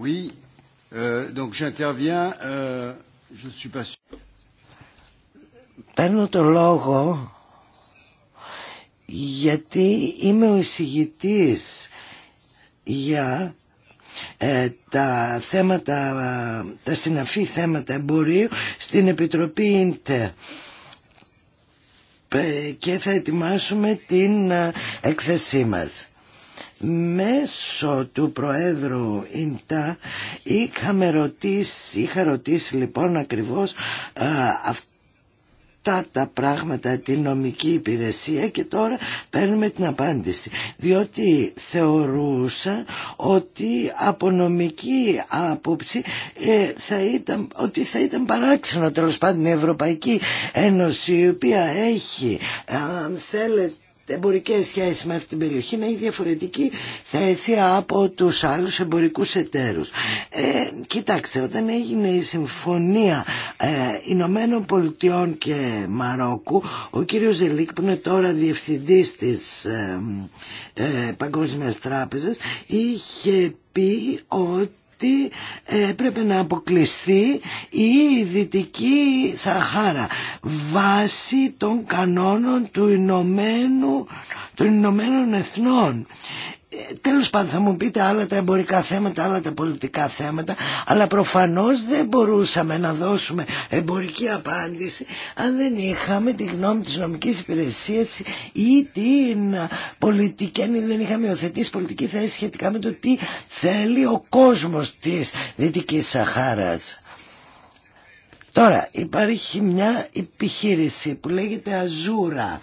Euh, euh, Παίρνω το λόγο γιατί είμαι ο εισηγητής για ε, τα θέματα, τα συναφή θέματα εμπορίου στην Επιτροπή ΙΝΤΕ ε, και θα ετοιμάσουμε την ε, έκθεσή μας μέσω του Προέδρου Ιντα είχαμε ρωτήσει, είχα ρωτήσει λοιπόν ακριβώς α, αυτά τα πράγματα την νομική υπηρεσία και τώρα παίρνουμε την απάντηση διότι θεωρούσα ότι από νομική άποψη ε, θα ήταν, ότι θα ήταν παράξενο τέλο πάντων η Ευρωπαϊκή Ένωση η οποία έχει αν θέλετε Εμπορικέ σχέσεις με αυτή την περιοχή να έχει διαφορετική θέση από τους άλλους εμπορικούς εταίρους. Ε, κοιτάξτε, όταν έγινε η συμφωνία ε, Ηνωμένων Πολιτειών και Μαρόκου, ο κύριος Ζελίκ που είναι τώρα διευθυντή της ε, ε, Παγκόσμιας Τράπεζας, είχε πει ότι αυτή ε, έπρεπε να αποκλειστεί η Δυτική Σαχάρα βάσει των κανόνων του Ηνωμένου, των Ηνωμένων Εθνών τέλος πάντων θα μου πείτε άλλα τα εμπορικά θέματα, άλλα τα πολιτικά θέματα αλλά προφανώς δεν μπορούσαμε να δώσουμε εμπορική απάντηση αν δεν είχαμε τη γνώμη της νομικής υπηρεσίας ή την πολιτική αν δεν είχαμε υιοθετήσει πολιτική θέση σχετικά με το τι θέλει ο κόσμος της Δυτικής Σαχάρας. Τώρα υπάρχει μια επιχείρηση που λέγεται Αζούρα,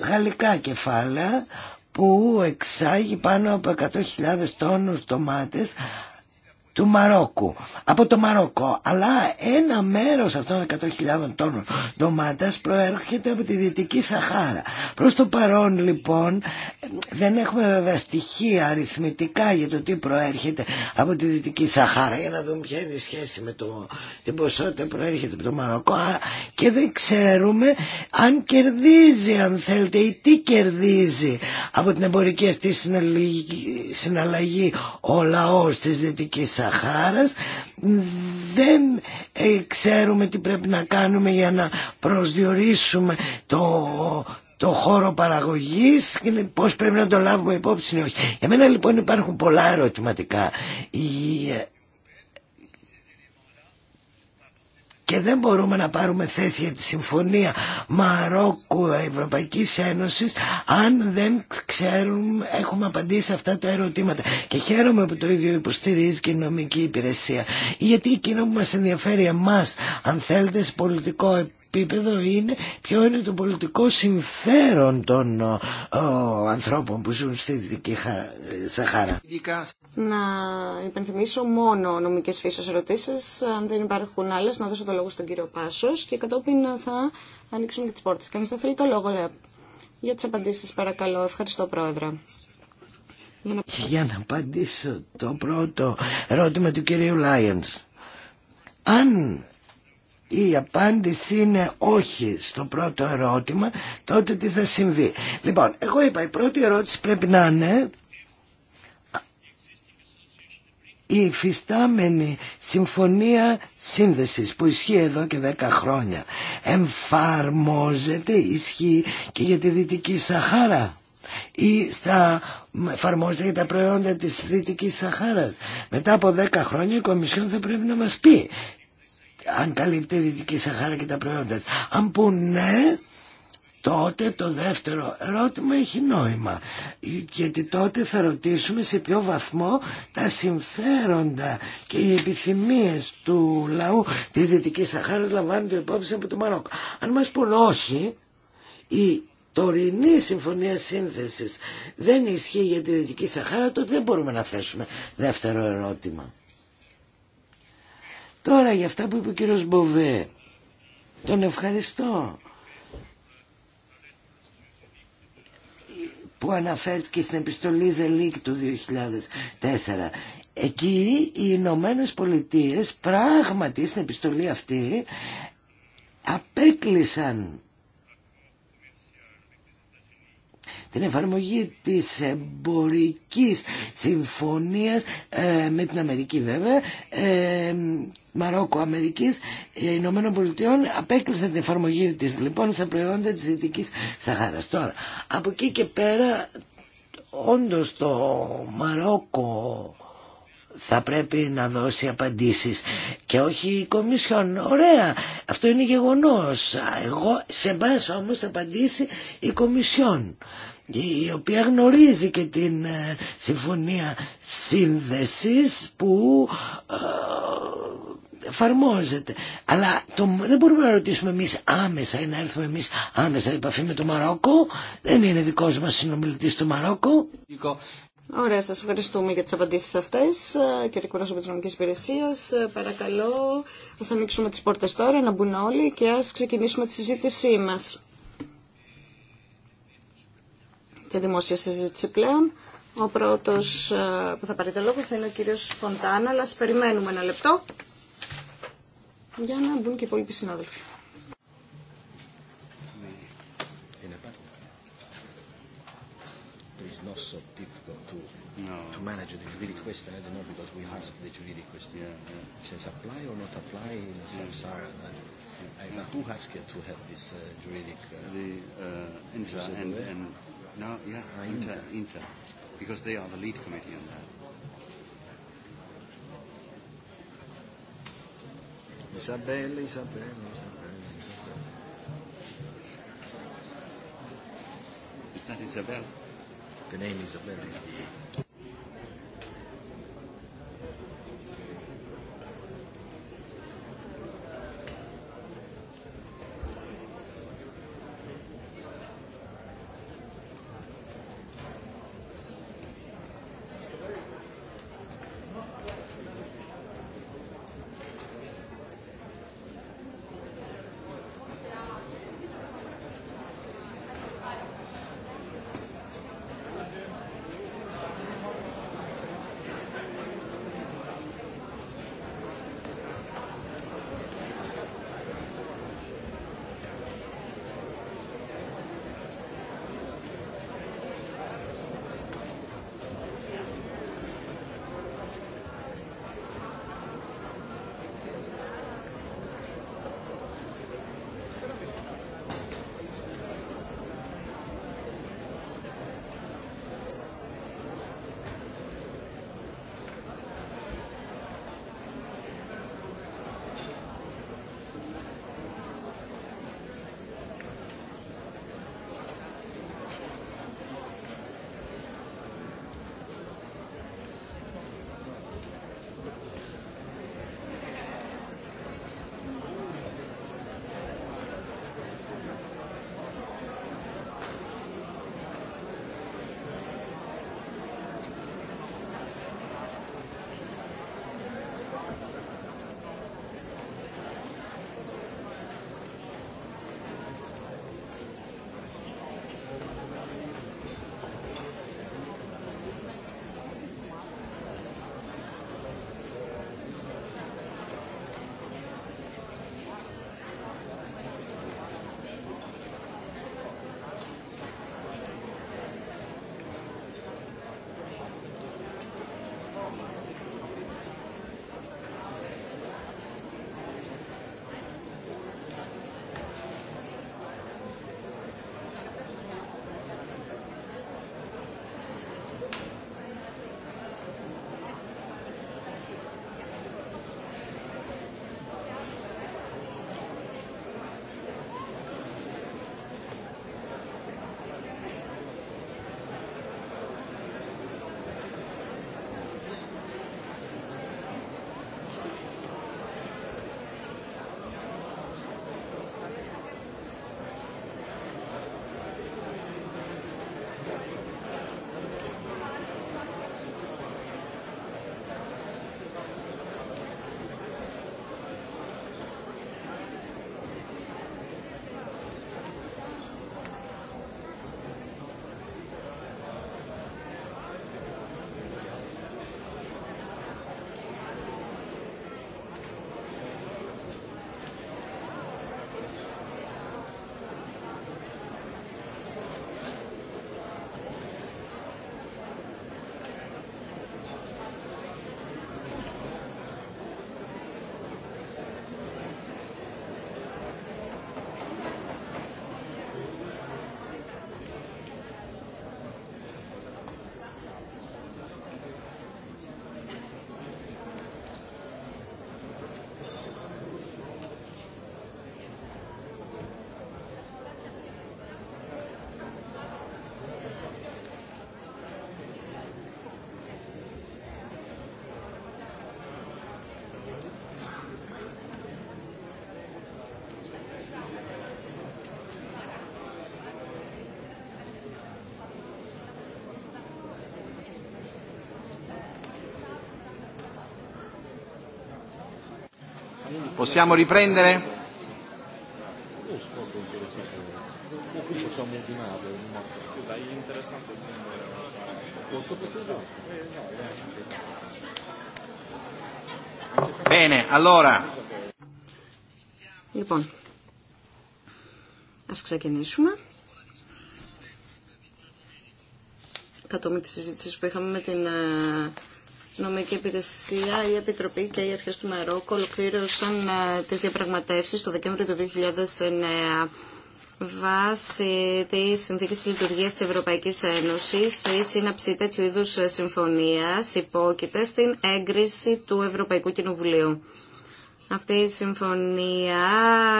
γαλλικά κεφάλαια που εξάγει πάνω από 100.000 τόνους ντομάτες του Μαρόκου, από το Μαρόκο. Αλλά ένα μέρος αυτών των 100.000 τόνων ντομάτας προέρχεται από τη Δυτική Σαχάρα. Προς το παρόν λοιπόν δεν έχουμε βέβαια στοιχεία αριθμητικά για το τι προέρχεται από τη Δυτική Σαχάρα για να δούμε ποια είναι η σχέση με το, την ποσότητα που προέρχεται από το Μαρόκο και δεν ξέρουμε αν κερδίζει αν θέλετε ή τι κερδίζει από την εμπορική αυτή συναλλαγή ο λαός της Δυτικής Σαχάρα. Σαχάρας δεν ε, ξέρουμε τι πρέπει να κάνουμε για να προσδιορίσουμε το, το χώρο παραγωγής και πώς πρέπει να το λάβουμε υπόψη ή όχι. Για μένα λοιπόν υπάρχουν πολλά ερωτηματικά. η οχι για μενα λοιπον υπαρχουν πολλα ερωτηματικα και δεν μπορούμε να πάρουμε θέση για τη συμφωνία Μαρόκου Ευρωπαϊκής Ένωσης αν δεν ξέρουμε, έχουμε απαντήσει αυτά τα ερωτήματα. Και χαίρομαι που το ίδιο υποστηρίζει και η νομική υπηρεσία. Γιατί εκείνο που μας ενδιαφέρει εμά, αν θέλετε, σε πολιτικό επίπεδο επίπεδο είναι ποιο είναι το πολιτικό συμφέρον των ο, ανθρώπων που ζουν στη Δυτική Σαχάρα. Να υπενθυμίσω μόνο νομικές φύσεις ερωτήσεις, αν δεν υπάρχουν άλλες να δώσω το λόγο στον κύριο Πάσος και κατόπιν θα ανοίξουν και τις πόρτες. Κανείς θα θέλει το λόγο, λέω. Για τις απαντήσεις παρακαλώ. Ευχαριστώ Πρόεδρε. Για να... Για να απαντήσω το πρώτο ερώτημα του κυρίου Λάιενς. Αν η απάντηση είναι όχι στο πρώτο ερώτημα, τότε τι θα συμβεί. Λοιπόν, εγώ είπα η πρώτη ερώτηση πρέπει να είναι η υφιστάμενη συμφωνία σύνδεσης που ισχύει εδώ και 10 χρόνια εμφαρμόζεται, ισχύει και για τη Δυτική Σαχάρα ή στα εφαρμόζεται για τα προϊόντα της Δυτικής Σαχάρας. Μετά από 10 χρόνια η Κομισιόν θα πρέπει να μας πει αν καλύπτει η Δυτική Σαχάρα και τα προϊόντα Αν που ναι, τότε το δεύτερο ερώτημα έχει νόημα. Γιατί τότε θα ρωτήσουμε σε ποιο βαθμό τα συμφέροντα και οι επιθυμίες του λαού της Δυτικής Σαχάρας λαμβάνονται υπόψη από το Μαρόκο. Αν μας πούν όχι, η τωρινή συμφωνία σύνθεσης δεν ισχύει για τη Δυτική Σαχάρα, τότε δεν μπορούμε να θέσουμε δεύτερο ερώτημα. Τώρα για αυτά που είπε ο κύριος Μποβέ, τον ευχαριστώ που αναφέρθηκε στην επιστολή Ζελίκ του 2004. Εκεί οι Ηνωμένε Πολιτείε πράγματι στην επιστολή αυτή απέκλεισαν την εφαρμογή της εμπορικής συμφωνίας ε, με την Αμερική βέβαια ε, Μαρόκο Αμερικής ε, Ηνωμένων Πολιτειών απέκλεισαν την εφαρμογή της λοιπόν στα προϊόντα της Δυτικής Σαχάρας τώρα από εκεί και πέρα όντως το Μαρόκο θα πρέπει να δώσει απαντήσεις και όχι η Κομισιόν. Ωραία, αυτό είναι γεγονός. Εγώ, σε εμάς όμως θα απαντήσει η Κομισιόν η οποία γνωρίζει και την ε, συμφωνία σύνδεσης που ε, εφαρμόζεται. Αλλά το, δεν μπορούμε να ρωτήσουμε εμείς άμεσα ή να έρθουμε εμείς άμεσα επαφή με το Μαρόκο. Δεν είναι δικός μας συνομιλητής του Μαρόκο. Ωραία, σας ευχαριστούμε για τις απαντήσεις αυτές. Κύριε Κουράσοπο της Νομικής Υπηρεσίας, ε, παρακαλώ, ας ανοίξουμε τις πόρτες τώρα, να μπουν όλοι και ας ξεκινήσουμε τη συζήτησή μας. Τη δημόσια συζήτηση πλέον. Ο πρώτος ε, που θα πάρει το λόγο θα είναι ο κύριος Φοντάνα, αλλά ας περιμένουμε ένα λεπτό για να μπουν και οι υπόλοιποι συνάδελφοι. manager the juridic question, I don't know, because we ask the juridic question. Yeah, yeah. Says apply or not apply in Samsara. And, who has to have this uh, juridic? Uh, the uh, Inter and, and no, yeah, Inter, Inter, because they are the lead committee on that. Isabelle, Isabelle, Isabelle. Is that Isabelle? The name Isabelle is the Possiamo riprendere? Bene, allora. Λοιπόν, ας ξεκινήσουμε. Κατόμη τη συζήτηση που είχαμε με την ε, νομική υπηρεσία, η Επιτροπή και οι αρχέ του Μαρόκου ολοκλήρωσαν ε, τις διαπραγματεύσεις το Δεκέμβριο του 2009. Βάσει τη συνθήκη λειτουργίας λειτουργία τη Ευρωπαϊκή Ένωση, η σύναψη τέτοιου είδου ε, συμφωνία υπόκειται στην έγκριση του Ευρωπαϊκού Κοινοβουλίου. Αυτή η συμφωνία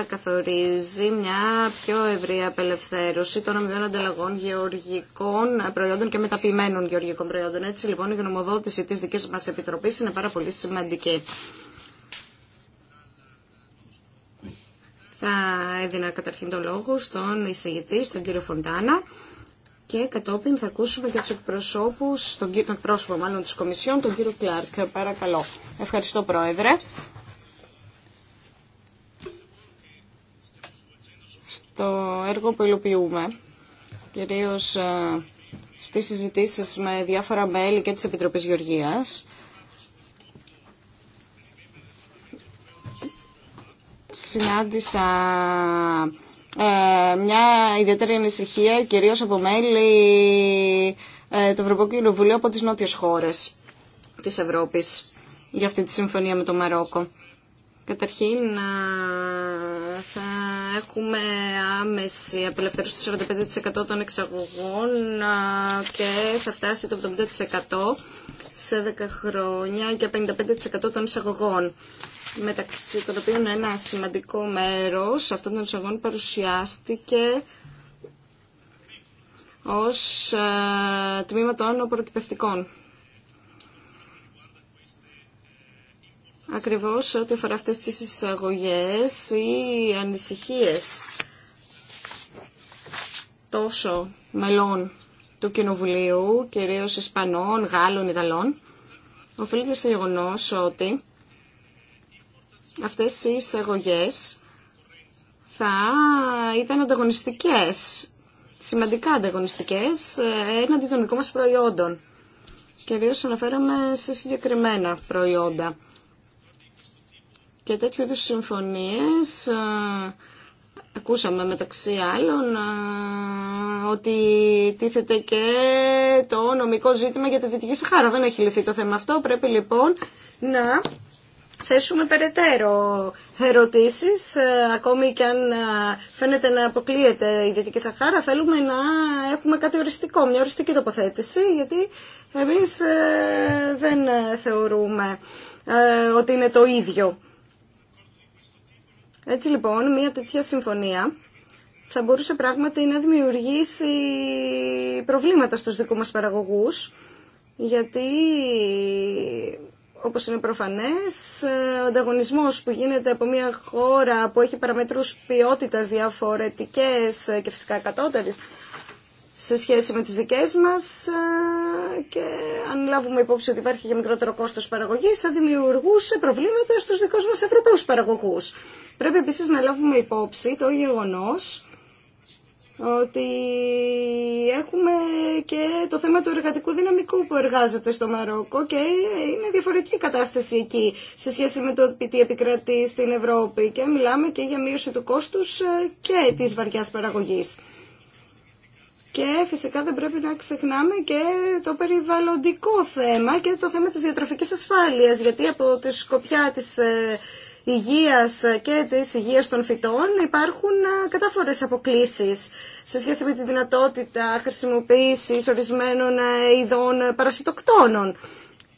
καθορίζει μια πιο ευρία απελευθέρωση των αμοιβών ανταλλαγών γεωργικών προϊόντων και μεταποιημένων γεωργικών προϊόντων. Έτσι λοιπόν η γνωμοδότηση της δικής μας Επιτροπής είναι πάρα πολύ σημαντική. Θα έδινα καταρχήν το λόγο στον εισηγητή, στον κύριο Φοντάνα και κατόπιν θα ακούσουμε και του εκπροσώπου, τον, κύριο, μάλλον τη Κομισιόν, τον κύριο Κλάρκ. Παρακαλώ. Ευχαριστώ Πρόεδρε. στο έργο που υλοποιούμε, κυρίως ε, στις συζητήσεις με διάφορα μέλη και της Επιτροπής Γεωργίας, συνάντησα ε, μια ιδιαίτερη ανησυχία, κυρίως από μέλη ε, του Ευρωπαϊκού Κοινοβουλίου από τις νότιες χώρες της Ευρώπης για αυτή τη συμφωνία με το Μαρόκο. Καταρχήν θα έχουμε άμεση απελευθέρωση του 45% των εξαγωγών και θα φτάσει το 70% σε 10 χρόνια και 55% των εισαγωγών. Μεταξύ των οποίων ένα σημαντικό μέρος αυτών των εισαγωγών παρουσιάστηκε ως τμήμα των προκυπευτικών. ακριβώς ό,τι αφορά αυτές τις εισαγωγές ή ανησυχίες τόσο μελών του Κοινοβουλίου, κυρίως Ισπανών, Γάλλων, Ιταλών, οφείλεται στο γεγονό ότι αυτές οι εισαγωγές θα ήταν ανταγωνιστικές, σημαντικά ανταγωνιστικές, ε, έναντι των δικών μας προϊόντων. Κυρίως αναφέραμε σε συγκεκριμένα προϊόντα. Και τέτοιου είδους συμφωνίες ακούσαμε μεταξύ άλλων ότι τίθεται και το νομικό ζήτημα για τη Δυτική Σαχάρα. Δεν έχει λυθεί το θέμα αυτό. Πρέπει λοιπόν να θέσουμε περαιτέρω ερωτήσεις, ακόμη και αν φαίνεται να αποκλείεται η Δυτική Σαχάρα, θέλουμε να έχουμε κάτι οριστικό, μια οριστική τοποθέτηση, γιατί εμείς ε, δεν θεωρούμε ε, ότι είναι το ίδιο έτσι λοιπόν, μια τέτοια συμφωνία θα μπορούσε πράγματι να δημιουργήσει προβλήματα στους δικούς μας παραγωγούς, γιατί όπως είναι προφανές, ο ανταγωνισμός που γίνεται από μια χώρα που έχει παραμετρούς ποιότητας διαφορετικές και φυσικά κατώτερες σε σχέση με τις δικές μας ε, και αν λάβουμε υπόψη ότι υπάρχει και μικρότερο κόστος παραγωγής θα δημιουργούσε προβλήματα στους δικούς μας ευρωπαίους παραγωγούς. Πρέπει επίσης να λάβουμε υπόψη το γεγονός ότι έχουμε και το θέμα του εργατικού δυναμικού που εργάζεται στο Μαρόκο και είναι διαφορετική κατάσταση εκεί σε σχέση με το τι επικρατεί στην Ευρώπη και μιλάμε και για μείωση του κόστους ε, και της βαριάς παραγωγής. Και φυσικά δεν πρέπει να ξεχνάμε και το περιβαλλοντικό θέμα και το θέμα της διατροφικής ασφάλειας, γιατί από τη σκοπιά της ε, υγείας και της υγείας των φυτών υπάρχουν ε, κατάφορες αποκλήσεις σε σχέση με τη δυνατότητα χρησιμοποίησης ορισμένων ε, ειδών παρασιτοκτόνων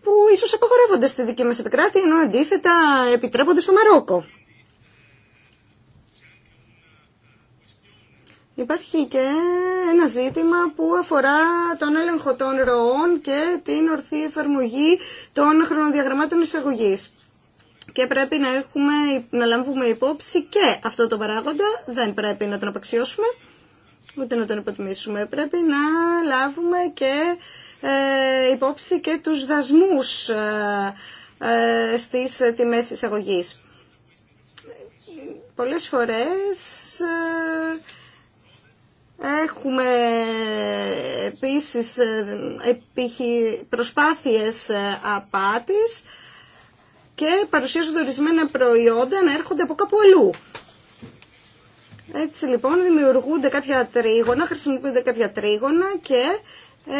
που ίσως απαγορεύονται στη δική μας επικράτη ενώ αντίθετα επιτρέπονται στο Μαρόκο. Υπάρχει και ένα ζήτημα που αφορά τον έλεγχο των ροών και την ορθή εφαρμογή των χρονοδιαγραμμάτων εισαγωγή. Και πρέπει να, έχουμε, να λαμβούμε υπόψη και αυτό το παράγοντα, δεν πρέπει να τον απαξιώσουμε, ούτε να τον υποτιμήσουμε. Πρέπει να λάβουμε και ε, υπόψη και τους δασμούς ε, ε, στις τιμές εισαγωγής. Πολλές φορές... Ε, Έχουμε επίσης προσπάθειες ε, απάτης και παρουσιάζονται ορισμένα προϊόντα να έρχονται από κάπου αλλού. Έτσι λοιπόν δημιουργούνται κάποια τρίγωνα, χρησιμοποιούνται κάποια τρίγωνα και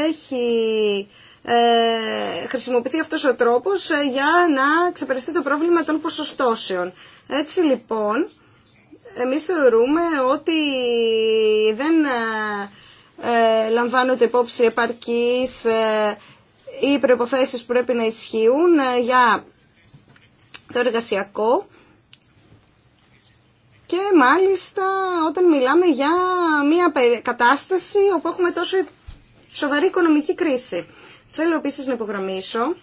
έχει ε, χρησιμοποιηθεί αυτός ο τρόπος ε, για να ξεπεραστεί το πρόβλημα των ποσοστώσεων. Έτσι λοιπόν εμείς θεωρούμε ότι δεν ε, λαμβάνονται υπόψη επαρκής ε, οι προϋποθέσεις που πρέπει να ισχύουν ε, για το εργασιακό και μάλιστα όταν μιλάμε για μια κατάσταση όπου έχουμε τόσο σοβαρή οικονομική κρίση. Θέλω επίσης να υπογραμμίσω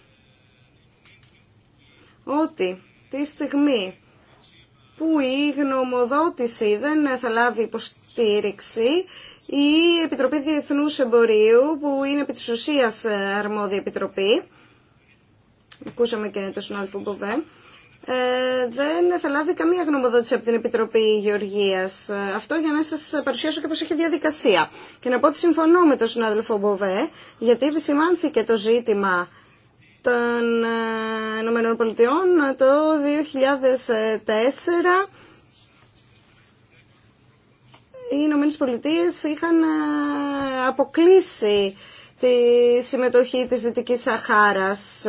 ότι τη στιγμή που η γνωμοδότηση δεν θα λάβει υποστήριξη η Επιτροπή Διεθνούς Εμπορίου που είναι επί της ουσίας ε, αρμόδια επιτροπή ακούσαμε και τον συνάδελφο Μποβέ ε, δεν θα λάβει καμία γνωμοδότηση από την Επιτροπή Γεωργίας. Ε, αυτό για να σας παρουσιάσω και πώς έχει διαδικασία. Και να πω ότι συμφωνώ με τον συνάδελφο Μποβέ, γιατί επισημάνθηκε το ζήτημα των ε, Ηνωμένων Πολιτειών ε, το 2004 οι Ηνωμένε Πολιτείε είχαν ε, αποκλείσει τη συμμετοχή της Δυτικής Σαχάρας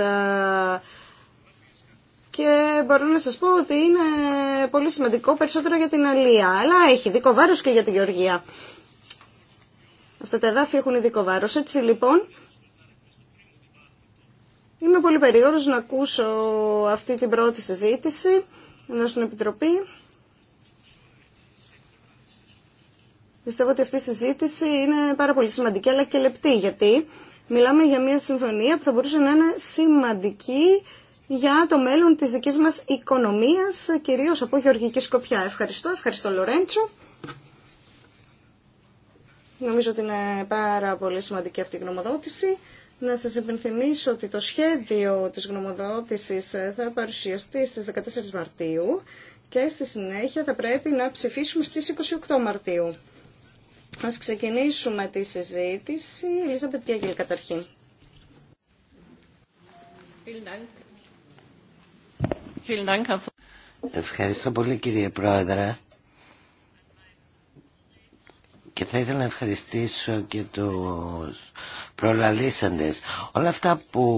και μπορώ να σας πω ότι είναι πολύ σημαντικό περισσότερο για την Αλία αλλά έχει δίκο βάρος και για τη Γεωργία. Αυτά τα εδάφη έχουν δικό βάρος. Έτσι λοιπόν Είμαι πολύ περίεργος να ακούσω αυτή την πρώτη συζήτηση ενώ στην Επιτροπή. Πιστεύω ότι αυτή η συζήτηση είναι πάρα πολύ σημαντική αλλά και λεπτή γιατί μιλάμε για μια συμφωνία που θα μπορούσε να είναι σημαντική για το μέλλον της δικής μας οικονομίας, κυρίως από γεωργική σκοπιά. Ευχαριστώ, ευχαριστώ Λορέντσο. Νομίζω ότι είναι πάρα πολύ σημαντική αυτή η γνωμοδότηση. Να σας υπενθυμίσω ότι το σχέδιο της γνωμοδότησης θα παρουσιαστεί στις 14 Μαρτίου και στη συνέχεια θα πρέπει να ψηφίσουμε στις 28 Μαρτίου. Ας ξεκινήσουμε τη συζήτηση. Ελίζα Πετιάγγελ καταρχήν. Ευχαριστώ πολύ κύριε Πρόεδρε και θα ήθελα να ευχαριστήσω και τους προλαλήσαντες. Όλα αυτά που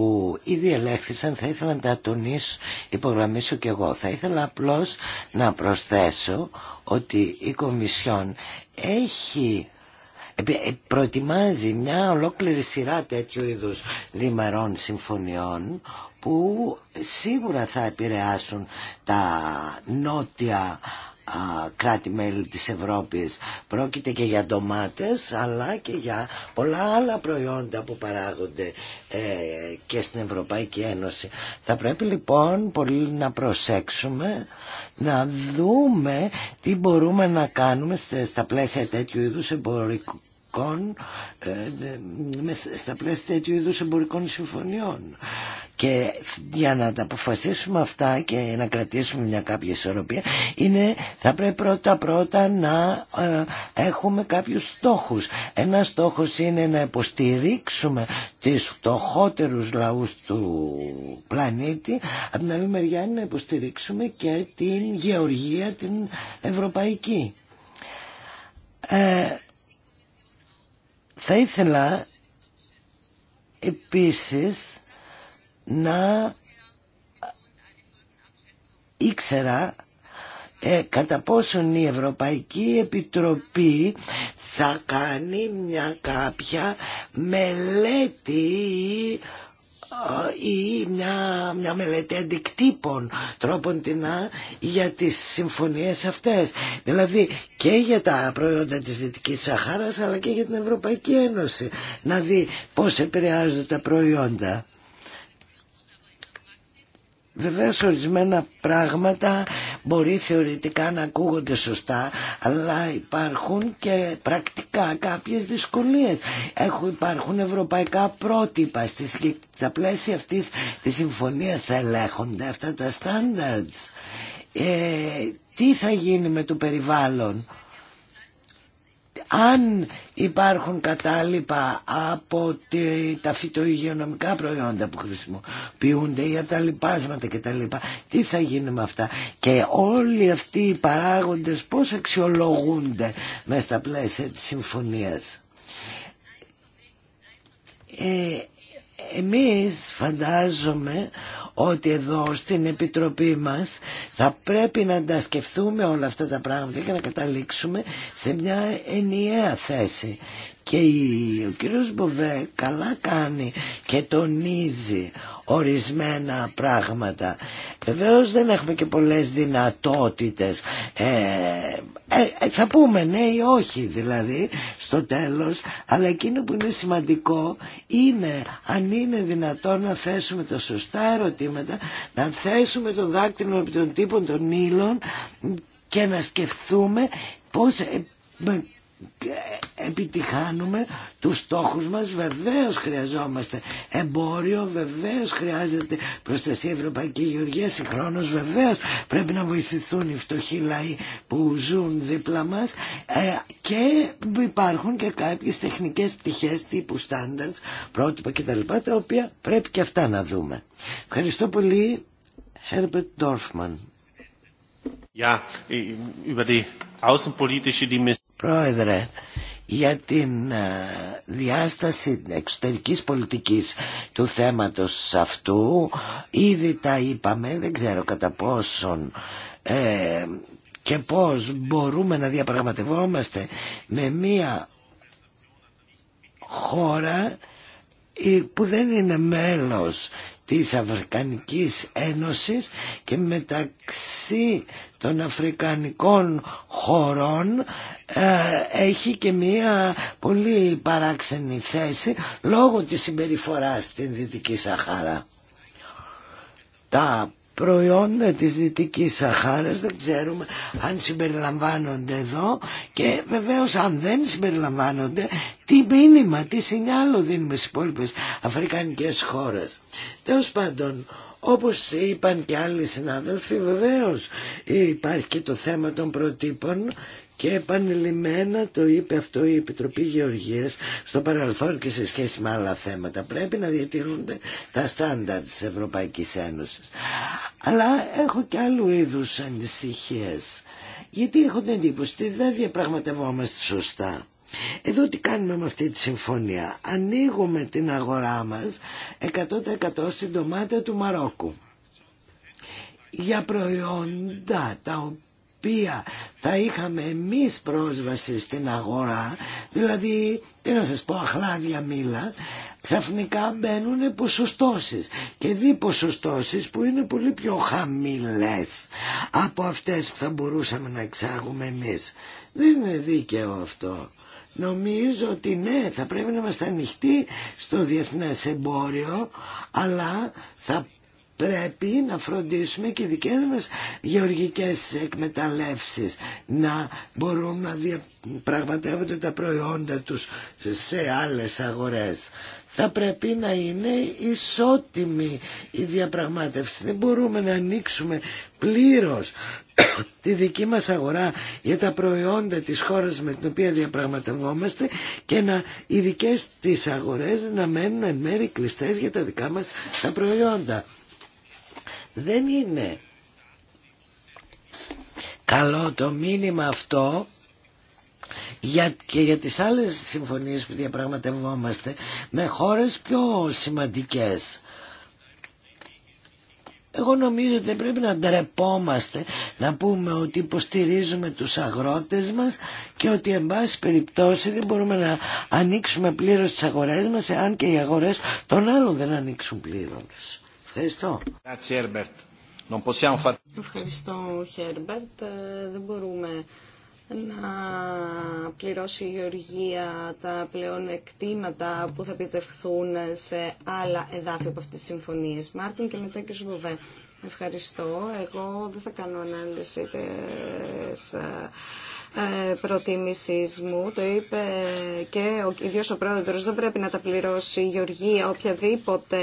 ήδη ελέγχθησαν θα ήθελα να τα τονίσω, υπογραμμίσω και εγώ. Θα ήθελα απλώς να προσθέσω ότι η Κομισιόν έχει ε, προετοιμάζει μια ολόκληρη σειρά τέτοιου είδους διμερών συμφωνιών που σίγουρα θα επηρεάσουν τα νότια κράτη-μέλη της Ευρώπης. Πρόκειται και για ντομάτες αλλά και για πολλά άλλα προϊόντα που παράγονται ε, και στην Ευρωπαϊκή Ένωση. Θα πρέπει λοιπόν πολύ να προσέξουμε να δούμε τι μπορούμε να κάνουμε στα πλαίσια τέτοιου είδους εμπορικού εμπορικών ε, στα πλαίσια τέτοιου είδου εμπορικών συμφωνιών και για να τα αποφασίσουμε αυτά και να κρατήσουμε μια κάποια ισορροπία είναι, θα πρέπει πρώτα πρώτα να ε, έχουμε κάποιους στόχους ένα στόχος είναι να υποστηρίξουμε τις φτωχότερους λαούς του πλανήτη από την άλλη μεριά είναι να υποστηρίξουμε και την γεωργία την ευρωπαϊκή ε, θα ήθελα επίσης να ήξερα ε, κατά πόσον η Ευρωπαϊκή Επιτροπή θα κάνει μια κάποια μελέτη ή μια, μια μελέτη αντικτύπων τρόπων την για τις συμφωνίες αυτές. Δηλαδή και για τα προϊόντα της Δυτικής Σαχάρας αλλά και για την Ευρωπαϊκή Ένωση. Να δει πώς επηρεάζονται τα προϊόντα. Βεβαίω ορισμένα πράγματα μπορεί θεωρητικά να ακούγονται σωστά, αλλά υπάρχουν και πρακτικά κάποιες δυσκολίες. υπάρχουν ευρωπαϊκά πρότυπα στις, στα πλαίσια αυτής της συμφωνίας θα ελέγχονται αυτά τα standards. Ε, τι θα γίνει με το περιβάλλον αν υπάρχουν κατάλοιπα από τα φυτοϊγειονομικά προϊόντα που χρησιμοποιούνται για τα λοιπάσματα κτλ. Τι θα γίνει με αυτά. Και όλοι αυτοί οι παράγοντες πώς αξιολογούνται μέσα στα πλαίσια της συμφωνίας. Ε, εμείς φαντάζομαι ότι εδώ στην Επιτροπή μας θα πρέπει να τα σκεφτούμε όλα αυτά τα πράγματα και να καταλήξουμε σε μια ενιαία θέση και ο κύριος Μποβέ καλά κάνει και τονίζει ορισμένα πράγματα. Βεβαίω δεν έχουμε και πολλές δυνατότητες. Ε, ε, ε, θα πούμε ναι ή όχι δηλαδή στο τέλος, αλλά εκείνο που είναι σημαντικό είναι αν είναι δυνατόν να θέσουμε τα σωστά ερωτήματα, να θέσουμε το δάκτυλο επί των τύπων των ήλων και να σκεφτούμε πώς επιτυχάνουμε τους στόχους μας βεβαίως χρειαζόμαστε εμπόριο βεβαίως χρειάζεται προστασία Ευρωπαϊκή Γεωργία συγχρόνως βεβαίως πρέπει να βοηθηθούν οι φτωχοί λαοί που ζουν δίπλα μας ε, και υπάρχουν και κάποιες τεχνικές πτυχές τύπου standards πρότυπα κτλ τα οποία πρέπει και αυτά να δούμε ευχαριστώ πολύ Herbert Dorfman Πρόεδρε, για την ε, διάσταση εξωτερικής πολιτικής του θέματος αυτού ήδη τα είπαμε, δεν ξέρω κατά πόσον ε, και πώς μπορούμε να διαπραγματευόμαστε με μία χώρα που δεν είναι μέλος της Αφρικανικής Ένωσης και μεταξύ των Αφρικανικών χωρών ε, έχει και μία πολύ παράξενη θέση λόγω της συμπεριφοράς στην Δυτική Σαχάρα. Τα προϊόντα της Δυτικής Σαχάρας δεν ξέρουμε αν συμπεριλαμβάνονται εδώ και βεβαίως αν δεν συμπεριλαμβάνονται τι μήνυμα, τι σινιάλο δίνουμε στις υπόλοιπες αφρικανικές χώρες. Τέλος πάντων, όπως είπαν και άλλοι συνάδελφοι βεβαίως υπάρχει και το θέμα των προτύπων και επανειλημμένα το είπε αυτό η Επιτροπή Γεωργίας στο παρελθόν και σε σχέση με άλλα θέματα. Πρέπει να διατηρούνται τα στάνταρ της Ευρωπαϊκής Ένωσης. Αλλά έχω και άλλου είδους ανησυχίες. Γιατί έχω την εντύπωση ότι δεν διαπραγματευόμαστε σωστά. Εδώ τι κάνουμε με αυτή τη συμφωνία. Ανοίγουμε την αγορά μας 100% στην ντομάτα του Μαρόκου για προϊόντα τα οποία οποία θα είχαμε εμείς πρόσβαση στην αγορά, δηλαδή, τι να σας πω, αχλάδια μήλα, ξαφνικά μπαίνουν ποσοστώσεις και δει ποσοστώσεις που είναι πολύ πιο χαμηλές από αυτές που θα μπορούσαμε να εξάγουμε εμείς. Δεν είναι δίκαιο αυτό. Νομίζω ότι ναι, θα πρέπει να είμαστε ανοιχτοί στο διεθνές εμπόριο, αλλά θα πρέπει να φροντίσουμε και οι δικές μας γεωργικές εκμεταλλεύσεις να μπορούν να διαπραγματεύονται τα προϊόντα τους σε άλλες αγορές. Θα πρέπει να είναι ισότιμη η διαπραγμάτευση. Δεν μπορούμε να ανοίξουμε πλήρως τη δική μας αγορά για τα προϊόντα της χώρας με την οποία διαπραγματευόμαστε και να οι δικές της αγορές να μένουν εν μέρη κλειστές για τα δικά μας τα προϊόντα. Δεν είναι καλό το μήνυμα αυτό για, και για τις άλλες συμφωνίες που διαπραγματευόμαστε με χώρες πιο σημαντικές. Εγώ νομίζω ότι πρέπει να ντρεπόμαστε να πούμε ότι υποστηρίζουμε τους αγρότες μας και ότι εν πάση περιπτώσει δεν μπορούμε να ανοίξουμε πλήρως τις αγορές μας εάν και οι αγορές των άλλων δεν ανοίξουν πλήρως. Ευχαριστώ. Ευχαριστώ, Χέρμπερτ. Ε, δεν μπορούμε να πληρώσει η Γεωργία τα πλέον εκτήματα που θα επιτευχθούν σε άλλα εδάφη από αυτές τις συμφωνίες. Μάρτιν και μετά και Βοβέ. Ευχαριστώ. Εγώ δεν θα κάνω ανάλυση της ε, ε, Προτίμηση μου. Το είπε και ο ίδιο ο πρόεδρο, Δεν πρέπει να τα πληρώσει η Γεωργία οποιαδήποτε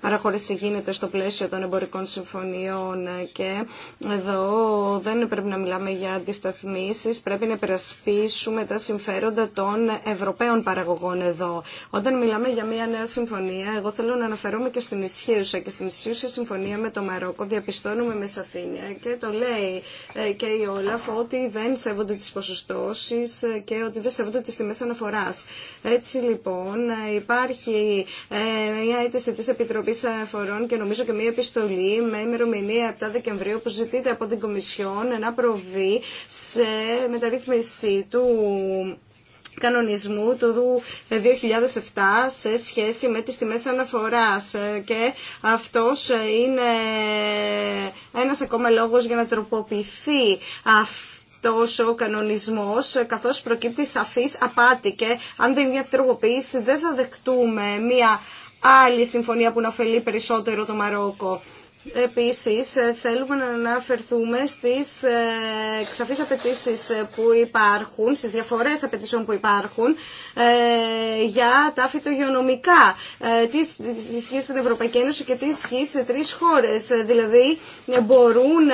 παραχώρηση γίνεται στο πλαίσιο των εμπορικών συμφωνιών και εδώ δεν πρέπει να μιλάμε για αντισταθμίσει. Πρέπει να περασπίσουμε τα συμφέροντα των Ευρωπαίων παραγωγών εδώ. Όταν μιλάμε για μια νέα συμφωνία, εγώ θέλω να αναφερόμαι και στην ισχύουσα και στην ισχύουσα συμφωνία με το Μαρόκο διαπιστώνουμε με σαφήνεια και το λέει ε, και η Όλαφ ότι δεν σέβονται τις ποσοστώσεις και ότι δεν σεβούνται τις τιμές αναφοράς. Έτσι λοιπόν υπάρχει ε, μια αίτηση της Επιτροπής Αναφορών και νομίζω και μια επιστολή με ημερομηνία 7 Δεκεμβρίου που ζητείται από την Κομισιόν να προβεί σε μεταρρύθμιση του κανονισμού του 2007 σε σχέση με τις τιμές αναφοράς και αυτός είναι ένας ακόμα λόγος για να τροποποιηθεί αυτή Τόσο ο κανονισμός, καθώς προκύπτει σαφής απάτη και αν δεν είναι αυτοργοποίηση δεν θα δεχτούμε μία άλλη συμφωνία που να ωφελεί περισσότερο το Μαρόκο. Επίσης, ε, θέλουμε να αναφερθούμε στις ε, ξαφείς απαιτήσει ε, που υπάρχουν, στις διαφορές απαιτήσεων που υπάρχουν για τα φυτογειονομικά, τι ισχύει στην Ευρωπαϊκή Ένωση και τι ισχύει σε τρεις χώρες. Δηλαδή, μπορούν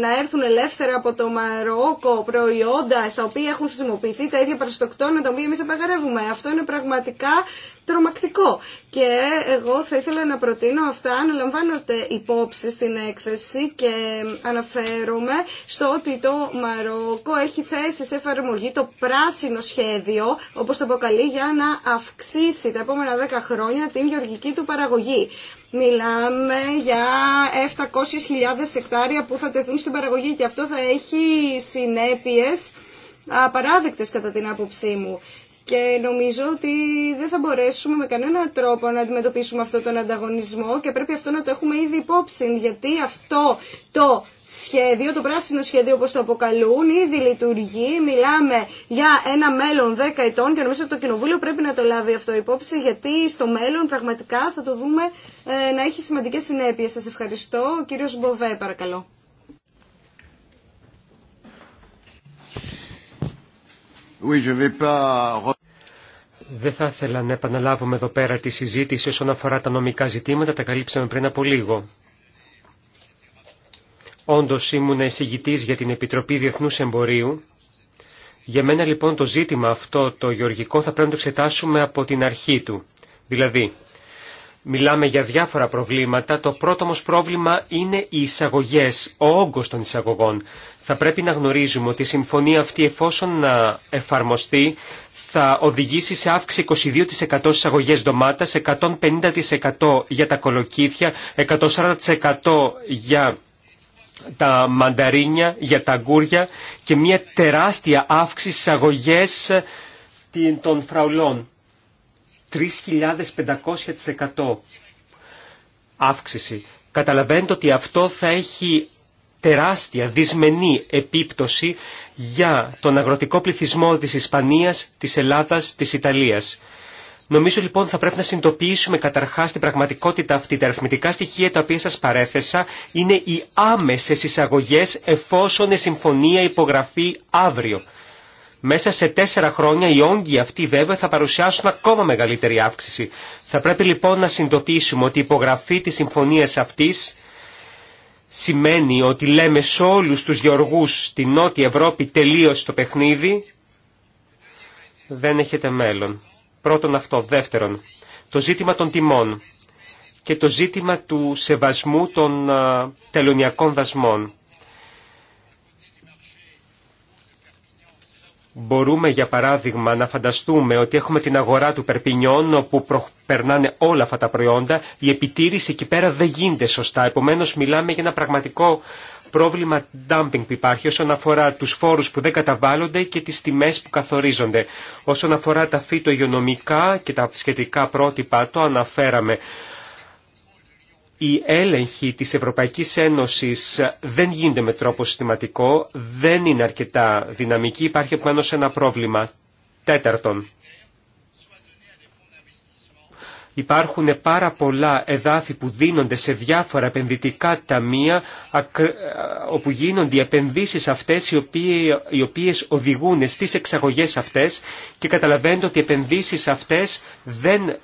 να έρθουν ελεύθερα από το Μαρόκο προϊόντα στα οποία έχουν χρησιμοποιηθεί τα ίδια παραστοκτόνα τα οποία εμείς επαγαρεύουμε. Αυτό είναι πραγματικά τρομακτικό. Και εγώ θα ήθελα να προτείνω αυτά να λαμβάνονται υπόψη στην έκθεση και αναφέρομαι στο ότι το Μαρόκο έχει θέσει σε εφαρμογή το πράσινο σχέδιο, όπως το αποκαλεί, για να αυξήσει τα επόμενα δέκα χρόνια την γεωργική του παραγωγή. Μιλάμε για 700.000 εκτάρια που θα τεθούν στην παραγωγή και αυτό θα έχει συνέπειες απαράδεκτες κατά την άποψή μου. Και νομίζω ότι δεν θα μπορέσουμε με κανέναν τρόπο να αντιμετωπίσουμε αυτό τον ανταγωνισμό και πρέπει αυτό να το έχουμε ήδη υπόψη, γιατί αυτό το σχέδιο, το πράσινο σχέδιο όπως το αποκαλούν, ήδη λειτουργεί, μιλάμε για ένα μέλλον 10 ετών και νομίζω ότι το Κοινοβούλιο πρέπει να το λάβει αυτό υπόψη, γιατί στο μέλλον πραγματικά θα το δούμε ε, να έχει σημαντικές συνέπειες. Σας ευχαριστώ. Ο κύριος Μποβέ, παρακαλώ. Δεν θα ήθελα να επαναλάβουμε εδώ πέρα τη συζήτηση όσον αφορά τα νομικά ζητήματα, τα καλύψαμε πριν από λίγο. Όντως ήμουν εισηγητής για την Επιτροπή Διεθνούς Εμπορίου. Για μένα λοιπόν το ζήτημα αυτό το γεωργικό θα πρέπει να το εξετάσουμε από την αρχή του. Δηλαδή, Μιλάμε για διάφορα προβλήματα. Το πρώτο όμω πρόβλημα είναι οι εισαγωγέ, ο όγκο των εισαγωγών. Θα πρέπει να γνωρίζουμε ότι η συμφωνία αυτή εφόσον να εφαρμοστεί θα οδηγήσει σε αύξηση 22% εισαγωγές ντομάτας, 150% για τα κολοκύθια, 140% για τα μανταρίνια, για τα αγκούρια και μια τεράστια αύξηση εισαγωγές των φραουλών. 3.500% αύξηση. Καταλαβαίνετε ότι αυτό θα έχει τεράστια δυσμενή επίπτωση για τον αγροτικό πληθυσμό της Ισπανίας, της Ελλάδας, της Ιταλίας. Νομίζω λοιπόν θα πρέπει να συνειδητοποιήσουμε καταρχάς την πραγματικότητα αυτή. Τα αριθμητικά στοιχεία τα οποία σας παρέθεσα είναι οι άμεσες εισαγωγές εφόσον η συμφωνία υπογραφεί αύριο. Μέσα σε τέσσερα χρόνια οι όγκοι αυτοί βέβαια θα παρουσιάσουν ακόμα μεγαλύτερη αύξηση. Θα πρέπει λοιπόν να συνειδητοποιήσουμε ότι η υπογραφή της συμφωνίας αυτής σημαίνει ότι λέμε σε όλους τους γεωργούς στη Νότια Ευρώπη τελείωσε το παιχνίδι, δεν έχετε μέλλον. Πρώτον αυτό. Δεύτερον, το ζήτημα των τιμών και το ζήτημα του σεβασμού των τελωνιακών δασμών. Μπορούμε για παράδειγμα να φανταστούμε ότι έχουμε την αγορά του Περπινιών όπου περνάνε όλα αυτά τα προϊόντα, η επιτήρηση εκεί πέρα δεν γίνεται σωστά. Επομένως μιλάμε για ένα πραγματικό πρόβλημα dumping που υπάρχει όσον αφορά τους φόρους που δεν καταβάλλονται και τις τιμές που καθορίζονται. Όσον αφορά τα φυτο και τα σχετικά πρότυπα, το αναφέραμε η έλεγχη της Ευρωπαϊκής Ένωσης δεν γίνεται με τρόπο συστηματικό, δεν είναι αρκετά δυναμική, υπάρχει επομένως σε ένα πρόβλημα. Τέταρτον, υπάρχουν πάρα πολλά εδάφη που δίνονται σε διάφορα επενδυτικά ταμεία όπου γίνονται οι επενδύσεις αυτές οι οποίες οδηγούν στις εξαγωγές αυτές και καταλαβαίνετε ότι οι επενδύσεις αυτές δεν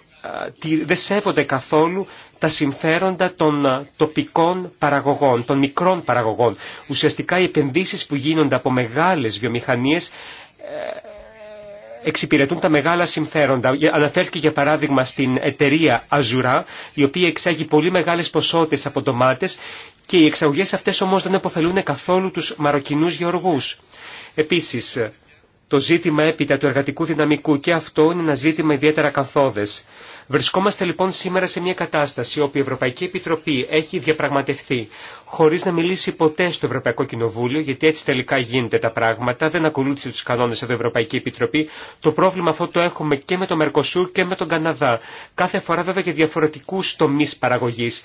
δεν σέβονται καθόλου τα συμφέροντα των τοπικών παραγωγών, των μικρών παραγωγών. Ουσιαστικά οι επενδύσεις που γίνονται από μεγάλες βιομηχανίες ε, εξυπηρετούν τα μεγάλα συμφέροντα. Αναφέρθηκε για παράδειγμα στην εταιρεία Αζουρά, η οποία εξάγει πολύ μεγάλες ποσότητες από ντομάτες και οι εξαγωγές αυτές όμως δεν αποφελούν καθόλου τους μαροκινούς γεωργούς. Επίσης, το ζήτημα έπειτα του εργατικού δυναμικού και αυτό είναι ένα ζήτημα ιδιαίτερα καθόδες. Βρισκόμαστε λοιπόν σήμερα σε μια κατάσταση όπου η Ευρωπαϊκή Επιτροπή έχει διαπραγματευτεί χωρίς να μιλήσει ποτέ στο Ευρωπαϊκό Κοινοβούλιο, γιατί έτσι τελικά γίνεται τα πράγματα, δεν ακολούθησε τους κανόνες εδώ η Ευρωπαϊκή Επιτροπή. Το πρόβλημα αυτό το έχουμε και με το Μερκοσούρ και με τον Καναδά. Κάθε φορά βέβαια για διαφορετικούς τομείς παραγωγής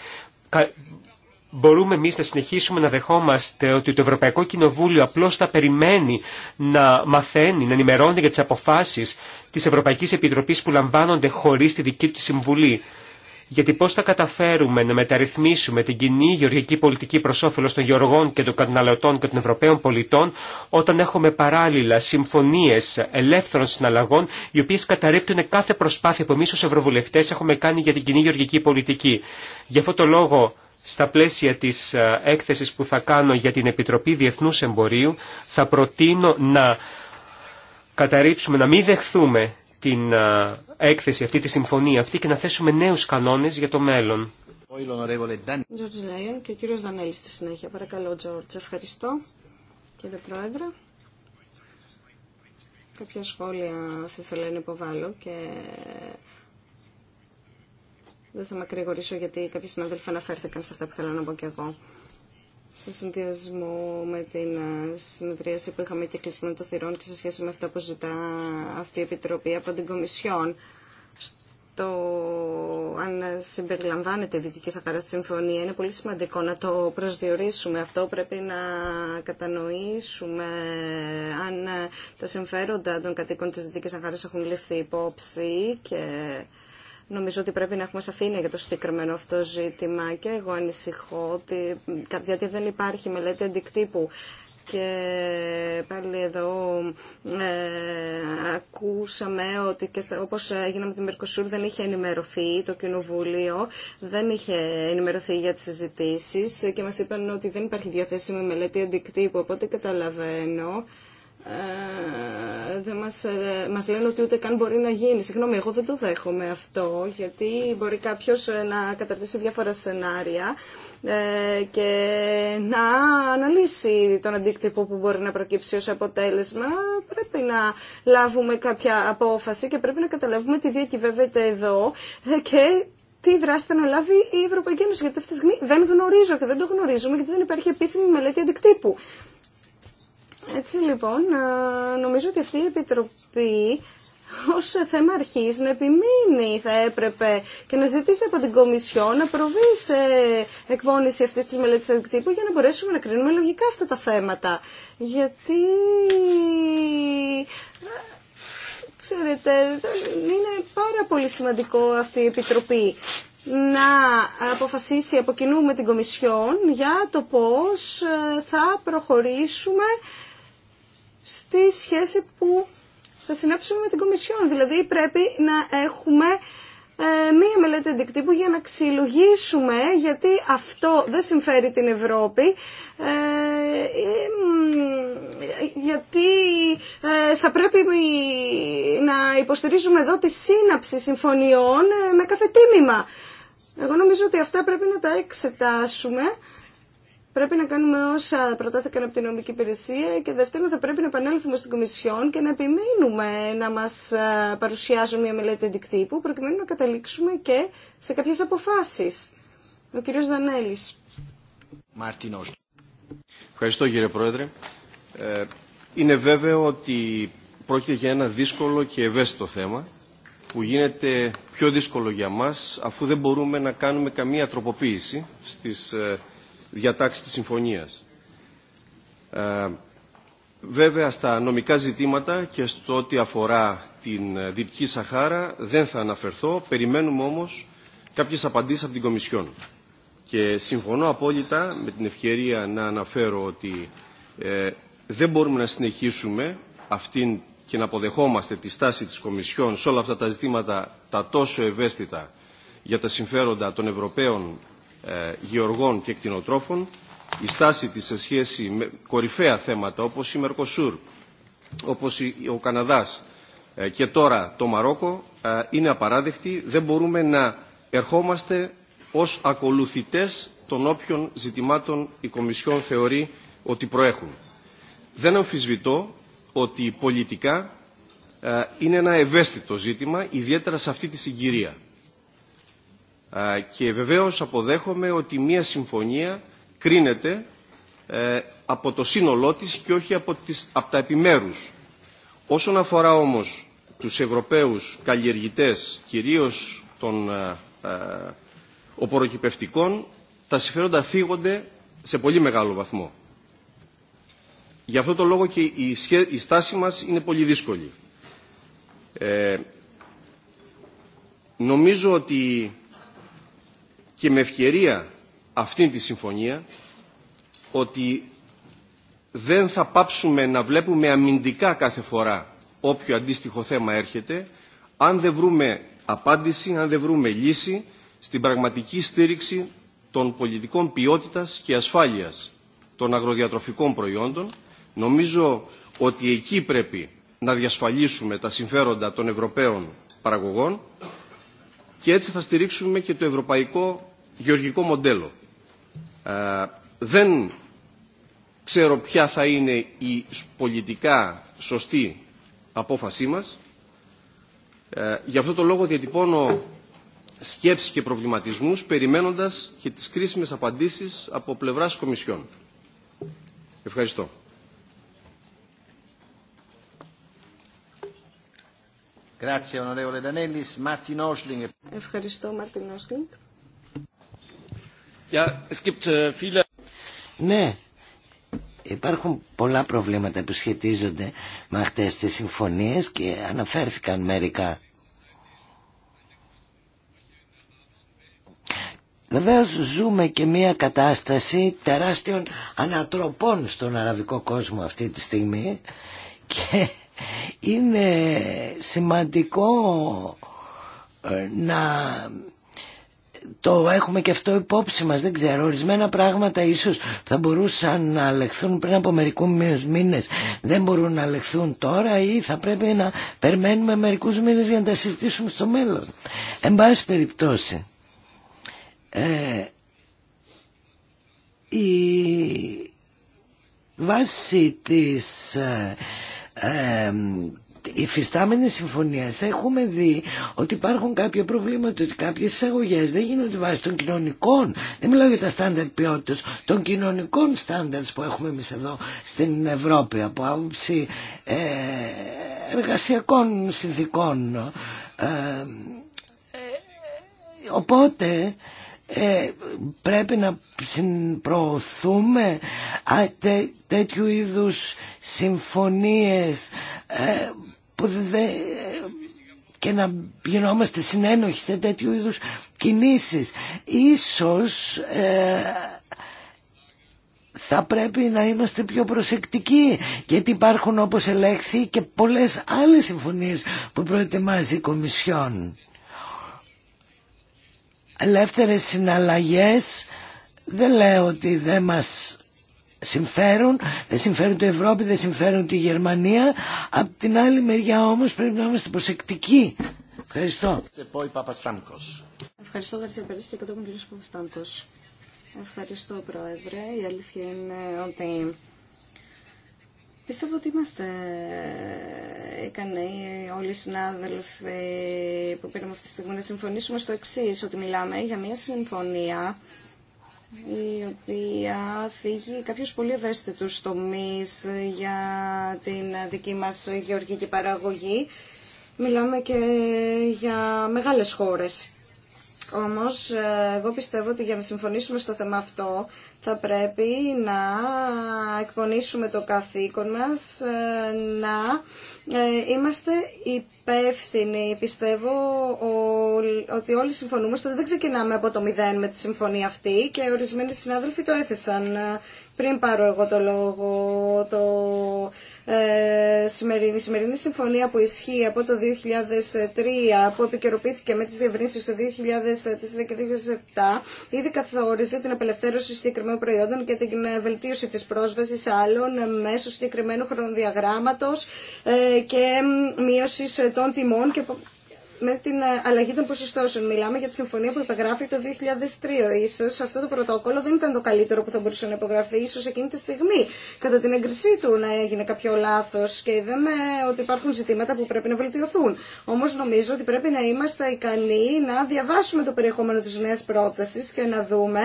μπορούμε εμεί να συνεχίσουμε να δεχόμαστε ότι το Ευρωπαϊκό Κοινοβούλιο απλώ θα περιμένει να μαθαίνει, να ενημερώνεται για τι αποφάσει τη Ευρωπαϊκή Επιτροπής που λαμβάνονται χωρί τη δική του συμβουλή. Γιατί πώ θα καταφέρουμε να μεταρρυθμίσουμε την κοινή γεωργική πολιτική προ όφελο των γεωργών και των καταναλωτών και των Ευρωπαίων πολιτών όταν έχουμε παράλληλα συμφωνίε ελεύθερων συναλλαγών οι οποίε καταρρύπτουν κάθε προσπάθεια που εμεί, ω ευρωβουλευτέ, έχουμε κάνει για την κοινή γεωργική πολιτική. Γι' αυτό το λόγο στα πλαίσια της ε, έκθεσης που θα κάνω για την Επιτροπή Διεθνούς Εμπορίου, θα προτείνω να καταρρίψουμε να μην δεχθούμε την ε, έκθεση αυτή, τη συμφωνία αυτή και να θέσουμε νέους κανόνες για το μέλλον. Τζορτζ Λέιον και ο κύριος Δανέλης στη συνέχεια. Παρακαλώ, George. Ευχαριστώ, κύριε Πρόεδρε. Κάποια σχόλια θα ήθελα να υποβάλω και δεν θα με ακρηγορήσω γιατί κάποιοι συνάδελφοι αναφέρθηκαν σε αυτά που θέλω να πω κι εγώ. Σε συνδυασμό με την ε, συνεδρίαση που είχαμε και κλεισμένο των θυρών και σε σχέση με αυτά που ζητά αυτή η Επιτροπή από την Κομισιόν, το αν συμπεριλαμβάνεται η Δυτική Σαχάρα στη Συμφωνία. Είναι πολύ σημαντικό να το προσδιορίσουμε αυτό. Πρέπει να κατανοήσουμε αν ε, τα συμφέροντα των κατοίκων της Δυτικής Σαχάρας έχουν ληφθεί υπόψη και Νομίζω ότι πρέπει να έχουμε σαφήνεια για το συγκεκριμένο αυτό ζήτημα και εγώ ανησυχώ ότι, γιατί δεν υπάρχει μελέτη αντικτύπου και πάλι εδώ ε, ακούσαμε ότι και όπως έγινε με την Μερκοσούρ δεν είχε ενημερωθεί το Κοινοβούλιο, δεν είχε ενημερωθεί για τις συζητήσεις και μας είπαν ότι δεν υπάρχει διαθέσιμη μελέτη αντικτύπου, οπότε καταλαβαίνω ε, δεν μας, ε, λένε ότι ούτε καν μπορεί να γίνει. Συγγνώμη, εγώ δεν το δέχομαι αυτό, γιατί μπορεί κάποιος ε, να καταρτήσει διάφορα σενάρια ε, και να αναλύσει τον αντίκτυπο που μπορεί να προκύψει ως αποτέλεσμα. Πρέπει να λάβουμε κάποια απόφαση και πρέπει να καταλάβουμε τι διακυβεύεται εδώ ε, και τι δράση θα αναλάβει η Ευρωπαϊκή Ένωση. Γιατί αυτή τη στιγμή δεν γνωρίζω και δεν το γνωρίζουμε γιατί δεν υπάρχει επίσημη μελέτη αντικτύπου. Έτσι λοιπόν, ε, νομίζω ότι αυτή η Επιτροπή ως θέμα αρχής να επιμείνει θα έπρεπε και να ζητήσει από την Κομισιό να προβεί σε εκπόνηση αυτής της μελέτης αντικτύπου για να μπορέσουμε να κρίνουμε λογικά αυτά τα θέματα. Γιατί ξέρετε, είναι πάρα πολύ σημαντικό αυτή η Επιτροπή να αποφασίσει από κοινού με την Κομισιόν για το πώς ε, θα προχωρήσουμε στη σχέση που θα συνάψουμε με την Κομισιόν. Δηλαδή πρέπει να έχουμε ε, μία μελέτη αντικτύπου για να ξυλογήσουμε γιατί αυτό δεν συμφέρει την Ευρώπη ε, γιατί ε, θα πρέπει να υποστηρίζουμε εδώ τη σύναψη συμφωνιών με κάθε τίμημα. Εγώ νομίζω ότι αυτά πρέπει να τα εξετάσουμε πρέπει να κάνουμε όσα προτάθηκαν από την νομική υπηρεσία και δεύτερον θα πρέπει να επανέλθουμε στην Κομισιόν και να επιμείνουμε να μας ε, παρουσιάζουν μια μελέτη αντικτύπου προκειμένου να καταλήξουμε και σε κάποιες αποφάσεις. Ο κύριος Δανέλης. Μαρτινός. Ευχαριστώ κύριε Πρόεδρε. Ε, είναι βέβαιο ότι πρόκειται για ένα δύσκολο και ευαίσθητο θέμα που γίνεται πιο δύσκολο για μας αφού δεν μπορούμε να κάνουμε καμία τροποποίηση στις ε, διατάξεις της συμφωνίας. Ε, βέβαια, στα νομικά ζητήματα και στο ό,τι αφορά την Δυτική Σαχάρα δεν θα αναφερθώ. Περιμένουμε όμως κάποιες απαντήσεις από την Κομισιόν. Και συμφωνώ απόλυτα με την ευκαιρία να αναφέρω ότι ε, δεν μπορούμε να συνεχίσουμε αυτήν και να αποδεχόμαστε τη στάση της Κομισιόν σε όλα αυτά τα ζητήματα τα τόσο ευαίσθητα για τα συμφέροντα των Ευρωπαίων ε, γεωργών και κτηνοτρόφων, η στάση της σε σχέση με κορυφαία θέματα όπως η Μερκοσούρ, όπως ο Καναδάς ε, και τώρα το Μαρόκο ε, είναι απαράδεκτη. Δεν μπορούμε να ερχόμαστε ως ακολουθητές των όποιων ζητημάτων η Κομισιόν θεωρεί ότι προέχουν. Δεν αμφισβητώ ότι πολιτικά είναι ένα ευαίσθητο ζήτημα, ιδιαίτερα σε αυτή τη συγκυρία. Και βεβαίως αποδέχομαι ότι μία συμφωνία κρίνεται ε, από το σύνολό της και όχι από, τις, τα επιμέρους. Όσον αφορά όμως τους Ευρωπαίους καλλιεργητές, κυρίως των ε, ε, οποροκυπευτικών, τα συμφέροντα φύγονται σε πολύ μεγάλο βαθμό. Γι' αυτό το λόγο και η, στάση μας είναι πολύ δύσκολη. νομίζω ότι και με ευκαιρία αυτήν τη συμφωνία ότι δεν θα πάψουμε να βλέπουμε αμυντικά κάθε φορά όποιο αντίστοιχο θέμα έρχεται αν δεν βρούμε απάντηση, αν δεν βρούμε λύση στην πραγματική στήριξη των πολιτικών ποιότητας και ασφάλειας των αγροδιατροφικών προϊόντων. Νομίζω ότι εκεί πρέπει να διασφαλίσουμε τα συμφέροντα των Ευρωπαίων παραγωγών και έτσι θα στηρίξουμε και το ευρωπαϊκό γεωργικό μοντέλο. Ε, δεν ξέρω ποια θα είναι η πολιτικά σωστή απόφασή μας. Ε, γι' αυτό το λόγο διατυπώνω σκέψεις και προβληματισμούς περιμένοντας και τις κρίσιμες απαντήσεις από πλευράς Κομισιόν. Ευχαριστώ. Ευχαριστώ, Μάρτιν Όσλινγκ. Äh, ναι, υπάρχουν πολλά προβλήματα που σχετίζονται με αυτές τις συμφωνίες και αναφέρθηκαν μερικά. Βεβαίως ζούμε και μια κατάσταση τεράστιων ανατροπών στον αραβικό κόσμο αυτή τη στιγμή και είναι σημαντικό ε, να το έχουμε και αυτό υπόψη μας, δεν ξέρω. Ορισμένα πράγματα ίσως θα μπορούσαν να αλεχθούν πριν από μερικού μήνες. Δεν μπορούν να αλεχθούν τώρα ή θα πρέπει να περιμένουμε μερικούς μήνες για να τα συζητήσουμε στο μέλλον. Εν πάση περιπτώσει, ε, η βάση της... Ε, ε, υφιστάμενες συμφωνίες έχουμε δει ότι υπάρχουν κάποια προβλήματα, ότι κάποιες εισαγωγές δεν γίνονται βάσει των κοινωνικών, δεν μιλάω για τα στάνταρ ποιότητας, των κοινωνικών στάνταρ που έχουμε εμείς εδώ στην Ευρώπη από άποψη ε, εργασιακών συνθήκων. Ε, ε, οπότε... Ε, πρέπει να προωθούμε τέ, τέτοιου είδους συμφωνίες και να γινόμαστε συνένοχοι σε τέτοιου είδου κινήσεις. Ίσως ε, θα πρέπει να είμαστε πιο προσεκτικοί γιατί υπάρχουν όπως ελέγχθη και πολλές άλλες συμφωνίες που προετοιμάζει η Κομισιόν. Ελεύθερες συναλλαγές δεν λέω ότι δεν μας συμφέρουν, δεν συμφέρουν την Ευρώπη, δεν συμφέρουν τη Γερμανία. Απ' την άλλη μεριά όμως πρέπει να είμαστε προσεκτικοί. Ευχαριστώ. Ευχαριστώ, Γαρσία Ευχαριστώ, και κατόπιν Ευχαριστώ, Πρόεδρε. Η αλήθεια είναι ότι Πιστεύω ότι είμαστε ικανοί όλοι οι συνάδελφοι που πήραμε αυτή τη στιγμή να συμφωνήσουμε στο εξή ότι μιλάμε για μια συμφωνία η οποία θίγει κάποιους πολύ ευαίσθητους τομείς για την δική μας γεωργική παραγωγή. Μιλάμε και για μεγάλες χώρες. Όμως, ε, εγώ πιστεύω ότι για να συμφωνήσουμε στο θέμα αυτό θα πρέπει να εκπονήσουμε το καθήκον μας, ε, να ε, είμαστε υπεύθυνοι. Πιστεύω ότι όλοι συμφωνούμε στο ότι δεν ξεκινάμε από το μηδέν με τη συμφωνία αυτή και ορισμένοι συνάδελφοι το έθεσαν πριν πάρω εγώ το λόγο. Το ε, σημερινή. Η σημερινή συμφωνία που ισχύει από το 2003, που επικαιροποιήθηκε με τις διευρύνσεις το 2004 και 2007, ήδη καθόριζε την απελευθέρωση συγκεκριμένων προϊόντων και την ε, βελτίωση της πρόσβασης άλλων ε, μέσω συγκεκριμένου χρονοδιαγράμματος και μείωση των τιμών και με την ε, αλλαγή των ποσοστώσεων. Μιλάμε για τη συμφωνία που υπεγράφει το 2003. Ίσως αυτό το πρωτόκολλο δεν ήταν το καλύτερο που θα μπορούσε να υπογραφεί. Ίσως εκείνη τη στιγμή, κατά την έγκρισή του, να έγινε κάποιο λάθος και είδαμε ότι υπάρχουν ζητήματα που πρέπει να βελτιωθούν. Όμως νομίζω ότι πρέπει να είμαστε ικανοί να διαβάσουμε το περιεχόμενο της νέας πρότασης και να δούμε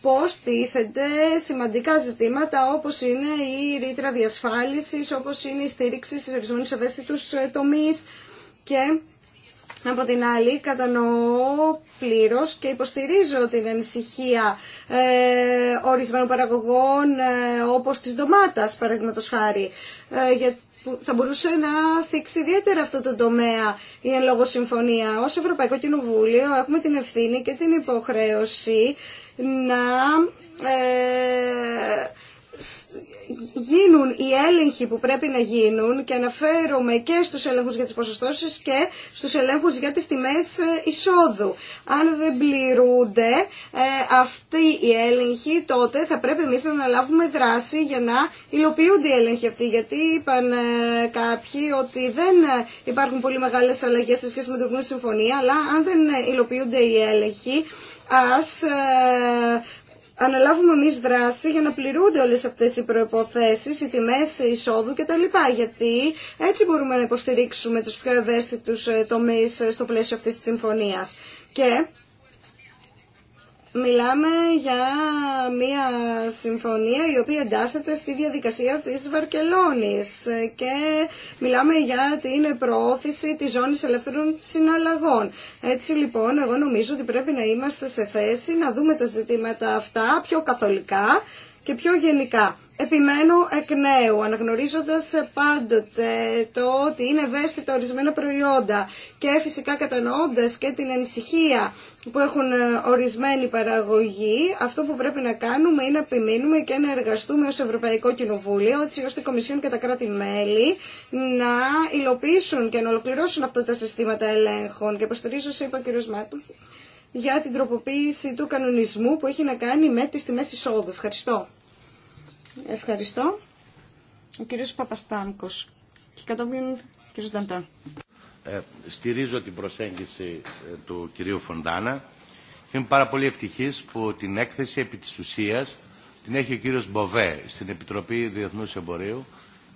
πώς τίθενται σημαντικά ζητήματα όπως είναι η ρήτρα διασφάλισης, όπως είναι η στήριξη σε και από την άλλη, κατανοώ πλήρω και υποστηρίζω την ανησυχία ε, ορισμένων παραγωγών ε, όπως της ντομάτας, παραδείγματος χάρη, ε, για που θα μπορούσε να θίξει ιδιαίτερα αυτό το τομέα η εν λόγω συμφωνία. Ως Ευρωπαϊκό Κοινοβούλιο έχουμε την ευθύνη και την υποχρέωση να ε, γίνουν οι έλεγχοι που πρέπει να γίνουν και αναφέρομαι και στους έλεγχους για τις ποσοστώσεις και στους έλεγχους για τις τιμές ε, εισόδου. Αν δεν πληρούνται ε, αυτοί οι έλεγχοι, τότε θα πρέπει εμείς να αναλάβουμε δράση για να υλοποιούνται οι έλεγχοι αυτοί. Γιατί είπαν ε, κάποιοι ότι δεν υπάρχουν πολύ μεγάλες αλλαγές σε σχέση με την Συμφωνία, αλλά αν δεν υλοποιούνται οι έλεγχοι, ας αναλάβουμε εμεί δράση για να πληρούνται όλες αυτές οι προϋποθέσεις, οι τιμέ εισόδου κτλ. Γιατί έτσι μπορούμε να υποστηρίξουμε τους πιο ευαίσθητου ε, τομεί ε, στο πλαίσιο αυτή τη συμφωνίας. Και Μιλάμε για μια συμφωνία η οποία εντάσσεται στη διαδικασία της Βαρκελόνης και μιλάμε για την προώθηση της ζώνης ελεύθερων συναλλαγών. Έτσι λοιπόν εγώ νομίζω ότι πρέπει να είμαστε σε θέση να δούμε τα ζητήματα αυτά πιο καθολικά και πιο γενικά. Επιμένω εκ νέου, αναγνωρίζοντας πάντοτε το ότι είναι ευαίσθητα ορισμένα προϊόντα και φυσικά κατανοώντας και την ανησυχία που έχουν ε, ορισμένη παραγωγή, αυτό που πρέπει να κάνουμε είναι να επιμείνουμε και να εργαστούμε ως Ευρωπαϊκό Κοινοβούλιο, έτσι ώστε η Κομισιόν και τα κράτη-μέλη να υλοποιήσουν και να ολοκληρώσουν αυτά τα συστήματα ελέγχων. Και υποστηρίζω, σε είπα κ. Μάτου, για την τροποποίηση του κανονισμού που έχει να κάνει με τις τιμές εισόδου. Ευχαριστώ. Ευχαριστώ. Ο κύριος Παπαστάνκο και κατόπιν κύριος Νταντά. Ε, στηρίζω την προσέγγιση ε, του κυρίου Φοντάνα και είμαι πάρα πολύ ευτυχής που την έκθεση επί της ουσίας την έχει ο κύριος Μποβέ στην Επιτροπή Διεθνούς Εμπορίου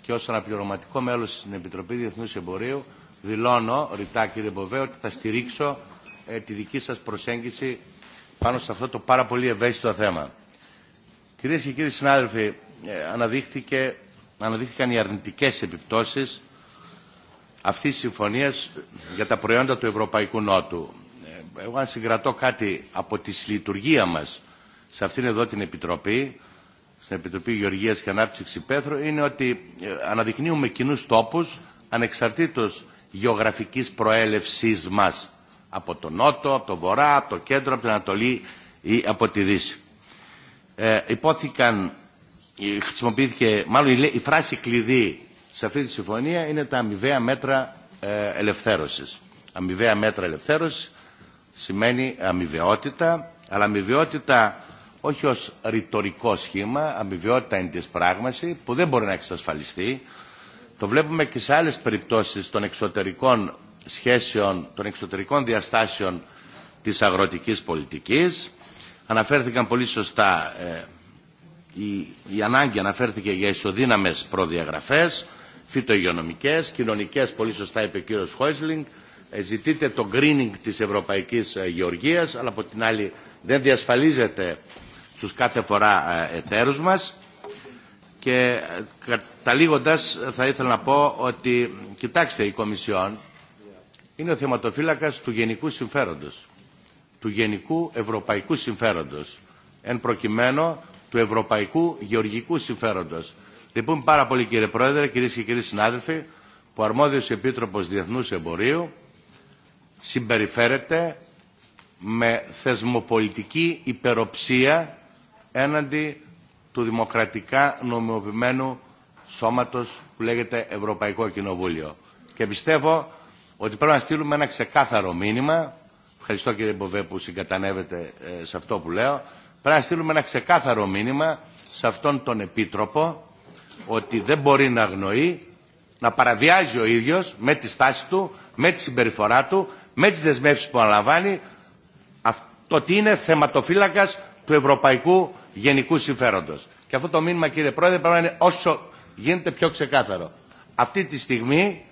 και ως αναπληρωματικό μέλος στην Επιτροπή Διεθνούς Εμπορίου δηλώνω ρητά κύριε Μποβέ ότι θα στηρίξω ε, τη δική σας προσέγγιση πάνω σε αυτό το πάρα πολύ ευαίσθητο θέμα. Κυρίε και κύριοι συνάδελφοι, ε, αναδείχθηκαν οι αρνητικές επιπτώσεις αυτής της συμφωνίας για τα προϊόντα του Ευρωπαϊκού Νότου. Ε, εγώ αν συγκρατώ κάτι από τη λειτουργία μας σε αυτήν εδώ την Επιτροπή, στην Επιτροπή Γεωργίας και Ανάπτυξη Πέθρου, είναι ότι ε, αναδεικνύουμε κοινού τόπους ανεξαρτήτως γεωγραφικής προέλευσής μας από τον Νότο, από το Βορρά, από το Κέντρο, από την Ανατολή ή από τη Δύση. Ε, χρησιμοποιήθηκε, μάλλον η φράση κλειδί σε αυτή τη συμφωνία είναι τα αμοιβαία μέτρα ε, ελευθέρωσης. Αμοιβαία μέτρα ελευθέρωσης σημαίνει αμοιβαιότητα, αλλά αμοιβαιότητα όχι ως ρητορικό σχήμα, αμοιβαιότητα είναι της πράγμαση που δεν μπορεί να εξασφαλιστεί. Το βλέπουμε και σε άλλες περιπτώσεις των εξωτερικών σχέσεων, των εξωτερικών διαστάσεων της αγροτικής πολιτικής. Αναφέρθηκαν πολύ σωστά ε, η, ανάγκη αναφέρθηκε για ισοδύναμες προδιαγραφές, φυτογειονομικές, κοινωνικές, πολύ σωστά είπε ο κύριος Χόισλινγκ, ε, ζητείται το greening της ευρωπαϊκής ε, γεωργίας, αλλά από την άλλη δεν διασφαλίζεται στους κάθε φορά ε, εταίρους μας. Και καταλήγοντας θα ήθελα να πω ότι, κοιτάξτε, η Κομισιόν είναι ο θεματοφύλακας του γενικού συμφέροντος, του γενικού ευρωπαϊκού συμφέροντος, εν προκειμένου του ευρωπαϊκού γεωργικού συμφέροντος. λοιπόν πάρα πολύ κύριε Πρόεδρε, κυρίε και κύριοι συνάδελφοι, που ο αρμόδιος Επίτροπος Διεθνού Εμπορίου συμπεριφέρεται με θεσμοπολιτική υπεροψία έναντι του δημοκρατικά νομιμοποιημένου σώματος που λέγεται Ευρωπαϊκό Κοινοβούλιο. Και πιστεύω ότι πρέπει να στείλουμε ένα ξεκάθαρο μήνυμα. Ευχαριστώ κύριε Μποβέ που συγκατανεύετε σε αυτό που λέω. Πρέπει να στείλουμε ένα ξεκάθαρο μήνυμα σε αυτόν τον Επίτροπο ότι δεν μπορεί να αγνοεί, να παραβιάζει ο ίδιος με τη στάση του, με τη συμπεριφορά του, με τις δεσμεύσεις που αναλαμβάνει το ότι είναι θεματοφύλακας του ευρωπαϊκού γενικού συμφέροντος. Και αυτό το μήνυμα κύριε Πρόεδρε πρέπει να είναι όσο γίνεται πιο ξεκάθαρο. Αυτή τη στιγμή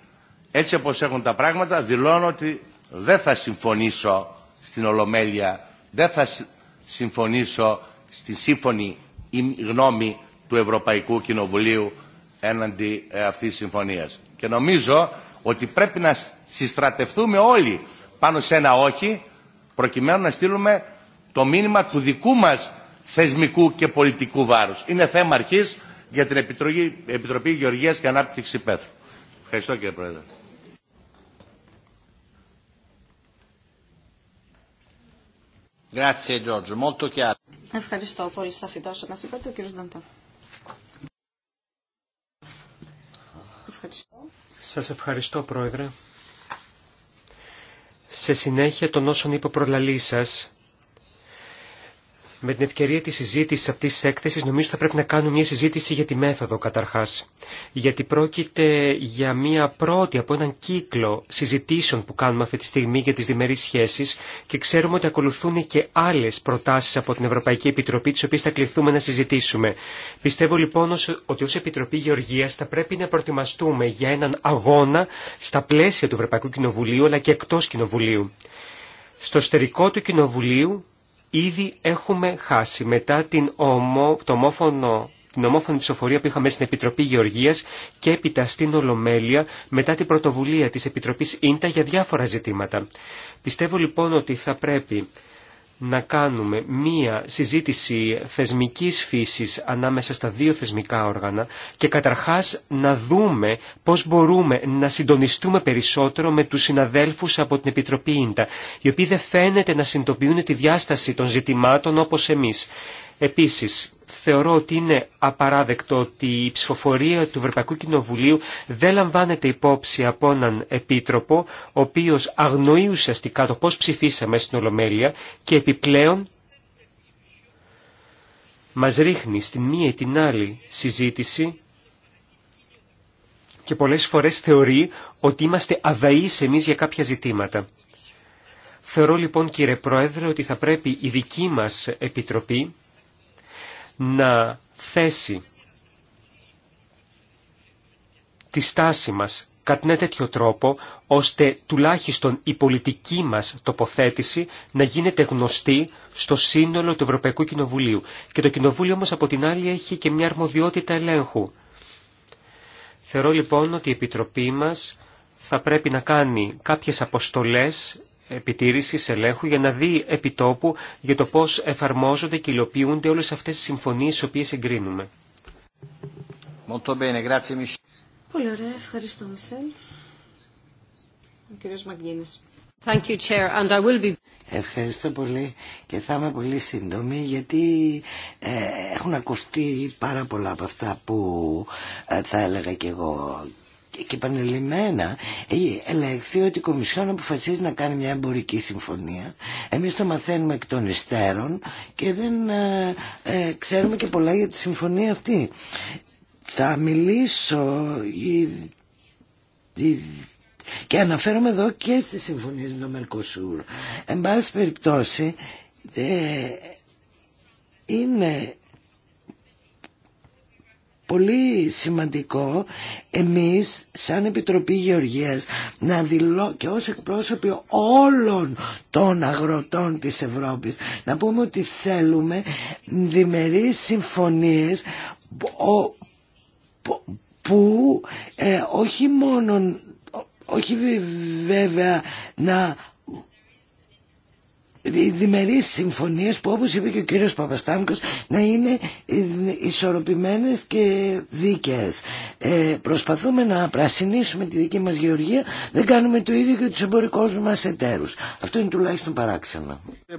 έτσι όπως έχουν τα πράγματα δηλώνω ότι δεν θα συμφωνήσω στην Ολομέλεια, συμφωνήσω στη σύμφωνη γνώμη του Ευρωπαϊκού Κοινοβουλίου έναντι ε, αυτής της συμφωνίας. Και νομίζω ότι πρέπει να συστρατευτούμε όλοι πάνω σε ένα όχι, προκειμένου να στείλουμε το μήνυμα του δικού μας θεσμικού και πολιτικού βάρους. Είναι θέμα αρχής για την Επιτροπή Γεωργίας και Ανάπτυξη Πέθρου. Ευχαριστώ κύριε Πρόεδρε. Ευχαριστώ πολύ σαφή τόσο μας είπατε ο κύριος Νταντά. Ευχαριστώ. Σας ευχαριστώ πρόεδρε. Σε συνέχεια των όσων είπε ο σας, με την ευκαιρία της συζήτησης αυτής της έκθεσης νομίζω θα πρέπει να κάνουμε μια συζήτηση για τη μέθοδο καταρχάς. Γιατί πρόκειται για μια πρώτη από έναν κύκλο συζητήσεων που κάνουμε αυτή τη στιγμή για τις διμερείς σχέσεις και ξέρουμε ότι ακολουθούν και άλλες προτάσεις από την Ευρωπαϊκή Επιτροπή τις οποίες θα κληθούμε να συζητήσουμε. Πιστεύω λοιπόν ότι ως Επιτροπή Γεωργίας θα πρέπει να προετοιμαστούμε για έναν αγώνα στα πλαίσια του Ευρωπαϊκού Κοινοβουλίου αλλά και εκτός Κοινοβουλίου. Στο στερικό του Κοινοβουλίου Ήδη έχουμε χάσει μετά την, ομο, την ομόφωνη ψηφοφορία που είχαμε στην Επιτροπή Γεωργίας και έπειτα στην Ολομέλεια μετά την πρωτοβουλία της Επιτροπής Ίντα για διάφορα ζητήματα. Πιστεύω λοιπόν ότι θα πρέπει να κάνουμε μία συζήτηση θεσμικής φύσης ανάμεσα στα δύο θεσμικά όργανα και καταρχάς να δούμε πώς μπορούμε να συντονιστούμε περισσότερο με τους συναδέλφους από την Επιτροπή Ίντα, οι οποίοι δεν φαίνεται να συντοποιούν τη διάσταση των ζητημάτων όπως εμείς. Επίσης, θεωρώ ότι είναι απαράδεκτο ότι η ψηφοφορία του Ευρωπαϊκού Κοινοβουλίου δεν λαμβάνεται υπόψη από έναν επίτροπο, ο οποίος αγνοεί ουσιαστικά το πώς ψηφίσαμε στην Ολομέλεια και επιπλέον μας ρίχνει στην μία ή την άλλη συζήτηση και πολλές φορές θεωρεί ότι είμαστε αδαείς εμείς για κάποια ζητήματα. Θεωρώ λοιπόν κύριε Πρόεδρε ότι θα πρέπει η δική μας Επιτροπή να θέσει τη στάση μας κατά ένα τέτοιο τρόπο, ώστε τουλάχιστον η πολιτική μας τοποθέτηση να γίνεται γνωστή στο σύνολο του Ευρωπαϊκού Κοινοβουλίου. Και το Κοινοβούλιο όμως από την άλλη έχει και μια αρμοδιότητα ελέγχου. Θεωρώ λοιπόν ότι η Επιτροπή μας θα πρέπει να κάνει κάποιες αποστολές Επιτήρηση ελέγχου, για να δει επιτόπου για το πώς εφαρμόζονται και υλοποιούνται όλες αυτές τις συμφωνίες τις οποίες εγκρίνουμε. Πολύ ωραία, ευχαριστώ Μισελ. Ο Thank you, Chair, and Ευχαριστώ πολύ και θα είμαι πολύ σύντομη γιατί ε, έχουν ακουστεί πάρα πολλά από αυτά που ε, θα έλεγα και εγώ και επανελειμμένα ελεγχθεί ότι η Κομισιόν αποφασίζει να κάνει μια εμπορική συμφωνία. Εμείς το μαθαίνουμε εκ των υστέρων και δεν ε, ε, ξέρουμε και πολλά για τη συμφωνία αυτή. Θα μιλήσω και αναφέρομαι εδώ και στις συμφωνίες με το Μερκοσούρ. Εν πάση περιπτώσει ε, είναι πολύ σημαντικό εμείς σαν Επιτροπή Γεωργίας να δηλώ και ως εκπρόσωποι όλων των αγροτών της Ευρώπης να πούμε ότι θέλουμε διμερείς συμφωνίες που ε, όχι μόνο όχι βέβαια να διμερείς συμφωνίες που όπως είπε και ο κύριος Παπαστάμικος να είναι ε, ισορροπημένες και δίκαιες. Ε, προσπαθούμε να πρασινίσουμε τη δική μας γεωργία, δεν κάνουμε το ίδιο και τους εμπορικούς μας εταίρους. Αυτό είναι τουλάχιστον παράξενο. E,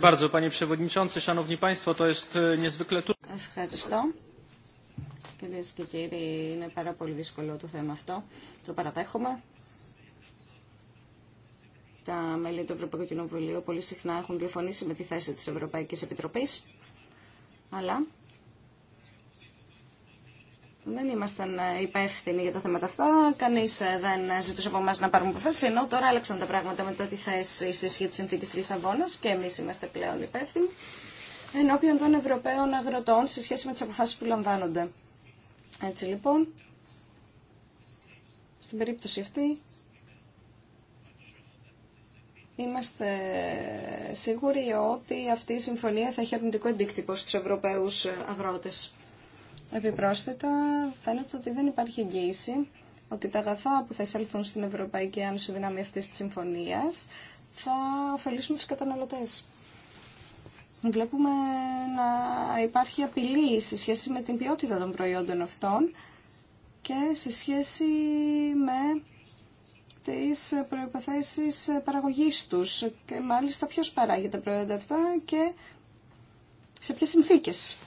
Ευχαριστώ. Κυρίες και κύριοι, είναι πάρα πολύ δύσκολο το θέμα αυτό. Το παραδέχομαι τα μέλη του Ευρωπαϊκού Κοινοβουλίου πολύ συχνά έχουν διαφωνήσει με τη θέση της Ευρωπαϊκής Επιτροπής, αλλά δεν ήμασταν υπεύθυνοι για τα θέματα αυτά. Κανεί δεν ζητούσε από εμά να πάρουμε αποφάσει. Ενώ τώρα άλλαξαν τα πράγματα μετά τη θέση σε σχέση τη συνθήκη τη Λισαβόνα και εμεί είμαστε πλέον υπεύθυνοι ενώπιον των Ευρωπαίων αγροτών σε σχέση με τι αποφάσει που λαμβάνονται. Έτσι λοιπόν, στην περίπτωση αυτή Είμαστε σίγουροι ότι αυτή η συμφωνία θα έχει αρνητικό αντίκτυπο στους Ευρωπαίους αγρότες. Επιπρόσθετα, φαίνεται ότι δεν υπάρχει εγγύηση ότι τα αγαθά που θα εισέλθουν στην Ευρωπαϊκή Ένωση δυνάμει αυτής της συμφωνία θα ωφελήσουν του καταναλωτές. Βλέπουμε να υπάρχει απειλή σε σχέση με την ποιότητα των προϊόντων αυτών και σε σχέση με τις προϋποθέσεις παραγωγής τους και μάλιστα ποιος παράγει τα προϊόντα αυτά και σε ποιες συνθήκες.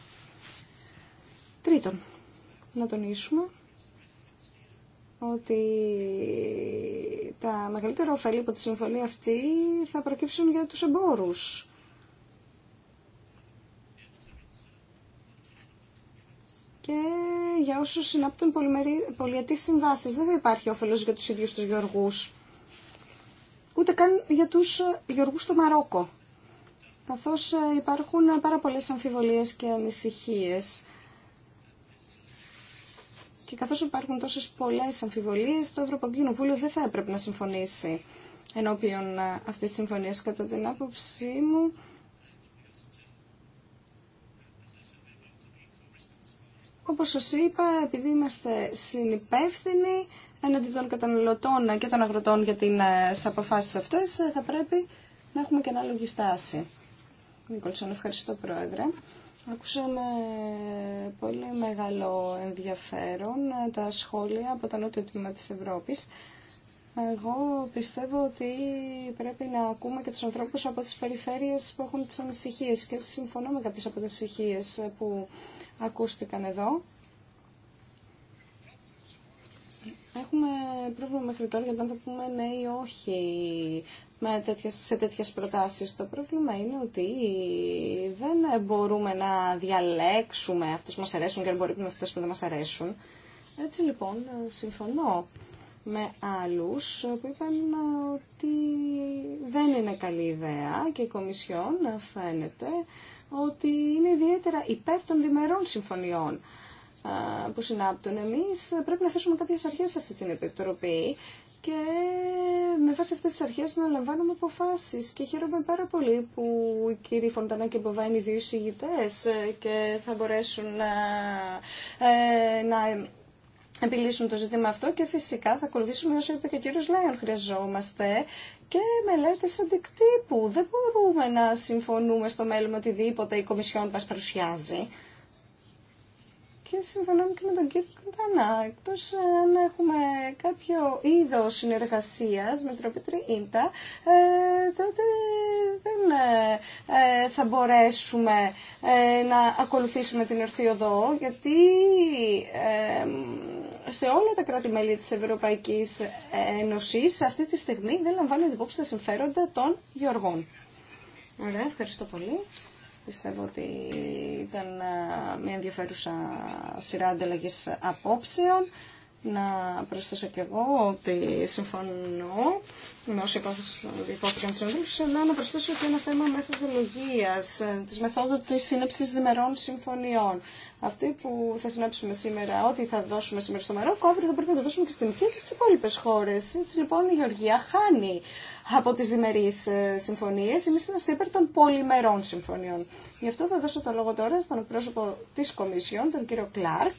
Τρίτον, να τονίσουμε ότι τα μεγαλύτερα ωφέλη από τη συμφωνία αυτή θα προκύψουν για τους εμπόρους και για όσους συνάπτουν πολυετής συμβάσεις. Δεν θα υπάρχει όφελος για τους ίδιους τους γεωργούς, ούτε καν για τους ε, γεωργούς στο Μαρόκο, καθώς ε, υπάρχουν πάρα πολλές αμφιβολίες και ανησυχίες. Και καθώς υπάρχουν τόσες πολλές αμφιβολίες, το Ευρωπαϊκό Κοινοβούλιο δεν θα έπρεπε να συμφωνήσει ενώπιον ε, αυτής της συμφωνίας. Κατά την άποψή μου, Όπως σας είπα, επειδή είμαστε συνυπεύθυνοι έναντι των καταναλωτών και των αγροτών για τις ε, αποφάσεις αυτές, ε, θα πρέπει να έχουμε και ανάλογη στάση. Νίκολσον, ευχαριστώ Πρόεδρε. Ακούσαμε πολύ μεγάλο ενδιαφέρον ε, τα σχόλια από τα νότια τμήμα της Ευρώπης. Εγώ πιστεύω ότι πρέπει να ακούμε και τους ανθρώπους από τις περιφέρειες που έχουν τις ανησυχίες και συμφωνώ με κάποιες από τις ανησυχίες που ακούστηκαν εδώ. Έχουμε πρόβλημα μέχρι τώρα για το θα πούμε ναι ή όχι με τέτοιες, σε τέτοιες προτάσεις. Το πρόβλημα είναι ότι δεν μπορούμε να διαλέξουμε αυτές που μας αρέσουν και δεν μπορούμε να αυτές που δεν μας αρέσουν. Έτσι λοιπόν συμφωνώ με άλλους που είπαν ότι δεν είναι καλή ιδέα και η Κομισιόν φαίνεται ότι είναι ιδιαίτερα υπέρ των διμερών συμφωνιών που συνάπτουν. Εμείς πρέπει να θέσουμε κάποιες αρχές σε αυτή την Επιτροπή και με βάση αυτές τις αρχές να λαμβάνουμε αποφάσεις. Και χαίρομαι πάρα πολύ που οι κύριοι Φοντανά και Μποβά είναι οι δύο και θα μπορέσουν να, ε, να επιλύσουν το ζήτημα αυτό και φυσικά θα ακολουθήσουμε όσο είπε και ο κύριος Λάιον. Χρειαζόμαστε και μελέτες αντικτύπου. Δεν μπορούμε να συμφωνούμε στο μέλλον με οτιδήποτε η Κομισιόν μας παρουσιάζει και συμφωνώ και με τον κύριο Κοντανά. Εκτό ε, αν έχουμε κάποιο είδο συνεργασία με την οποία ίντα, ε, τότε δεν ε, θα μπορέσουμε να ακολουθήσουμε την ορθή οδό, γιατί σε όλα τα κράτη-μέλη της Ευρωπαϊκής Ένωσης αυτή τη στιγμή δεν λαμβάνουν υπόψη τα συμφέροντα των γεωργών. Ωραία, ευχαριστώ πολύ. Πιστεύω ότι ήταν ε, μια ενδιαφέρουσα σειρά ανταλλαγή απόψεων. Να προσθέσω κι εγώ ότι συμφωνώ με όσοι υπόθηκαν του συνέντευξη, να προσθέσω και ένα θέμα μεθοδολογία, ε, τη μεθόδου τη σύναψη διμερών συμφωνιών. Αυτή που θα συνέψουμε σήμερα, ό,τι θα δώσουμε σήμερα στο Μαρόκο, αύριο θα πρέπει να το δώσουμε και στην Ισία και στι υπόλοιπε χώρε. Έτσι λοιπόν η Γεωργία χάνει από τι διμερεί ε, συμφωνίε. Εμεί είμαστε υπέρ των πολυμερών συμφωνιών. Γι' αυτό θα δώσω το λόγο τώρα στον πρόσωπο τη Κομισιόν, τον κύριο Κλάρκ,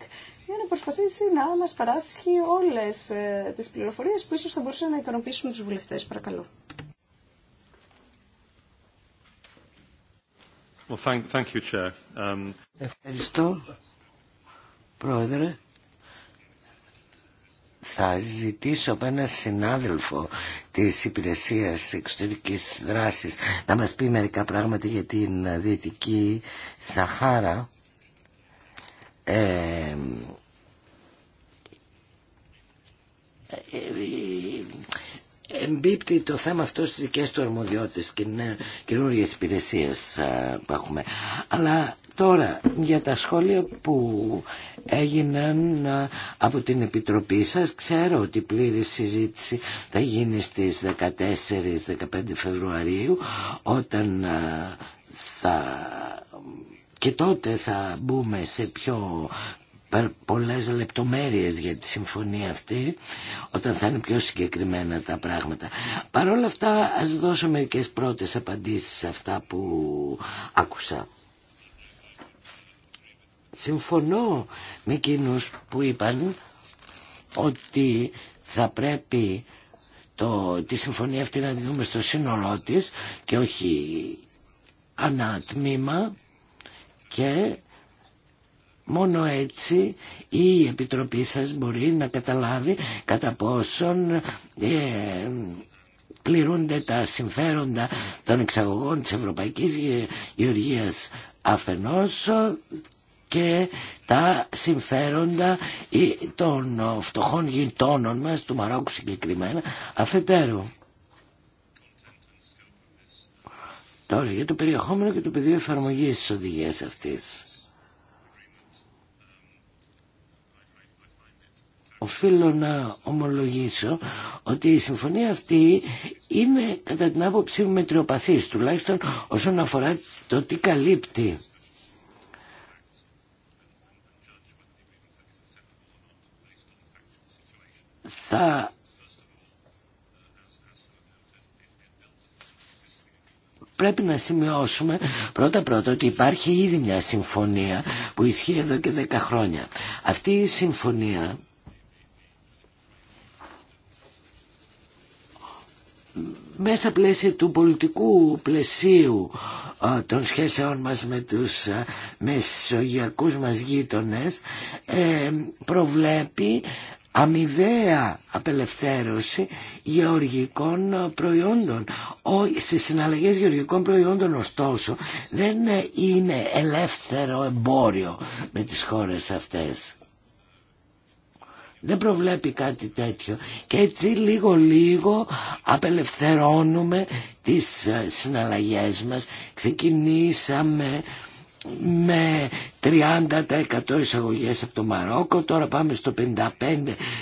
για να προσπαθήσει να μα παράσχει όλες ε, τι πληροφορίε που ίσω θα μπορούσαν να ικανοποιήσουν του βουλευτές. Παρακαλώ. Um, Ευχαριστώ, Πρόεδρε. Θα ζητήσω από έναν συνάδελφο της Υπηρεσίας Εξωτερικής Δράσης να μας πει μερικά πράγματα για την Δυτική Σαχάρα. Ε, Ε, ε, ε, εμπίπτει το θέμα αυτό στις δικές του αρμοδιότητες και καινούργιες υπηρεσίες που έχουμε. Αλλά τώρα για τα σχόλια που έγιναν από την Επιτροπή σας ξέρω ότι η πλήρη συζήτηση θα γίνει στις 14-15 Φεβρουαρίου όταν θα και τότε θα μπούμε σε πιο πολλές λεπτομέρειες για τη συμφωνία αυτή όταν θα είναι πιο συγκεκριμένα τα πράγματα. Παρόλα όλα αυτά ας δώσω μερικές πρώτες απαντήσεις σε αυτά που άκουσα. Συμφωνώ με εκείνους που είπαν ότι θα πρέπει το, τη συμφωνία αυτή να τη δούμε στο σύνολό της και όχι ανά και Μόνο έτσι η Επιτροπή σας μπορεί να καταλάβει κατά πόσον ε, πληρούνται τα συμφέροντα των εξαγωγών της Ευρωπαϊκής Γεωργίας αφενός και τα συμφέροντα των φτωχών γειτόνων μας, του Μαρόκου συγκεκριμένα, αφετέρου. Τώρα για το περιεχόμενο και το πεδίο εφαρμογής της οδηγίας αυτής. οφείλω να ομολογήσω ότι η συμφωνία αυτή είναι κατά την άποψή μου μετριοπαθής τουλάχιστον όσον αφορά το τι καλύπτει. Θα πρέπει να σημειώσουμε πρώτα πρώτα ότι υπάρχει ήδη μια συμφωνία που ισχύει εδώ και δέκα χρόνια. Αυτή η συμφωνία μέσα στα πλαίσια του πολιτικού πλαισίου των σχέσεων μας με τους μεσογειακούς μας γείτονες ε, προβλέπει αμοιβαία απελευθέρωση γεωργικών προϊόντων. Ο, στις συναλλαγές γεωργικών προϊόντων ωστόσο δεν ε, είναι ελεύθερο εμπόριο με τις χώρες αυτές. Δεν προβλέπει κάτι τέτοιο. Και έτσι λίγο λίγο απελευθερώνουμε τις ε, συναλλαγές μας. Ξεκινήσαμε με 30% εισαγωγές από το Μαρόκο τώρα πάμε στο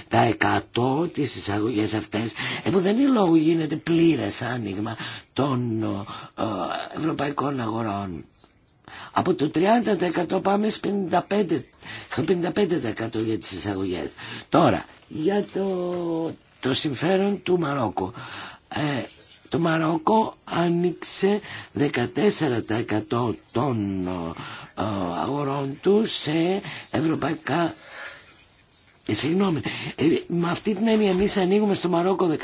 55% τις εισαγωγές αυτές ε, που δεν είναι λόγο γίνεται πλήρες άνοιγμα των ε, ευρωπαϊκών αγορών από το 30% πάμε στο 55%, 55 για τις εισαγωγές. Τώρα, για το, το συμφέρον του Μαρόκο, Ε, το Μαρόκο άνοιξε 14% των ε, αγορών του σε ευρωπαϊκά ε, συγγνώμη, ε, με αυτή την έννοια εμεί ανοίγουμε στο Μαρόκο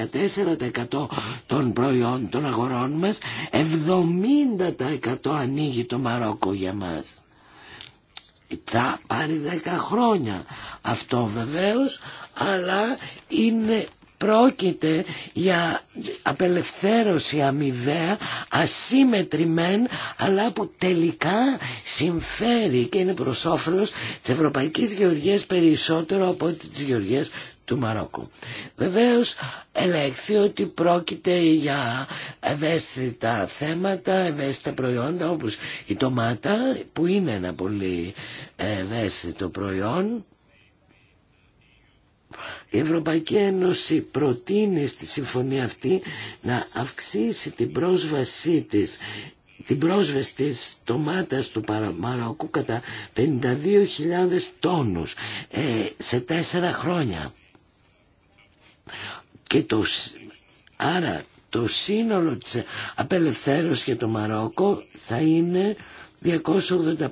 14% των προϊόντων των αγορών μας, 70% ανοίγει το Μαρόκο για μας. Θα πάρει 10 χρόνια αυτό βεβαίως, αλλά είναι Πρόκειται για απελευθέρωση αμοιβαία, ασύμετρη μεν, αλλά που τελικά συμφέρει και είναι προς όφελος της Ευρωπαϊκής Γεωργίας περισσότερο από ό,τι της του Μαρόκου. Βεβαίως ελέγχθη ότι πρόκειται για ευαίσθητα θέματα, ευαίσθητα προϊόντα όπως η ντομάτα που είναι ένα πολύ ευαίσθητο προϊόν η Ευρωπαϊκή Ένωση προτείνει στη συμφωνία αυτή να αυξήσει την πρόσβασή της την πρόσβαση του Μαροκού κατά 52.000 τόνους ε, σε τέσσερα χρόνια. Και το, άρα το σύνολο της απελευθέρωσης για το Μαρόκο θα είναι 285.000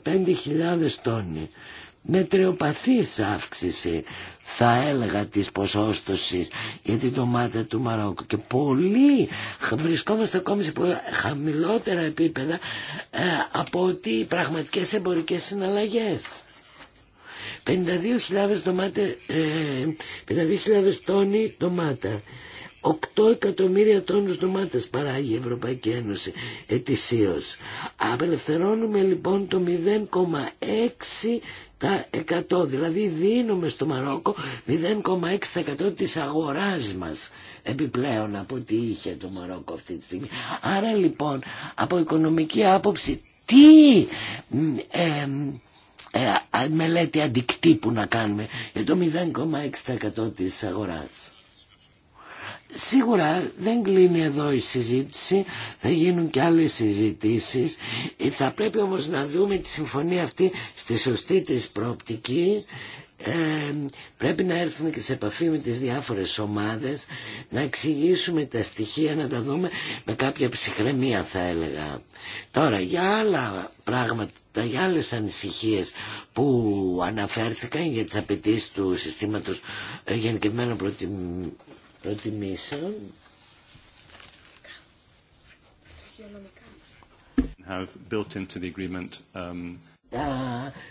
τόνοι μετριοπαθής αύξηση θα έλεγα της ποσόστοσης για την ντομάτα του Μαρόκου και πολύ βρισκόμαστε ακόμη σε χαμηλότερα επίπεδα ε, από ότι οι πραγματικές εμπορικές συναλλαγές 52.000 ντομάτε, ε, 52.000 τόνοι ντομάτα 8 εκατομμύρια τόνους ντομάτες παράγει η Ευρωπαϊκή Ένωση ετησίως. Απελευθερώνουμε λοιπόν το 0,6% 100, δηλαδή δίνουμε στο Μαρόκο 0,6% της αγοράς μας επιπλέον από ό,τι είχε το Μαρόκο αυτή τη στιγμή. Άρα λοιπόν από οικονομική άποψη τι ε, ε, μελέτη αντικτύπου να κάνουμε για το 0,6% της αγοράς. Σίγουρα δεν κλείνει εδώ η συζήτηση, θα γίνουν και άλλες συζητήσεις. Ε, θα πρέπει όμως να δούμε τη συμφωνία αυτή στη σωστή της προοπτική. Ε, πρέπει να έρθουμε και σε επαφή με τις διάφορες ομάδες, να εξηγήσουμε τα στοιχεία, να τα δούμε με κάποια ψυχραιμία θα έλεγα. Τώρα για άλλα πράγματα για άλλες ανησυχίες που αναφέρθηκαν για τις απαιτήσει του συστήματος ε, γενικευμένων προτιμήσεων um, τα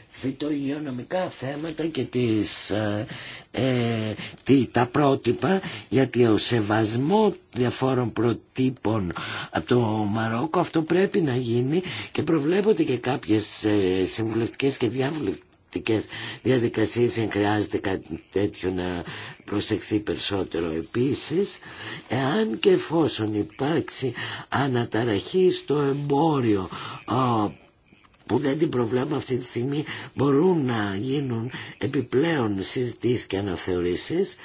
φυτογειονομικά θέματα και τις, ε, ε, τα πρότυπα γιατί ο σεβασμό διαφόρων προτύπων από το Μαρόκο αυτό πρέπει να γίνει και προβλέπονται και κάποιες ε, συμβουλευτικές και διαβουλευτικές δημοκρατικές διαδικασίες αν χρειάζεται κάτι τέτοιο να προσεχθεί περισσότερο επίσης εάν και εφόσον υπάρξει αναταραχή στο εμπόριο που δεν την προβλέπω αυτή τη στιγμή μπορούν να γίνουν επιπλέον συζητήσεις και αναθεωρήσεις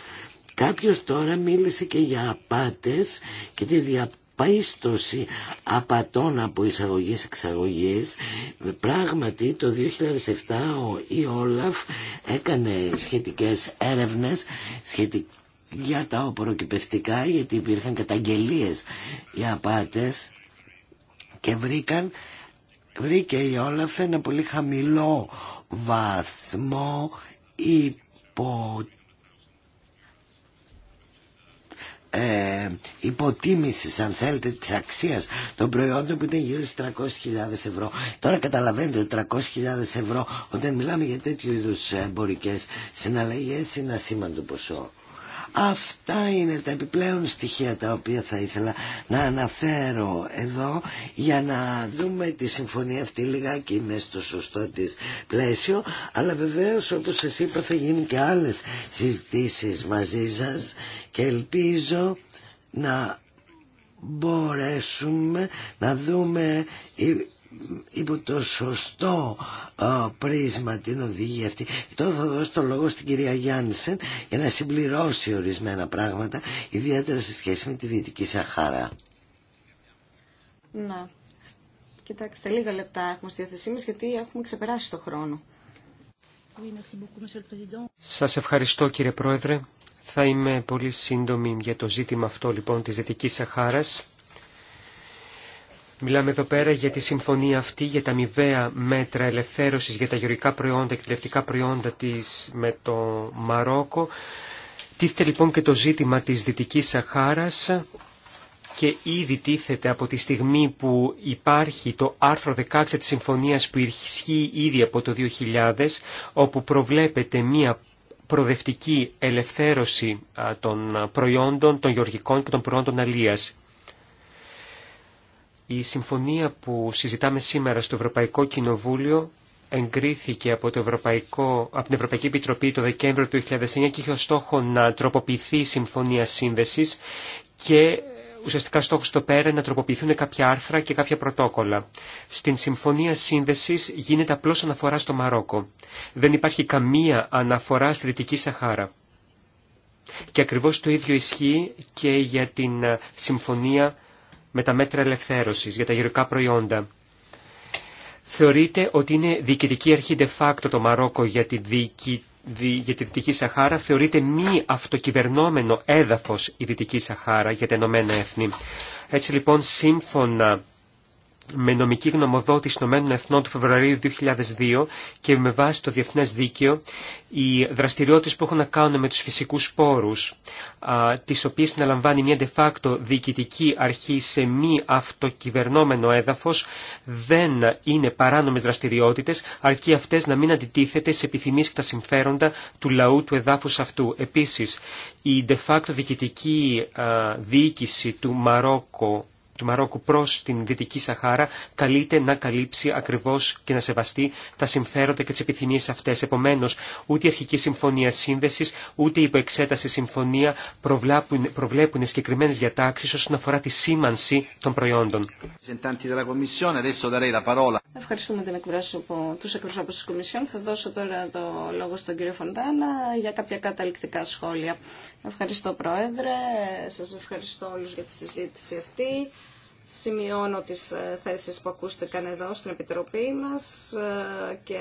Κάποιος τώρα μίλησε και για απάτες και τη διαπτώση παΐστοση απατών από εισαγωγής εξαγωγές. πράγματι το 2007 ο η Όλαφ έκανε σχετικές έρευνες σχετικ... για τα οποροκυπευτικά γιατί υπήρχαν καταγγελίες για απάτες και βρήκαν βρήκε η Όλαφ ένα πολύ χαμηλό βαθμό υπό ε, υποτίμησης αν θέλετε της αξίας των προϊόντων που ήταν γύρω στις 300.000 ευρώ τώρα καταλαβαίνετε ότι 300.000 ευρώ όταν μιλάμε για τέτοιου είδου εμπορικέ, συναλλαγές είναι ασήμαντο ποσό Αυτά είναι τα επιπλέον στοιχεία τα οποία θα ήθελα να αναφέρω εδώ για να δούμε τη συμφωνία αυτή λιγάκι με στο σωστό της πλαίσιο αλλά βεβαίως όπως σας είπα θα γίνουν και άλλες συζητήσεις μαζί σας και ελπίζω να μπορέσουμε να δούμε υπό το σωστό πρίσμα την οδηγία αυτή. Και τώρα θα δώσω το λόγο στην κυρία Γιάννησεν για να συμπληρώσει ορισμένα πράγματα, ιδιαίτερα σε σχέση με τη Δυτική Σαχάρα. Να, κοιτάξτε, λίγα λεπτά έχουμε στη διάθεσή μας γιατί έχουμε ξεπεράσει το χρόνο. Σας ευχαριστώ κύριε Πρόεδρε. Θα είμαι πολύ σύντομη για το ζήτημα αυτό λοιπόν της Δυτικής Σαχάρας. Μιλάμε εδώ πέρα για τη συμφωνία αυτή, για τα αμοιβαία μέτρα ελευθέρωσης για τα γεωργικά προϊόντα και τα προϊόντα της με το Μαρόκο. Τίθεται λοιπόν και το ζήτημα της Δυτικής Σαχάρας και ήδη τίθεται από τη στιγμή που υπάρχει το άρθρο 16 της συμφωνίας που ισχύει ήδη από το 2000, όπου προβλέπεται μία προοδευτική ελευθέρωση των προϊόντων των γεωργικών και των προϊόντων αλίας. Η συμφωνία που συζητάμε σήμερα στο Ευρωπαϊκό Κοινοβούλιο εγκρίθηκε από, το Ευρωπαϊκό, από την Ευρωπαϊκή Επιτροπή το Δεκέμβριο του 2009 και είχε ως στόχο να τροποποιηθεί η Συμφωνία Σύνδεσης και ουσιαστικά στόχος το πέρα να τροποποιηθούν κάποια άρθρα και κάποια πρωτόκολλα. Στην Συμφωνία Σύνδεσης γίνεται απλώς αναφορά στο Μαρόκο. Δεν υπάρχει καμία αναφορά στη Δυτική Σαχάρα. Και ακριβώς το ίδιο ισχύει και για την ε, Συμφωνία με τα μέτρα ελευθέρωσης για τα γεωργικά προϊόντα. Θεωρείται ότι είναι διοικητική αρχή de facto το Μαρόκο για τη, δίκη, για τη Δυτική Σαχάρα, θεωρείται μη αυτοκυβερνόμενο έδαφος η Δυτική Σαχάρα για τα Ηνωμένα Έθνη. Έτσι λοιπόν σύμφωνα με νομική γνωμοδότηση των Εθνών του Φεβρουαρίου 2002 και με βάση το διεθνές δίκαιο οι δραστηριότητες που έχουν να κάνουν με τους φυσικούς πόρους, α, τις οποίες συναλαμβάνει μια de facto διοικητική αρχή σε μη αυτοκυβερνόμενο έδαφος, δεν είναι παράνομες δραστηριότητες, αρκεί αυτές να μην αντιτίθεται σε επιθυμίες και τα συμφέροντα του λαού του εδάφους αυτού. Επίσης, η de facto διοικητική α, διοίκηση του Μαρόκο του Μαρόκου προς την Δυτική Σαχάρα καλείται να καλύψει ακριβώς και να σεβαστεί τα συμφέροντα και τις επιθυμίες αυτές. Επομένως, ούτε η αρχική συμφωνία σύνδεσης, ούτε η υποεξέταση συμφωνία προβλέπουν, προβλέπουν συγκεκριμένες διατάξεις όσον αφορά τη σήμανση των προϊόντων. Ευχαριστούμε την εκπρόσωπο, τους εκπροσώπους της Κομισιόν. Θα δώσω τώρα το λόγο στον κύριο Φοντάνα για κάποια καταληκτικά σχόλια. Ευχαριστώ Πρόεδρε, σας ευχαριστώ όλους για τη συζήτηση αυτή. Σημειώνω τις ε, θέσεις που ακούστηκαν εδώ στην Επιτροπή μας ε, και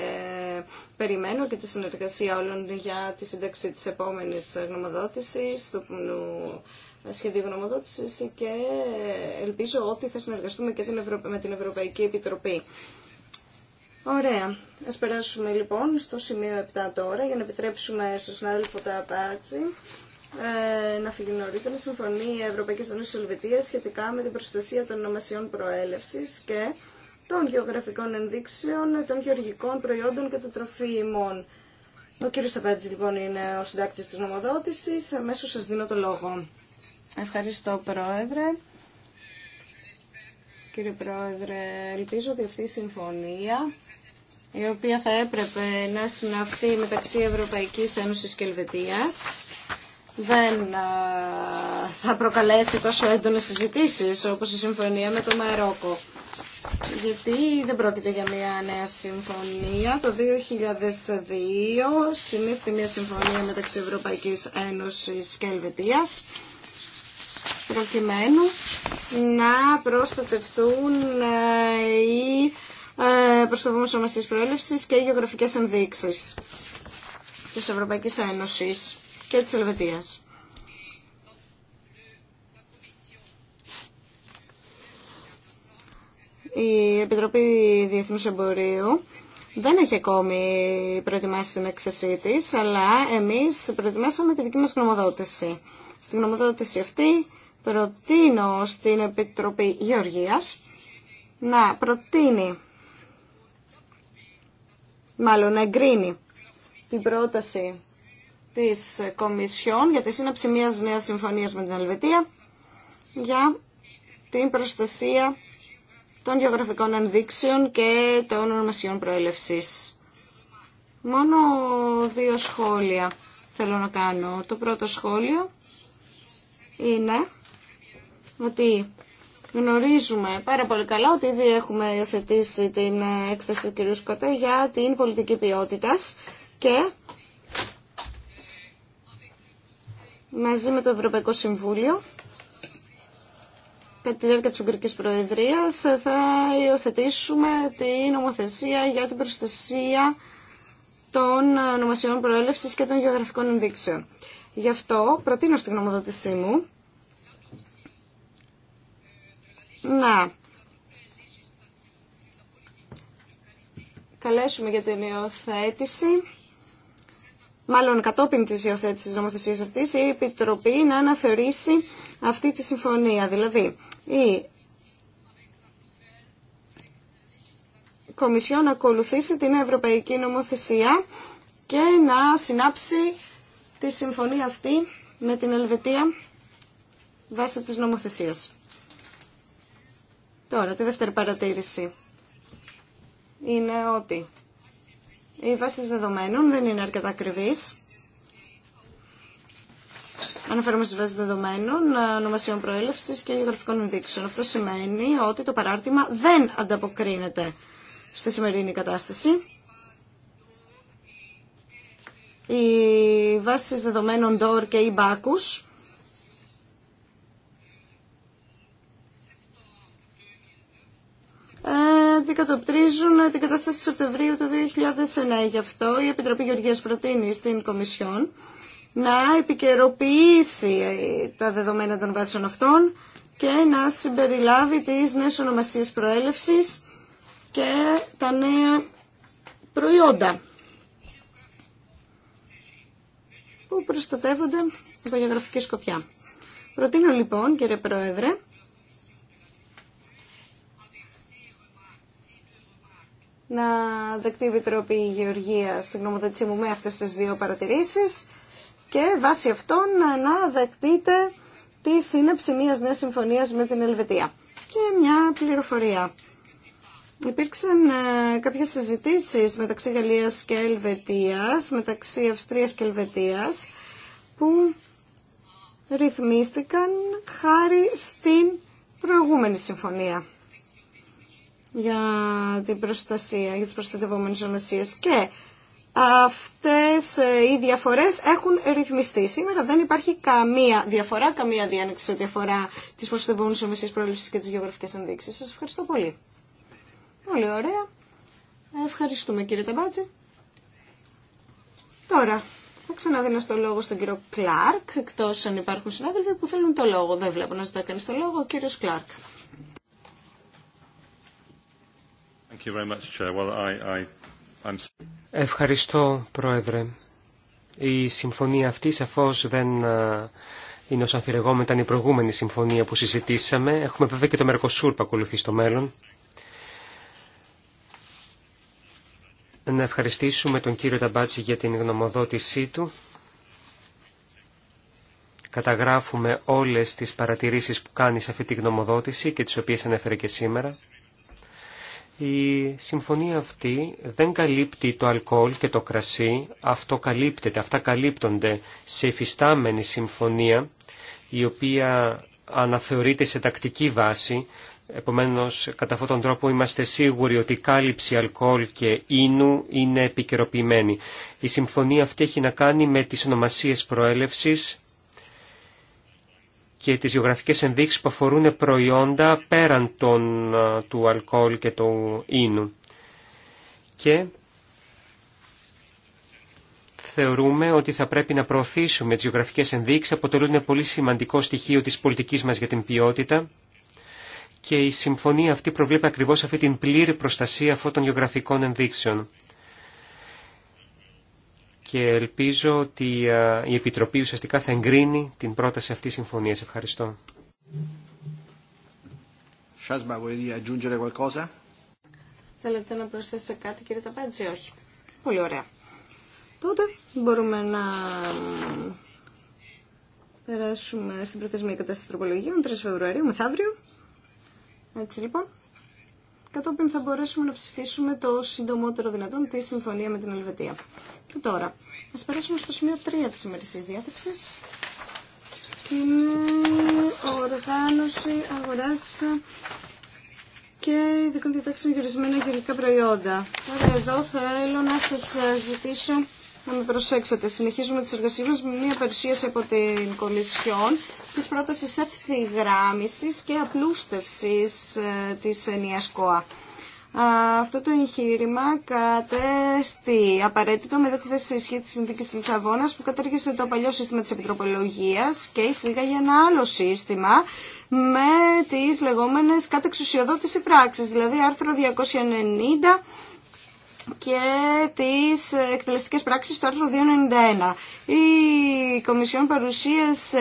περιμένω και τη συνεργασία όλων για τη σύνταξη της επόμενης γνωμοδότησης, του σχεδίου ε, γνωμοδότησης και ελπίζω ότι θα συνεργαστούμε και με την Ευρωπαϊκή Επιτροπή. Ωραία. Ας περάσουμε λοιπόν στο σημείο 7 τώρα για να επιτρέψουμε στον συνάδελφο Ταπάτσι ε, να νωρίτερα, η συμφωνία Ευρωπαϊκή Ένωση Ελβετίας σχετικά με την προστασία των ονομασιών προέλευσης και των γεωγραφικών ενδείξεων, των γεωργικών προϊόντων και των τροφίμων. Ο κύριος Σταπέτζης λοιπόν είναι ο συντάκτης της νομοδότησης. Αμέσως σας δίνω το λόγο. Ευχαριστώ Πρόεδρε. Κύριε Πρόεδρε, ελπίζω ότι αυτή η συμφωνία η οποία θα έπρεπε να συναυθεί μεταξύ Ευρωπαϊκής Ένωσης και Ελβετίας δεν ε, θα προκαλέσει τόσο έντονες συζητήσεις όπως η συμφωνία με το Μαρόκο. Γιατί δεν πρόκειται για μια νέα συμφωνία. Το 2002 συνήθω μια συμφωνία μεταξύ Ευρωπαϊκής Ένωσης και Ελβετίας προκειμένου να προστατευτούν ε, οι ε, προστατευόμενες ομασίες προέλευσης και οι γεωγραφικές ενδείξεις της Ευρωπαϊκής Ένωσης και της Ελβετίας. Η Επιτροπή Διεθνούς Εμπορίου δεν έχει ακόμη προετοιμάσει την έκθεσή της, αλλά εμείς προετοιμάσαμε τη δική μας γνωμοδότηση. Στην γνωμοδότηση αυτή προτείνω στην Επιτροπή Γεωργίας να προτείνει, μάλλον να εγκρίνει την πρόταση της Κομισιόν για τη σύναψη μιας νέας συμφωνίας με την Ελβετία για την προστασία των γεωγραφικών ενδείξεων και των ονομασιών προέλευσης. Μόνο δύο σχόλια θέλω να κάνω. Το πρώτο σχόλιο είναι ότι γνωρίζουμε πάρα πολύ καλά ότι ήδη έχουμε υιοθετήσει την έκθεση του κ. Σκοτέ για την πολιτική ποιότητας και μαζί με το Ευρωπαϊκό Συμβούλιο κατά τη διάρκεια της Ουγγρικής Προεδρίας θα υιοθετήσουμε την νομοθεσία για την προστασία των ονομασιών προέλευσης και των γεωγραφικών ενδείξεων. Γι' αυτό προτείνω στην νομοδοτησή μου να καλέσουμε για την υιοθέτηση μάλλον κατόπιν της υιοθέτησης της νομοθεσίας αυτής, η Επιτροπή να αναθεωρήσει αυτή τη συμφωνία. Δηλαδή, η Κομισιόν να ακολουθήσει την Ευρωπαϊκή Νομοθεσία και να συνάψει τη συμφωνία αυτή με την Ελβετία βάσει της νομοθεσίας. Τώρα, τη δεύτερη παρατήρηση είναι ότι η βάσεις δεδομένων δεν είναι αρκετά ακριβείς. Αναφέρομαι στι βάσει δεδομένων, ονομασιών προέλευση και γεωγραφικών ενδείξεων. Αυτό σημαίνει ότι το παράρτημα δεν ανταποκρίνεται στη σημερινή κατάσταση. Οι βάσεις δεδομένων DOR και IBACUS αντικατοπτρίζουν την κατάσταση του Σεπτεμβρίου του 2009. Γι' αυτό η Επιτροπή Γεωργίας προτείνει στην Κομισιόν να επικαιροποιήσει τα δεδομένα των βάσεων αυτών και να συμπεριλάβει τις νέες ονομασίες προέλευσης και τα νέα προϊόντα που προστατεύονται από γεωγραφική σκοπιά. Προτείνω λοιπόν, κύριε Πρόεδρε, να δεκτεί η Επιτροπή Γεωργία στην γνωμοδότησή μου με αυτές τις δύο παρατηρήσεις και βάσει αυτών να δεκτείτε τη σύναψη μια νέα συμφωνίας με την Ελβετία. Και μια πληροφορία. Υπήρξαν ε, κάποιες συζητήσεις μεταξύ Γαλλίας και Ελβετίας, μεταξύ Αυστρίας και Ελβετίας, που ρυθμίστηκαν χάρη στην προηγούμενη συμφωνία για την προστασία, για τις προστατευόμενες ονασίες και αυτές ε, οι διαφορές έχουν ρυθμιστεί. Σήμερα δεν υπάρχει καμία διαφορά, καμία διάνοιξη ό,τι διαφορά της προστατευόμενης ονασίας πρόληψης και της γεωγραφικής ενδείξεις. Σας ευχαριστώ πολύ. Πολύ ωραία. Ευχαριστούμε κύριε Ταμπάτζη. Τώρα, θα ξαναδίνω στο λόγο στον κύριο Κλάρκ, εκτός αν υπάρχουν συνάδελφοι που θέλουν το λόγο. Δεν βλέπω να ζητά κανείς το λόγο. Ο κύριος Κλάρκ. Ευχαριστώ, Πρόεδρε. Η συμφωνία αυτή σαφώς δεν ε, είναι ως ήταν η προηγούμενη συμφωνία που συζητήσαμε. Έχουμε βέβαια και το Μερκοσούρ που ακολουθεί στο μέλλον. Να ευχαριστήσουμε τον κύριο Ταμπάτση για την γνωμοδότησή του. Καταγράφουμε όλες τις παρατηρήσεις που κάνει σε αυτή τη γνωμοδότηση και τις οποίες ανέφερε και σήμερα. Η συμφωνία αυτή δεν καλύπτει το αλκοόλ και το κρασί, αυτό καλύπτεται, αυτά καλύπτονται σε εφιστάμενη συμφωνία, η οποία αναθεωρείται σε τακτική βάση, Επομένως, κατά αυτόν τον τρόπο είμαστε σίγουροι ότι η κάλυψη αλκοόλ και ίνου είναι επικαιροποιημένη. Η συμφωνία αυτή έχει να κάνει με τις ονομασίες προέλευσης, και τις γεωγραφικές ενδείξεις που αφορούν προϊόντα πέραν των, του αλκοόλ και του ίνου. Και θεωρούμε ότι θα πρέπει να προωθήσουμε τις γεωγραφικές ενδείξεις, αποτελούν ένα πολύ σημαντικό στοιχείο της πολιτικής μας για την ποιότητα και η συμφωνία αυτή προβλέπει ακριβώς αυτή την πλήρη προστασία αυτών των γεωγραφικών ενδείξεων και ελπίζω ότι ε, η Επιτροπή ουσιαστικά θα εγκρίνει την πρόταση αυτή της συμφωνίας. Ευχαριστώ. Θέλετε να προσθέσετε κάτι κύριε Ταπάντζη, όχι. Πολύ ωραία. Τότε μπορούμε να περάσουμε στην προθεσμία κατάσταση τροπολογίων 3 Φεβρουαρίου μεθαύριο. Έτσι λοιπόν κατόπιν θα μπορέσουμε να ψηφίσουμε το συντομότερο δυνατόν τη συμφωνία με την Ελβετία. Και τώρα, ας περάσουμε στο σημείο 3 της ημερησίας διάθεσης. Και είναι οργάνωση αγοράς και ειδικών διατάξεων γυρισμένα γεωργικά προϊόντα. Τώρα εδώ θέλω να σας ζητήσω να με προσέξετε. Συνεχίζουμε τις εργασίες μας με μια παρουσίαση από την Κομισιόν της πρότασης ευθυγράμμισης και απλούστευσης ε, της ΕΝΙΑΣΚΟΑ. Αυτό το εγχείρημα κατέστη απαραίτητο μετά τη θέση ισχύ τη συνθήκη τη Λισαβόνα που κατέργησε το παλιό σύστημα της Επιτροπολογίας και εισήγαγε ένα άλλο σύστημα με τις λεγόμενες κατεξουσιοδότηση πράξη, δηλαδή άρθρο 290 και τις εκτελεστικές πράξεις του άρθρου 291. Η Κομισιόν παρουσίασε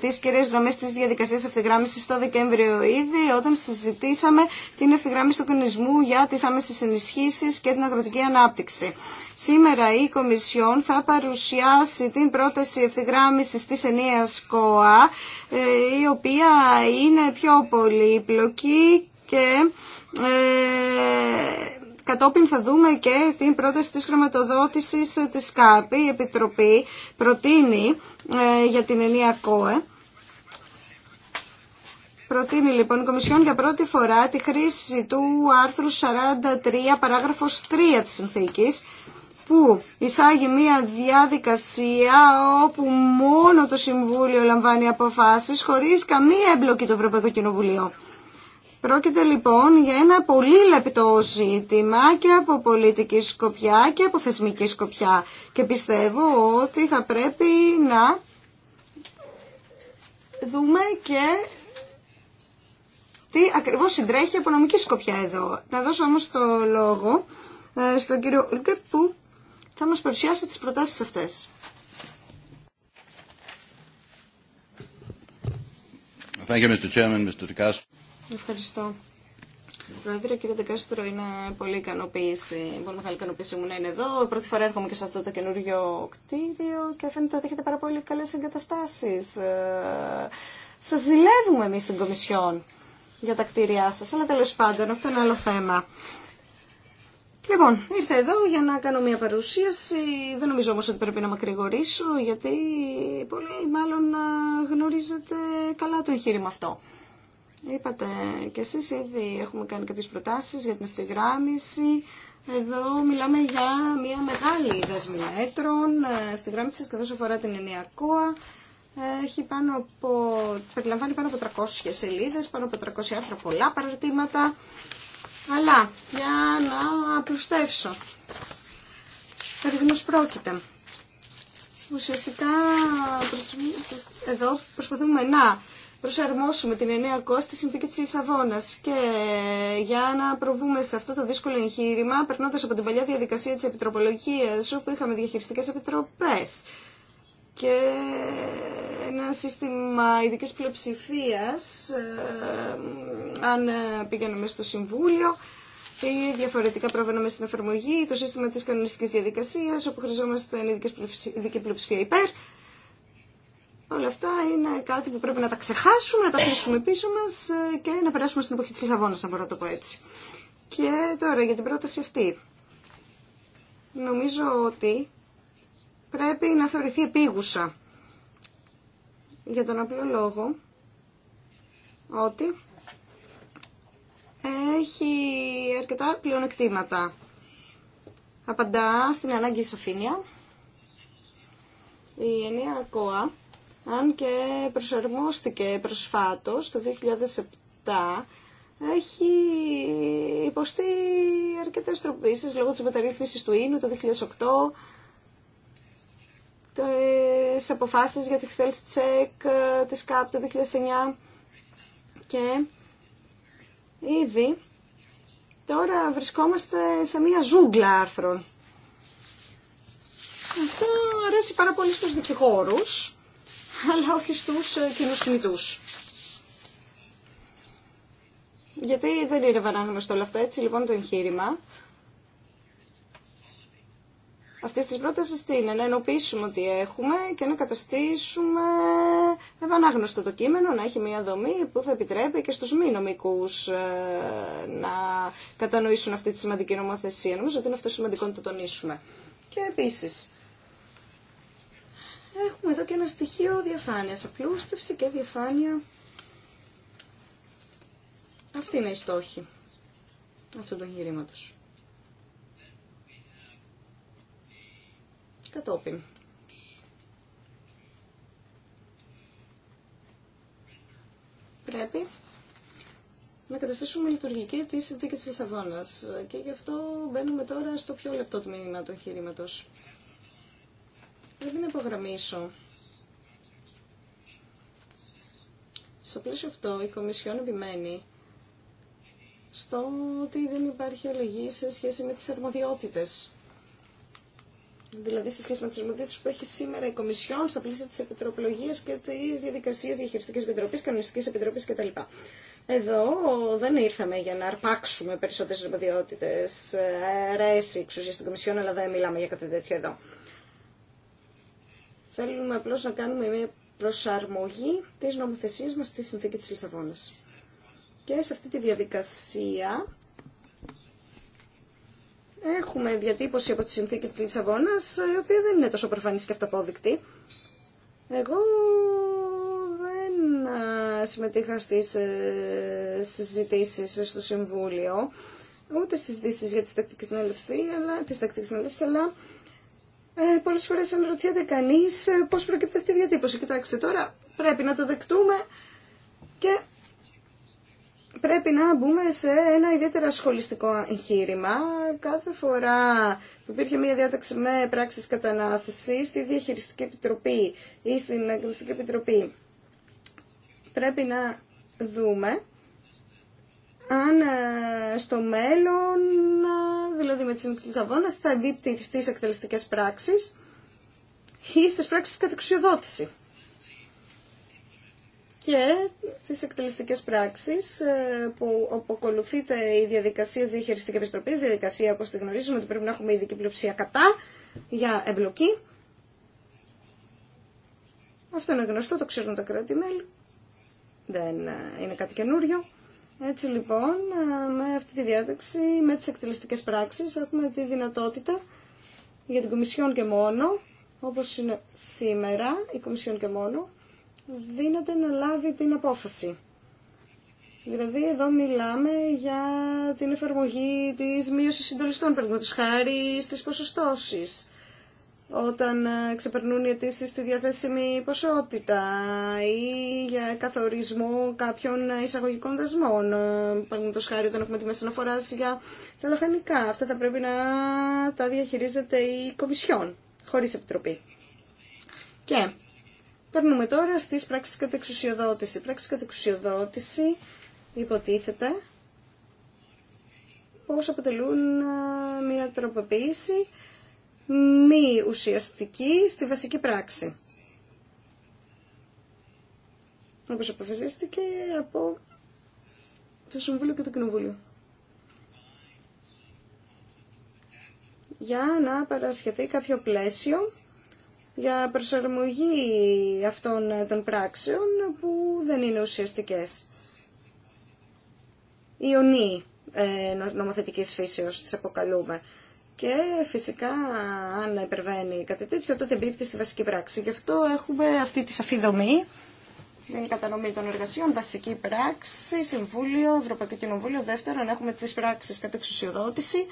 τις κυρίες γραμμές της διαδικασίας ευθυγράμμισης το Δεκέμβριο ήδη όταν συζητήσαμε την ευθυγράμμιση του κοινισμού για τις άμεσες ενισχύσεις και την αγροτική ανάπτυξη. Σήμερα η Κομισιόν θα παρουσιάσει την πρόταση ευθυγράμμισης της ενίας ΚΟΑ ε, η οποία είναι πιο πολύπλοκη και ε, Κατόπιν θα δούμε και την πρόταση της χρηματοδότησης της ΚΑΠΗ. Η Επιτροπή προτείνει ε, για την ενία ΚΟΕ. Προτείνει λοιπόν η Κομισιόν για πρώτη φορά τη χρήση του άρθρου 43 παράγραφος 3 της συνθήκης που εισάγει μια διαδικασία όπου μόνο το Συμβούλιο λαμβάνει αποφάσεις χωρίς καμία εμπλοκή του Ευρωπαϊκού Κοινοβουλίου. Πρόκειται λοιπόν για ένα πολύ λεπτό ζήτημα και από πολιτική σκοπιά και από θεσμική σκοπιά και πιστεύω ότι θα πρέπει να δούμε και τι ακριβώς συντρέχει από νομική σκοπιά εδώ. Να δώσω όμως το λόγο ε, στον κύριο Ουλκε που θα μας παρουσιάσει τις προτάσεις αυτές. Thank you, Mr. Chairman, Mr. Ευχαριστώ. Πρόεδρε, κύριε Ντεκάστρο, είναι πολύ ικανοποίηση. Πολύ μεγάλη ικανοποίηση μου να είναι εδώ. Πρώτη φορά έρχομαι και σε αυτό το καινούριο κτίριο και φαίνεται ότι έχετε πάρα πολύ καλέ εγκαταστάσει. Ε, σα ζηλεύουμε εμεί στην Κομισιόν για τα κτίρια σα. Αλλά τέλο πάντων, αυτό είναι άλλο θέμα. Λοιπόν, ήρθα εδώ για να κάνω μια παρουσίαση. Δεν νομίζω όμως ότι πρέπει να μακρηγορήσω, γιατί πολύ μάλλον ε, γνωρίζετε καλά το εγχείρημα αυτό. Είπατε και εσείς ήδη έχουμε κάνει κάποιες προτάσεις για την ευθυγράμμιση. Εδώ μιλάμε για μια μεγάλη δέσμη μέτρων, ε, ευθυγράμμισης καθώς αφορά την ενιακόα. Έχει πάνω από, περιλαμβάνει πάνω από 300 σελίδες, πάνω από 300 άρθρα, πολλά παραρτήματα. Αλλά για να απλουστεύσω. Περιδημός πρόκειται. Ουσιαστικά εδώ προσπαθούμε να προσαρμόσουμε την εννέα κόστη συνθήκη της Λισαβόνας και ε, για να προβούμε σε αυτό το δύσκολο εγχείρημα περνώντας από την παλιά διαδικασία της επιτροπολογίας όπου είχαμε διαχειριστικές επιτροπές και ένα σύστημα ειδικής πλειοψηφίας ε, ε, αν πήγαμε στο Συμβούλιο ή διαφορετικά προβαίνουμε στην εφαρμογή, το σύστημα της κανονιστικής διαδικασίας όπου χρειαζόμαστε ειδική πλειοψηφία υπέρ Όλα αυτά είναι κάτι που πρέπει να τα ξεχάσουμε, να τα αφήσουμε πίσω μα ε, και να περάσουμε στην εποχή τη Λισαβόνα, αν μπορώ να το πω έτσι. Και τώρα για την πρόταση αυτή. Νομίζω ότι πρέπει να θεωρηθεί επίγουσα. Για τον απλό λόγο ότι έχει αρκετά πλεονεκτήματα. Απαντά στην ανάγκη σαφήνεια. Η ενιαία ΚΟΑ αν και προσαρμόστηκε προσφάτως το 2007, έχει υποστεί αρκετές τροπήσεις λόγω της μεταρρύθμισης του ίνου το 2008, τις αποφάσεις για τη health check ε, της ΚΑΠ το 2009 και ήδη τώρα βρισκόμαστε σε μια ζούγκλα άρθρων. Αυτό αρέσει πάρα πολύ στους δικηγόρους αλλά όχι στους ε, κοινούς κινητούς. Γιατί δεν είναι βανάγνωστο όλα αυτά. Έτσι λοιπόν το εγχείρημα αυτή τη πρόταση τι είναι, να ενοποιήσουμε ότι έχουμε και να καταστήσουμε επανάγνωστο το κείμενο, να έχει μια δομή που θα επιτρέπει και στου μη νομικού ε, να κατανοήσουν αυτή τη σημαντική νομοθεσία. Νομίζω ότι είναι αυτό σημαντικό να το τονίσουμε. Και επίση, Έχουμε εδώ και ένα στοιχείο διαφάνειας, απλούστευση και διαφάνεια. Αυτή είναι η στόχη αυτού του εγχειρήματο. Κατόπιν. Πρέπει να καταστήσουμε λειτουργική τη συνθήκη τη Λισαβόνα. Και γι' αυτό μπαίνουμε τώρα στο πιο λεπτό τμήμα του εγχειρήματο. Πρέπει να υπογραμμίσω. Στο πλαίσιο αυτό η Κομισιόν επιμένει στο ότι δεν υπάρχει αλλαγή σε σχέση με τις αρμοδιότητες. Δηλαδή σε σχέση με τις αρμοδιότητες που έχει σήμερα η Κομισιόν στα πλαίσια της επιτροπολογίας και της διαδικασίας διαχειριστικής επιτροπής, κανονιστικής επιτροπής κτλ. Εδώ δεν ήρθαμε για να αρπάξουμε περισσότερες αρμοδιότητες. Ε, αρέσει η εξουσία στην Κομισιόν, αλλά δεν μιλάμε για κάτι τέτοιο εδώ. Θέλουμε απλώ να κάνουμε μια προσαρμογή τη νομοθεσίας μας στη συνθήκη της Λισαβόνας. Και σε αυτή τη διαδικασία έχουμε διατύπωση από τη συνθήκη της Λισαβόνας, η οποία δεν είναι τόσο προφανής και αυταπόδεικτη. Εγώ δεν ε, συμμετείχα στις ε, συζητήσεις στο Συμβούλιο, ούτε στις συζητήσεις για τη τακτική συνέλευση, αλλά, αλλά ε, πολλές φορές αναρωτιέται κανείς ε, πώς προκύπτει αυτή η διατύπωση. Κοιτάξτε τώρα, πρέπει να το δεκτούμε και πρέπει να μπούμε σε ένα ιδιαίτερα σχολιστικό εγχείρημα. Κάθε φορά που υπήρχε μια διάταξη με πράξεις κατανάθεση στη Διαχειριστική Επιτροπή ή στην Εγκληστική Επιτροπή, πρέπει να δούμε αν ε, στο μέλλον δηλαδή με τη συνθήκη Αβώνα, θα εμπίπτει στι εκτελεστικέ πράξει ή στι πράξει κατεξιοδότηση. Και στι εκτελεστικέ πράξει ε, που αποκολουθείται η διαδικασία τη διαχειριστική επιστροπή, διαδικασία όπω τη γνωρίζουμε ότι πρέπει να έχουμε ειδική πλειοψηφία κατά για εμπλοκή. Αυτό είναι γνωστό, το ξέρουν τα κράτη-μέλη. Δεν ε, είναι κάτι καινούριο. Έτσι λοιπόν, ε, με αυτή τη διάταξη, με τις εκτελεστικές πράξεις, έχουμε τη δυνατότητα για την Κομισιόν και μόνο, όπως είναι σήμερα, η Κομισιόν και μόνο, δύναται να λάβει την απόφαση. Δηλαδή εδώ μιλάμε για την εφαρμογή της μείωσης συντολιστών παραδείγματος χάρη στις ποσοστώσεις όταν ε, ξεπερνούν οι αιτήσει στη διαθέσιμη ποσότητα ή για καθορισμό κάποιων εισαγωγικών δεσμών. Ε, Παραδείγματο χάρη, όταν έχουμε τη μέση αναφορά για τα λαχανικά. Αυτά θα πρέπει να τα διαχειρίζεται η Κομισιόν, χωρί επιτροπή. Και περνούμε τώρα στι πράξει κατεξουσιοδότηση. Πράξει εξουσιοδότηση υποτίθεται πως αποτελούν ε, μια τροποποίηση μη ουσιαστική στη βασική πράξη. Όπως αποφασίστηκε από το Συμβούλιο και το Κοινοβούλιο. Για να παρασχεθεί κάποιο πλαίσιο για προσαρμογή αυτών των πράξεων που δεν είναι ουσιαστικές. Ιωνή ε, νομοθετικής φύσεως τις αποκαλούμε και φυσικά αν υπερβαίνει κάτι τέτοιο τότε εμπίπτει στη βασική πράξη. Γι' αυτό έχουμε αυτή τη σαφή δομή, η κατανομή των εργασιών, βασική πράξη, Συμβούλιο, Ευρωπαϊκό Κοινοβούλιο, δεύτερον έχουμε τις πράξεις κατά εξουσιοδότηση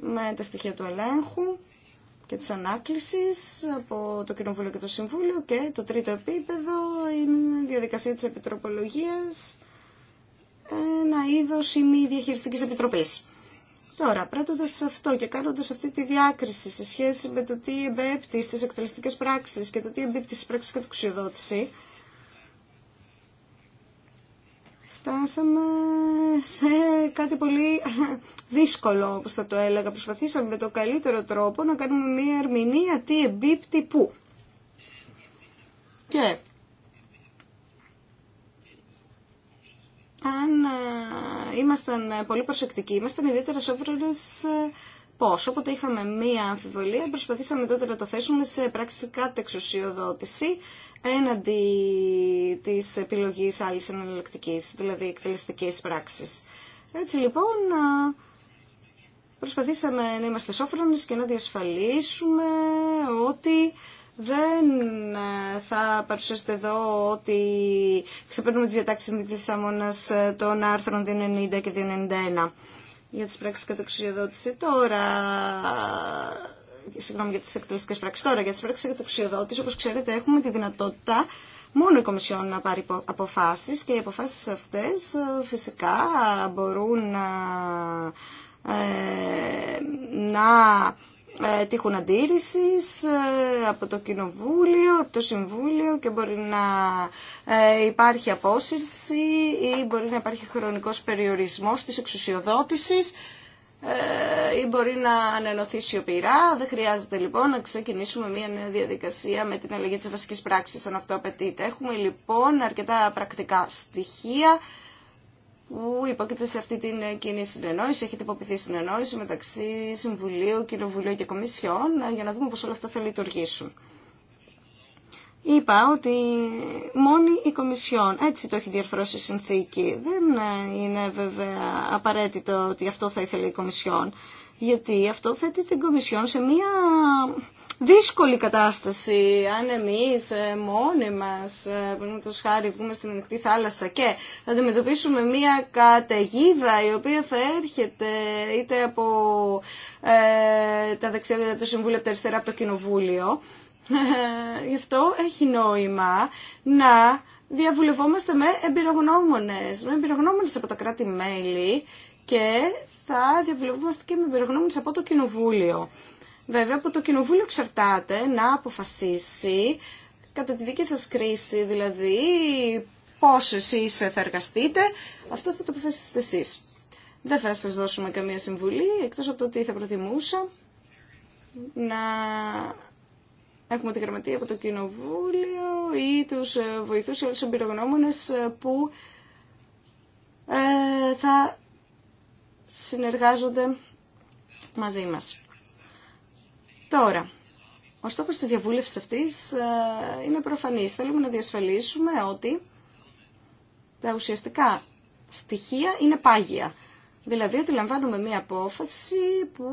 με τα στοιχεία του ελέγχου και της ανάκλησης από το Κοινοβούλιο και το Συμβούλιο και το τρίτο επίπεδο είναι η διαδικασία της επιτροπολογίας ένα είδος ημι διαχειριστικής επιτροπής. Τώρα, σε αυτό και κάνοντα αυτή τη διάκριση σε σχέση με το τι εμπέπτει στι εκτελεστικέ πράξει και το τι εμπίπτει στι πράξει κατοξιοδότηση, φτάσαμε σε κάτι πολύ δύσκολο, όπω θα το έλεγα. Προσπαθήσαμε με το καλύτερο τρόπο να κάνουμε μία ερμηνεία τι εμπίπτει πού. Και αν ήμασταν ε, πολύ προσεκτικοί, ήμασταν ιδιαίτερα σόφρονες ε, πώ Όποτε είχαμε μία αμφιβολία, προσπαθήσαμε τότε να το θέσουμε σε πράξη κάτω εξουσιοδότηση έναντι της επιλογής άλλη εναλλακτική, δηλαδή εκτελεστική πράξης. Έτσι λοιπόν, προσπαθήσαμε να είμαστε σόφρονες και να διασφαλίσουμε ότι δεν ε, θα παρουσιάσετε εδώ ότι ξεπερνούμε τις διατάξεις της άμονας ε, των άρθρων 290 και 291 για τις πράξεις κατοξιοδότηση. Τώρα, ε, συγγνώμη για τις εκτελεστικές πράξεις, τώρα για τις πράξεις κατοξιοδότηση, όπως ξέρετε έχουμε τη δυνατότητα μόνο η Κομισιόν να πάρει αποφάσεις και οι αποφάσεις αυτές φυσικά μπορούν να, ε, να ε, τύχουν αντίρρησης ε, από το Κοινοβούλιο, από το Συμβούλιο και μπορεί να ε, υπάρχει απόσυρση ή μπορεί να υπάρχει χρονικός περιορισμός της εξουσιοδότησης ή μπορεί να ανενωθεί σιωπηρά. Δεν χρειάζεται λοιπόν να ξεκινήσουμε μια νέα διαδικασία με την αλλαγή της βασικής πράξης αν αυτό απαιτείται. Έχουμε λοιπόν αρκετά πρακτικά στοιχεία που υπόκειται σε αυτή την ε, κοινή συνεννόηση, έχει τυποποιηθεί συνεννόηση μεταξύ Συμβουλίου, Κοινοβουλίου και Κομισιών ε, για να δούμε πώς όλα αυτά θα λειτουργήσουν. Είπα ότι μόνη η Κομισιόν, έτσι το έχει διαρθρώσει η συνθήκη. Δεν ε, είναι βέβαια απαραίτητο ότι αυτό θα ήθελε η Κομισιόν, γιατί αυτό θέτει την Κομισιόν σε μία δύσκολη κατάσταση αν εμείς ε, μόνοι μας, ε, το χάρη, βγούμε στην ανοιχτή θάλασσα και θα αντιμετωπίσουμε μια καταιγίδα η οποία θα έρχεται είτε από ε, τα δεξιά του Συμβούλιο από τα αριστερά από το Κοινοβούλιο. Γι' αυτό έχει νόημα να διαβουλευόμαστε με εμπειρογνώμονες, με εμπειρογνώμονες από τα κράτη-μέλη και θα διαβουλευόμαστε και με εμπειρογνώμονες από το Κοινοβούλιο. Βέβαια από το Κοινοβούλιο εξαρτάται να αποφασίσει κατά τη δική σας κρίση, δηλαδή πώς εσείς θα εργαστείτε, αυτό θα το αποφασίσετε εσείς. Δεν θα σας δώσουμε καμία συμβουλή, εκτός από το ότι θα προτιμούσα να έχουμε τη γραμματεία από το Κοινοβούλιο ή τους βοηθούς ή όλους τους που ε, θα συνεργάζονται μαζί μας. Τώρα, ο στόχος της διαβούλευσης αυτής ε, είναι προφανής. Θέλουμε να διασφαλίσουμε ότι τα ουσιαστικά στοιχεία είναι πάγια. Δηλαδή ότι λαμβάνουμε μία απόφαση που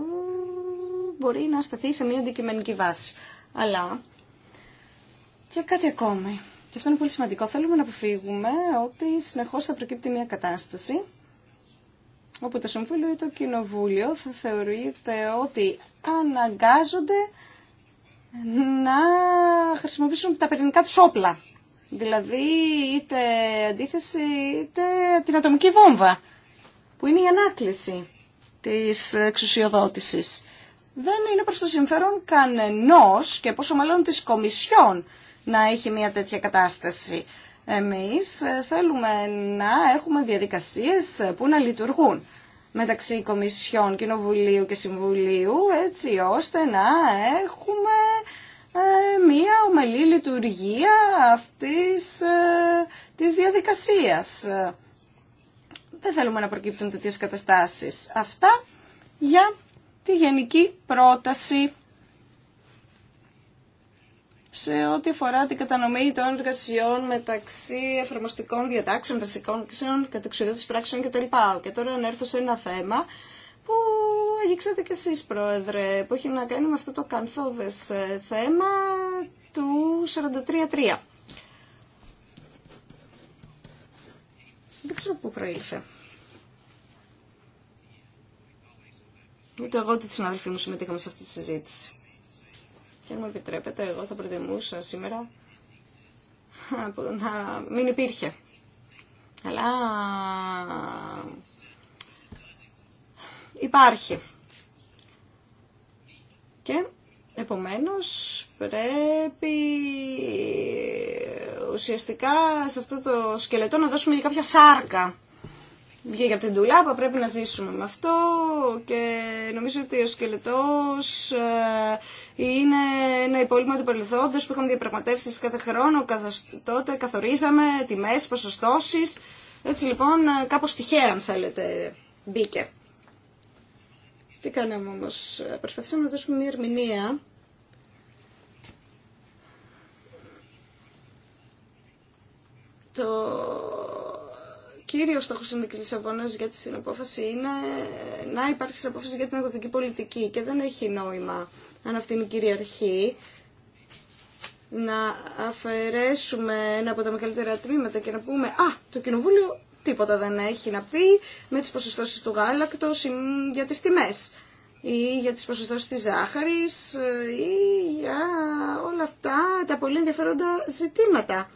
μπορεί να σταθεί σε μία αντικειμενική βάση. Αλλά και κάτι ακόμη. Και αυτό είναι πολύ σημαντικό. Θέλουμε να αποφύγουμε ότι συνεχώς θα προκύπτει μία κατάσταση όπου το Συμβούλιο ή το Κοινοβούλιο θα θεωρείται ότι αναγκάζονται να χρησιμοποιήσουν τα πυρηνικά τους όπλα. Δηλαδή είτε αντίθεση είτε την ατομική βόμβα που είναι η ανάκληση της εξουσιοδότησης. Δεν είναι προς το συμφέρον κανενός και πόσο μάλλον της Κομισιόν να έχει μια τέτοια κατάσταση. Εμείς θέλουμε να έχουμε διαδικασίες που να λειτουργούν μεταξύ Κομισιών, Κοινοβουλίου και Συμβουλίου, έτσι ώστε να έχουμε ε, μία ομελή λειτουργία αυτής ε, της διαδικασίας. Δεν θέλουμε να προκύπτουν τέτοιες καταστάσεις. Αυτά για τη γενική πρόταση σε ό,τι αφορά την κατανομή των εργασιών μεταξύ εφαρμοστικών διατάξεων, βασικών αξιών, κατεξοδότηση πράξεων κτλ. Και τώρα να έρθω σε ένα θέμα που αγγίξατε κι εσείς, Πρόεδρε, που έχει να κάνει με αυτό το κανθόδες ε, θέμα του 43-3. Δεν ξέρω πού προήλθε. Ούτε εγώ ούτε τη συναδελφή μου συμμετείχαμε σε αυτή τη συζήτηση. Και αν μου επιτρέπετε, εγώ θα προτιμούσα σήμερα να μην υπήρχε. Αλλά υπάρχει. Και επομένως πρέπει ουσιαστικά σε αυτό το σκελετό να δώσουμε και κάποια σάρκα βγήκε από την τουλάπα, πρέπει να ζήσουμε με αυτό και νομίζω ότι ο σκελετός ε, είναι ένα υπόλοιπο του παρελθόντος που είχαμε διαπραγματεύσει κάθε χρόνο, τότε καθορίζαμε τιμές, ποσοστώσεις, έτσι λοιπόν ε, κάπως τυχαία αν θέλετε μπήκε. Τι κάναμε όμως, ε, προσπαθήσαμε να δώσουμε μια ερμηνεία το κύριος τη της Αγώνα για τη συναπόφαση είναι να υπάρξει συναπόφαση για την αγροτική πολιτική και δεν έχει νόημα αν αυτή είναι η κυριαρχή να αφαιρέσουμε ένα από τα μεγαλύτερα τμήματα και να πούμε «Α, το Κοινοβούλιο τίποτα δεν έχει να πει με τις ποσοστώσει του γάλακτος για τι τιμέ ή για τις ποσοστώσεις τη Ζάχαρη ή για όλα αυτά τα πολύ ενδιαφέροντα ζητήματα.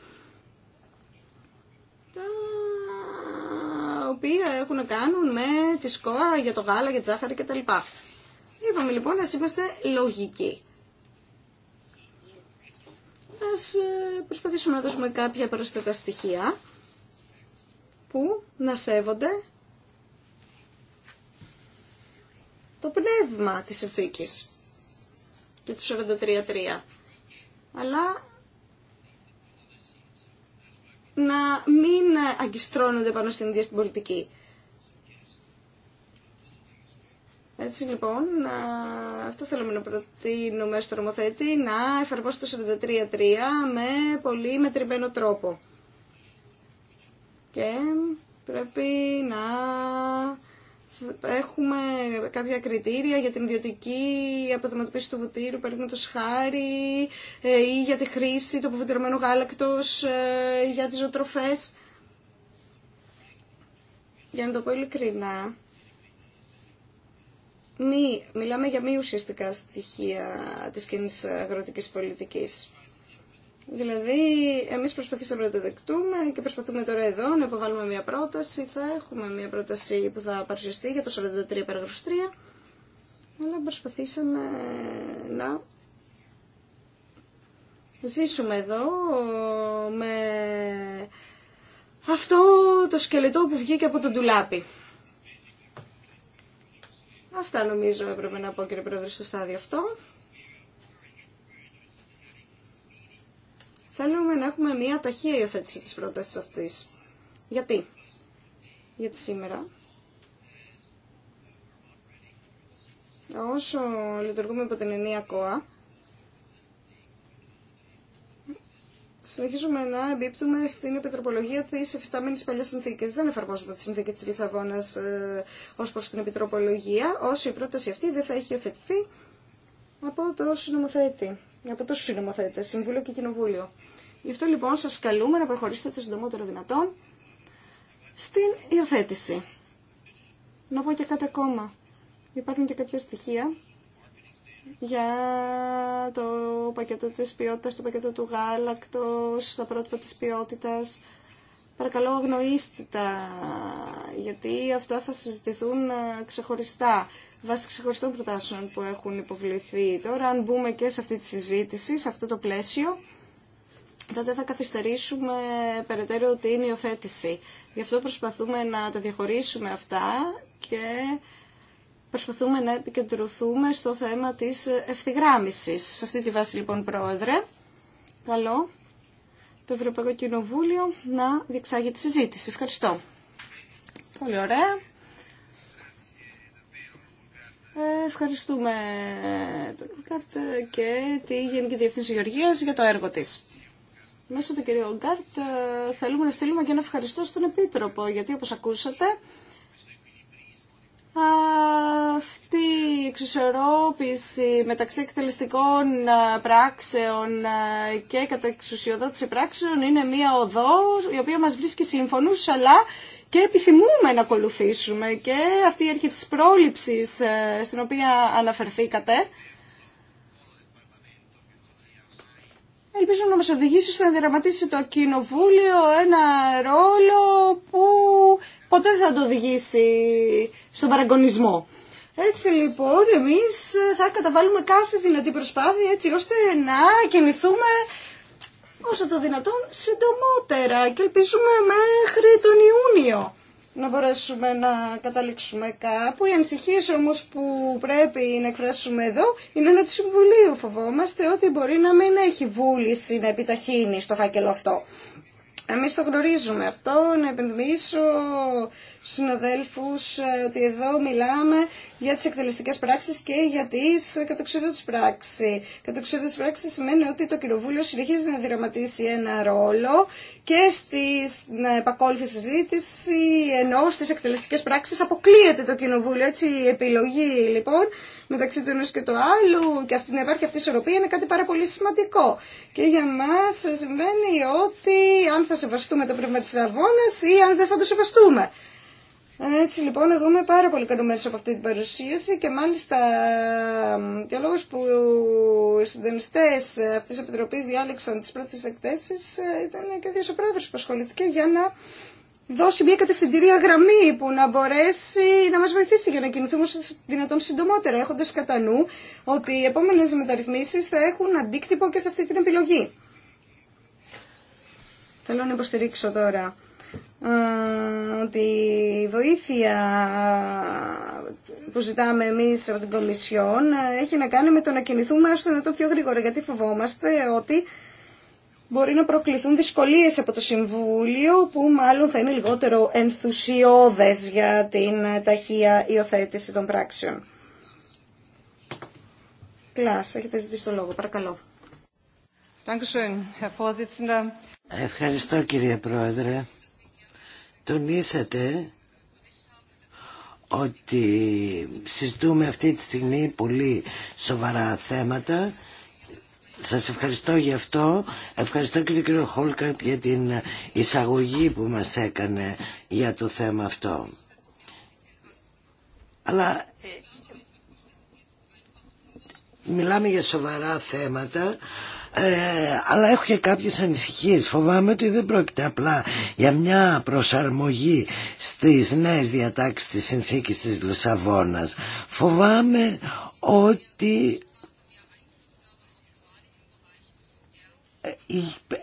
οποία έχουν να κάνουν με τη σκόα για το γάλα, για τη ζάχαρη κτλ. Είπαμε λοιπόν, να είμαστε λογικοί. Ας ε, προσπαθήσουμε να δώσουμε κάποια πρόσθετα στοιχεία που να σέβονται το πνεύμα της συνθήκη και του 43.3. Αλλά να μην αγκιστρώνονται πάνω στην ίδια στην πολιτική. Έτσι λοιπόν, αυτό θέλουμε να προτείνουμε στο νομοθέτη, να εφαρμόσει το 43-3 με πολύ μετρημένο τρόπο. Και πρέπει να έχουμε κάποια κριτήρια για την ιδιωτική αποδοματοποίηση του βουτύρου, το χάρη, ε, ή για τη χρήση του αποβουτυρωμένου γάλακτος, ε, για τις ζωοτροφές. Για να το πω ειλικρινά, μη, μιλάμε για μη ουσιαστικά στοιχεία της κοινή αγροτικής πολιτικής. Δηλαδή, εμείς προσπαθήσαμε να το δεκτούμε και προσπαθούμε τώρα εδώ να υποβάλουμε μια πρόταση. Θα έχουμε μια πρόταση που θα παρουσιαστεί για το 43 παραγραφος 3, αλλά προσπαθήσαμε να ζήσουμε εδώ με αυτό το σκελετό που βγήκε από τον τουλάπι. Αυτά νομίζω έπρεπε να πω κύριε Πρόεδρε στο στάδιο αυτό. Θέλουμε να έχουμε μία ταχεία υιοθέτηση της πρότασης αυτής. Γιατί? Γιατί σήμερα όσο λειτουργούμε από την ενία ΚΟΑ, συνεχίζουμε να εμπίπτουμε στην επιτροπολογία τη εφιστάμενη παλιά συνθήκη. Δεν εφαρμόζουμε τη συνθήκη τη Λισαβόνα ε, ω προ την επιτροπολογία, όσο η πρόταση αυτή δεν θα έχει υιοθετηθεί από το συνομοθέτη από τόσου συνομοθέτες, Συμβούλιο και Κοινοβούλιο. Γι' αυτό λοιπόν σα καλούμε να προχωρήσετε το συντομότερο δυνατόν στην υιοθέτηση. Να πω και κάτι ακόμα. Υπάρχουν και κάποια στοιχεία για το πακέτο της ποιότητας, το πακέτο του γάλακτος, τα πρότυπα της ποιότητας, Παρακαλώ αγνοήστε τα, γιατί αυτά θα συζητηθούν ε, ξεχωριστά, βάσει ξεχωριστών προτάσεων που έχουν υποβληθεί. Τώρα, αν μπούμε και σε αυτή τη συζήτηση, σε αυτό το πλαίσιο, τότε θα καθυστερήσουμε περαιτέρω την υιοθέτηση. Γι' αυτό προσπαθούμε να τα διαχωρίσουμε αυτά και προσπαθούμε να επικεντρωθούμε στο θέμα της ευθυγράμμισης. Σε αυτή τη βάση λοιπόν, Πρόεδρε, καλό το Ευρωπαϊκό Κοινοβούλιο να διεξάγει τη συζήτηση. Ευχαριστώ. Πολύ ωραία. Ευχαριστούμε τον και τη Γενική Διευθύνση Γεωργίας για το έργο της. Μέσω του κυρίου Ογκάρτ ε, θέλουμε να στείλουμε και ένα ευχαριστώ στον Επίτροπο, γιατί όπως ακούσατε αυτή η εξισορρόπηση μεταξύ εκτελεστικών ε, πράξεων ε, και κατεξουσιοδότηση πράξεων είναι μία οδός η οποία μας βρίσκει σύμφωνους αλλά και επιθυμούμε να ακολουθήσουμε και αυτή η αρχή της πρόληψης ε, στην οποία αναφερθήκατε Ελπίζω να μας οδηγήσει στο να δραματίσει το Κοινοβούλιο ένα ρόλο που ποτέ δεν θα το οδηγήσει στον παραγωνισμό. Έτσι λοιπόν εμείς θα καταβάλουμε κάθε δυνατή προσπάθεια έτσι ώστε να κινηθούμε όσο το δυνατόν συντομότερα και ελπίζουμε μέχρι τον Ιούνιο να μπορέσουμε να καταλήξουμε κάπου. Οι ανησυχίες όμως που πρέπει να εκφράσουμε εδώ είναι ένα του Συμβουλίου. Φοβόμαστε ότι μπορεί να μην έχει βούληση να επιταχύνει στο χάκελο αυτό. Εμείς το γνωρίζουμε αυτό, να επενδύσω συναδέλφους ε, ότι εδώ μιλάμε για τις εκτελεστικές πράξεις και για τις κατοξιδότητες πράξη. Κατοξιδότητες πράξη σημαίνει ότι το Κοινοβούλιο συνεχίζει να δραματίσει ένα ρόλο και στην επακόλουθη συζήτηση ενώ στις εκτελεστικές πράξεις αποκλείεται το Κοινοβούλιο. Έτσι η επιλογή λοιπόν μεταξύ του ενός και του άλλου και αυτή, να υπάρχει αυτή η ισορροπία είναι κάτι πάρα πολύ σημαντικό. Και για μας σημαίνει ότι αν θα σεβαστούμε το πνεύμα της αγώνας ή αν δεν θα το σεβαστούμε. Έτσι λοιπόν εγώ είμαι πάρα πολύ μέσα από αυτή την παρουσίαση και μάλιστα και ο λόγος που οι συντονιστές αυτής της Επιτροπής διάλεξαν τις πρώτες εκτέσεις ε, ήταν και ο ίδιος που ασχοληθήκε για να δώσει μια κατευθυντηρία γραμμή που να μπορέσει να μας βοηθήσει για να κινηθούμε όσο δυνατόν συντομότερα έχοντας κατά νου ότι οι επόμενες μεταρρυθμίσεις θα έχουν αντίκτυπο και σε αυτή την επιλογή. Θέλω να υποστηρίξω τώρα ότι η βοήθεια που ζητάμε εμείς από την Κομισιόν έχει να κάνει με το να κινηθούμε ως το πιο γρήγορα γιατί φοβόμαστε ότι μπορεί να προκληθούν δυσκολίες από το Συμβούλιο που μάλλον θα είναι λιγότερο ενθουσιώδες για την ταχεία υιοθέτηση των πράξεων. Κλάς, έχετε ζητήσει το λόγο. Παρακαλώ. Ευχαριστώ κύριε Πρόεδρε τονίσατε ότι συζητούμε αυτή τη στιγμή πολύ σοβαρά θέματα. Σας ευχαριστώ για αυτό. Ευχαριστώ και τον κύριο Χόλκαρτ για την εισαγωγή που μας έκανε για το θέμα αυτό. Αλλά ε, μιλάμε για σοβαρά θέματα ε, αλλά έχω και κάποιες ανησυχίες. Φοβάμαι ότι δεν πρόκειται απλά για μια προσαρμογή στις νέες διατάξεις της συνθήκης της Λισαβόνας. Φοβάμαι ότι ε,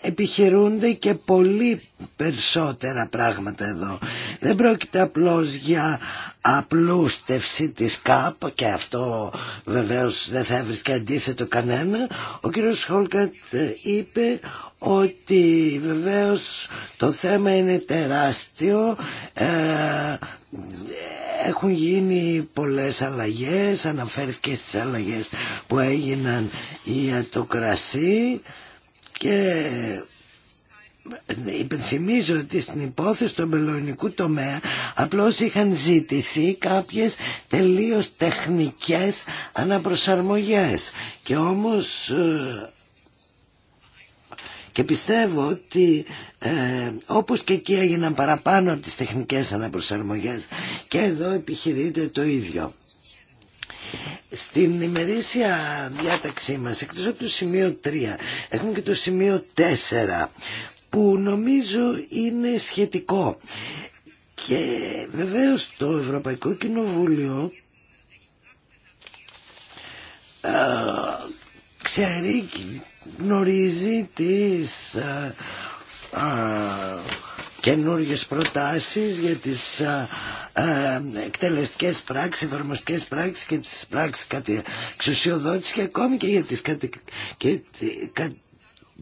επιχειρούνται και πολύ περισσότερα πράγματα εδώ. Δεν πρόκειται απλώς για απλούστευση της ΚΑΠ και αυτό βεβαίως δεν θα έβρισκε αντίθετο κανένα ο κύριος Χόλκατ ε, είπε ότι βεβαίως το θέμα είναι τεράστιο ε, έχουν γίνει πολλές αλλαγές αναφέρθηκε στις αλλαγές που έγιναν για το κρασί και υπενθυμίζω ότι στην υπόθεση του εμπελονικού τομέα απλώς είχαν ζητηθεί κάποιες τελείως τεχνικές αναπροσαρμογές και όμως ε, και πιστεύω ότι ε, όπως και εκεί έγιναν παραπάνω από τις τεχνικές αναπροσαρμογές και εδώ επιχειρείται το ίδιο. Στην ημερήσια διάταξή μας, εκτός από το σημείο 3, έχουμε και το σημείο 4, που νομίζω είναι σχετικό. Και βεβαίως το Ευρωπαϊκό Κοινοβούλιο α, ε, ξέρει, γνωρίζει τις α, ε, α, ε, καινούργιες προτάσεις για τις α, εκτελεστικές πράξεις, εφαρμοστικές πράξεις και τις πράξεις κατά εξουσιοδότηση και ακόμη και για τις κατα... και,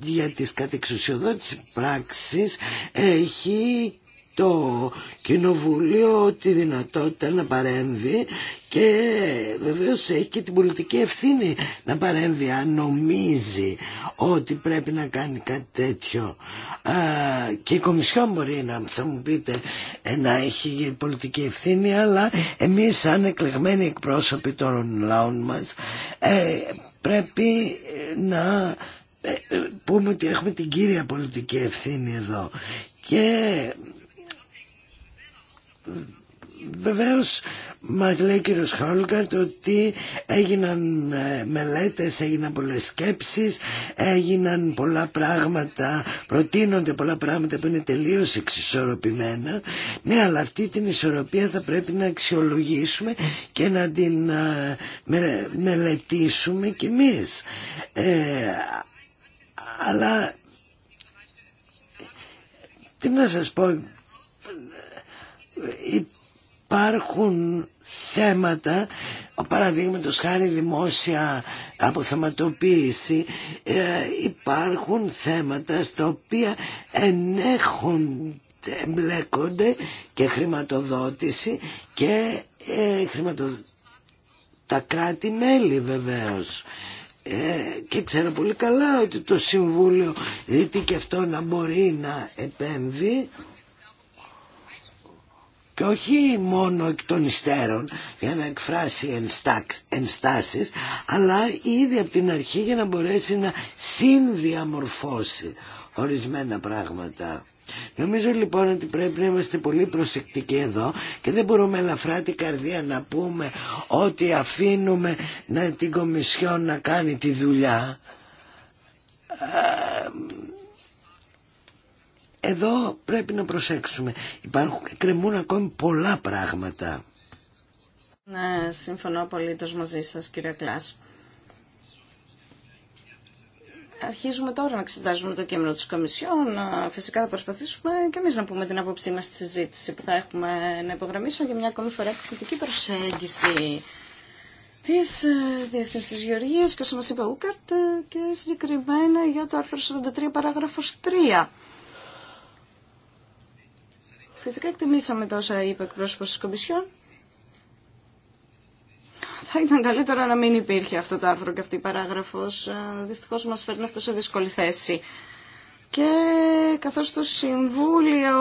για τις κατεξουσιοδότης πράξεις έχει το Κοινοβουλίο τη δυνατότητα να παρέμβει και βεβαίως έχει και την πολιτική ευθύνη να παρέμβει αν νομίζει ότι πρέπει να κάνει κάτι τέτοιο και η Κομισιό μπορεί να θα μου πείτε ε, να έχει πολιτική ευθύνη αλλά εμείς σαν εκλεγμένοι εκπρόσωποι των λαών μας ε, πρέπει να ε, ε, πούμε ότι έχουμε την κύρια πολιτική ευθύνη εδώ και ε, Βεβαίω μα λέει ο κύριο Χόλκαρτ ότι έγιναν μελέτες, έγιναν πολλές σκέψεις, έγιναν πολλά πράγματα, προτείνονται πολλά πράγματα που είναι τελείως εξισορροπημένα. Ναι, αλλά αυτή την ισορροπία θα πρέπει να αξιολογήσουμε και να την μελετήσουμε κι εμείς. Ε, αλλά τι να σας πω υπάρχουν θέματα παραδείγματο χάρη δημόσια αποθεματοποίηση ε, υπάρχουν θέματα στα οποία ενέχουν εμπλέκονται και χρηματοδότηση και ε, τα κράτη-μέλη βεβαίως ε, και ξέρω πολύ καλά ότι το Συμβούλιο ζητεί και αυτό να μπορεί να επέμβει και όχι μόνο εκ των υστέρων για να εκφράσει ενστάσεις αλλά ήδη από την αρχή για να μπορέσει να συνδιαμορφώσει ορισμένα πράγματα. Νομίζω λοιπόν ότι πρέπει να είμαστε πολύ προσεκτικοί εδώ και δεν μπορούμε ελαφρά την καρδία να πούμε ότι αφήνουμε να την Κομισιόν να κάνει τη δουλειά. Ε, εδώ πρέπει να προσέξουμε. Υπάρχουν και κρεμούν ακόμη πολλά πράγματα. Ναι, συμφωνώ απολύτως μαζί σας κύριε Κλάσπ αρχίζουμε τώρα να εξετάζουμε το κείμενο της Κομισιόν. Φυσικά θα προσπαθήσουμε και εμείς να πούμε την άποψή μας στη συζήτηση που θα έχουμε να υπογραμμίσω για μια ακόμη φορά εκθετική προσέγγιση της ε, της Γεωργίας και όσο μας είπε ο Ούκαρτ ε, και συγκεκριμένα για το άρθρο 43 παράγραφος 3. Φυσικά εκτιμήσαμε τόσα είπε εκπρόσωπος της Κομισιόν θα ήταν καλύτερο να μην υπήρχε αυτό το άρθρο και αυτή η παράγραφος. Ε, δυστυχώς μας φέρνει αυτό σε δύσκολη θέση. Και καθώς το Συμβούλιο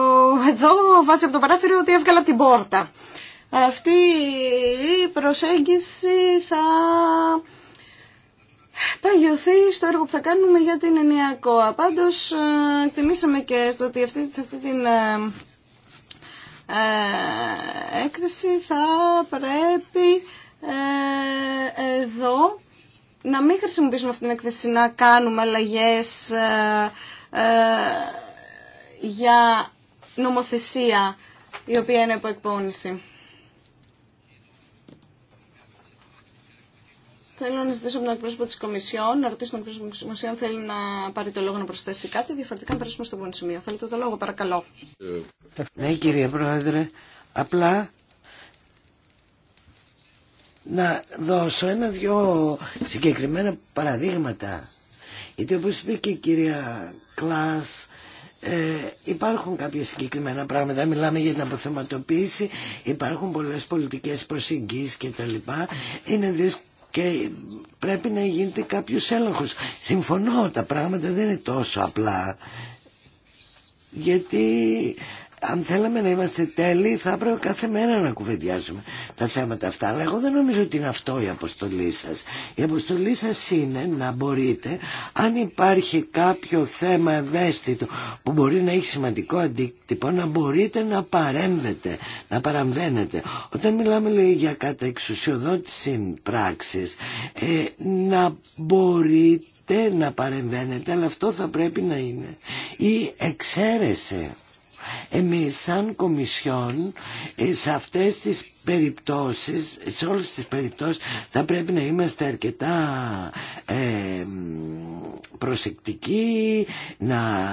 εδώ βάζει από το παράθυρο ότι έβγαλα την πόρτα. Αυτή η προσέγγιση θα παγιωθεί στο έργο που θα κάνουμε για την ενιακό. ΚΟΑ. Πάντως, ε, εκτιμήσαμε και στο ότι αυτή, σε αυτή την ε, ε έκθεση θα πρέπει ε, εδώ να μην χρησιμοποιήσουμε αυτή την έκθεση να κάνουμε αλλαγές ε, ε, για νομοθεσία η οποία είναι υπό εκπόνηση. Θέλω να ζητήσω από τον εκπρόσωπο τη Κομισιόν, να ρωτήσω τον εκπρόσωπο τη Κομισιόν αν θέλει να πάρει το λόγο να προσθέσει κάτι. Διαφορετικά, να περάσουμε στο επόμενο σημείο. Θέλετε το λόγο, παρακαλώ. Ναι, κύριε Πρόεδρε, απλά να δώσω ένα-δυο συγκεκριμένα παραδείγματα. Γιατί όπως είπε και η κυρία Κλάς, ε, υπάρχουν κάποια συγκεκριμένα πράγματα, μιλάμε για την αποθεματοποίηση, υπάρχουν πολλές πολιτικές προσεγγίσεις και τα λοιπά. Είναι δύσκολο και πρέπει να γίνεται κάποιος έλεγχος. Συμφωνώ, τα πράγματα δεν είναι τόσο απλά. Γιατί αν θέλαμε να είμαστε τέλειοι θα έπρεπε κάθε μέρα να κουβεντιάζουμε τα θέματα αυτά. Αλλά εγώ δεν νομίζω ότι είναι αυτό η αποστολή σας. Η αποστολή σας είναι να μπορείτε, αν υπάρχει κάποιο θέμα ευαίσθητο που μπορεί να έχει σημαντικό αντίκτυπο, να μπορείτε να παρέμβετε, να παραμβαίνετε. Όταν μιλάμε λέει, για καταεξουσιοδότηση πράξης, ε, να μπορείτε να παρεμβαίνετε, αλλά αυτό θα πρέπει να είναι η εξαίρεση. Εμείς σαν Κομισιόν ε, σε αυτές τις περιπτώσεις, σε όλες τις περιπτώσεις θα πρέπει να είμαστε αρκετά ε, προσεκτικοί, να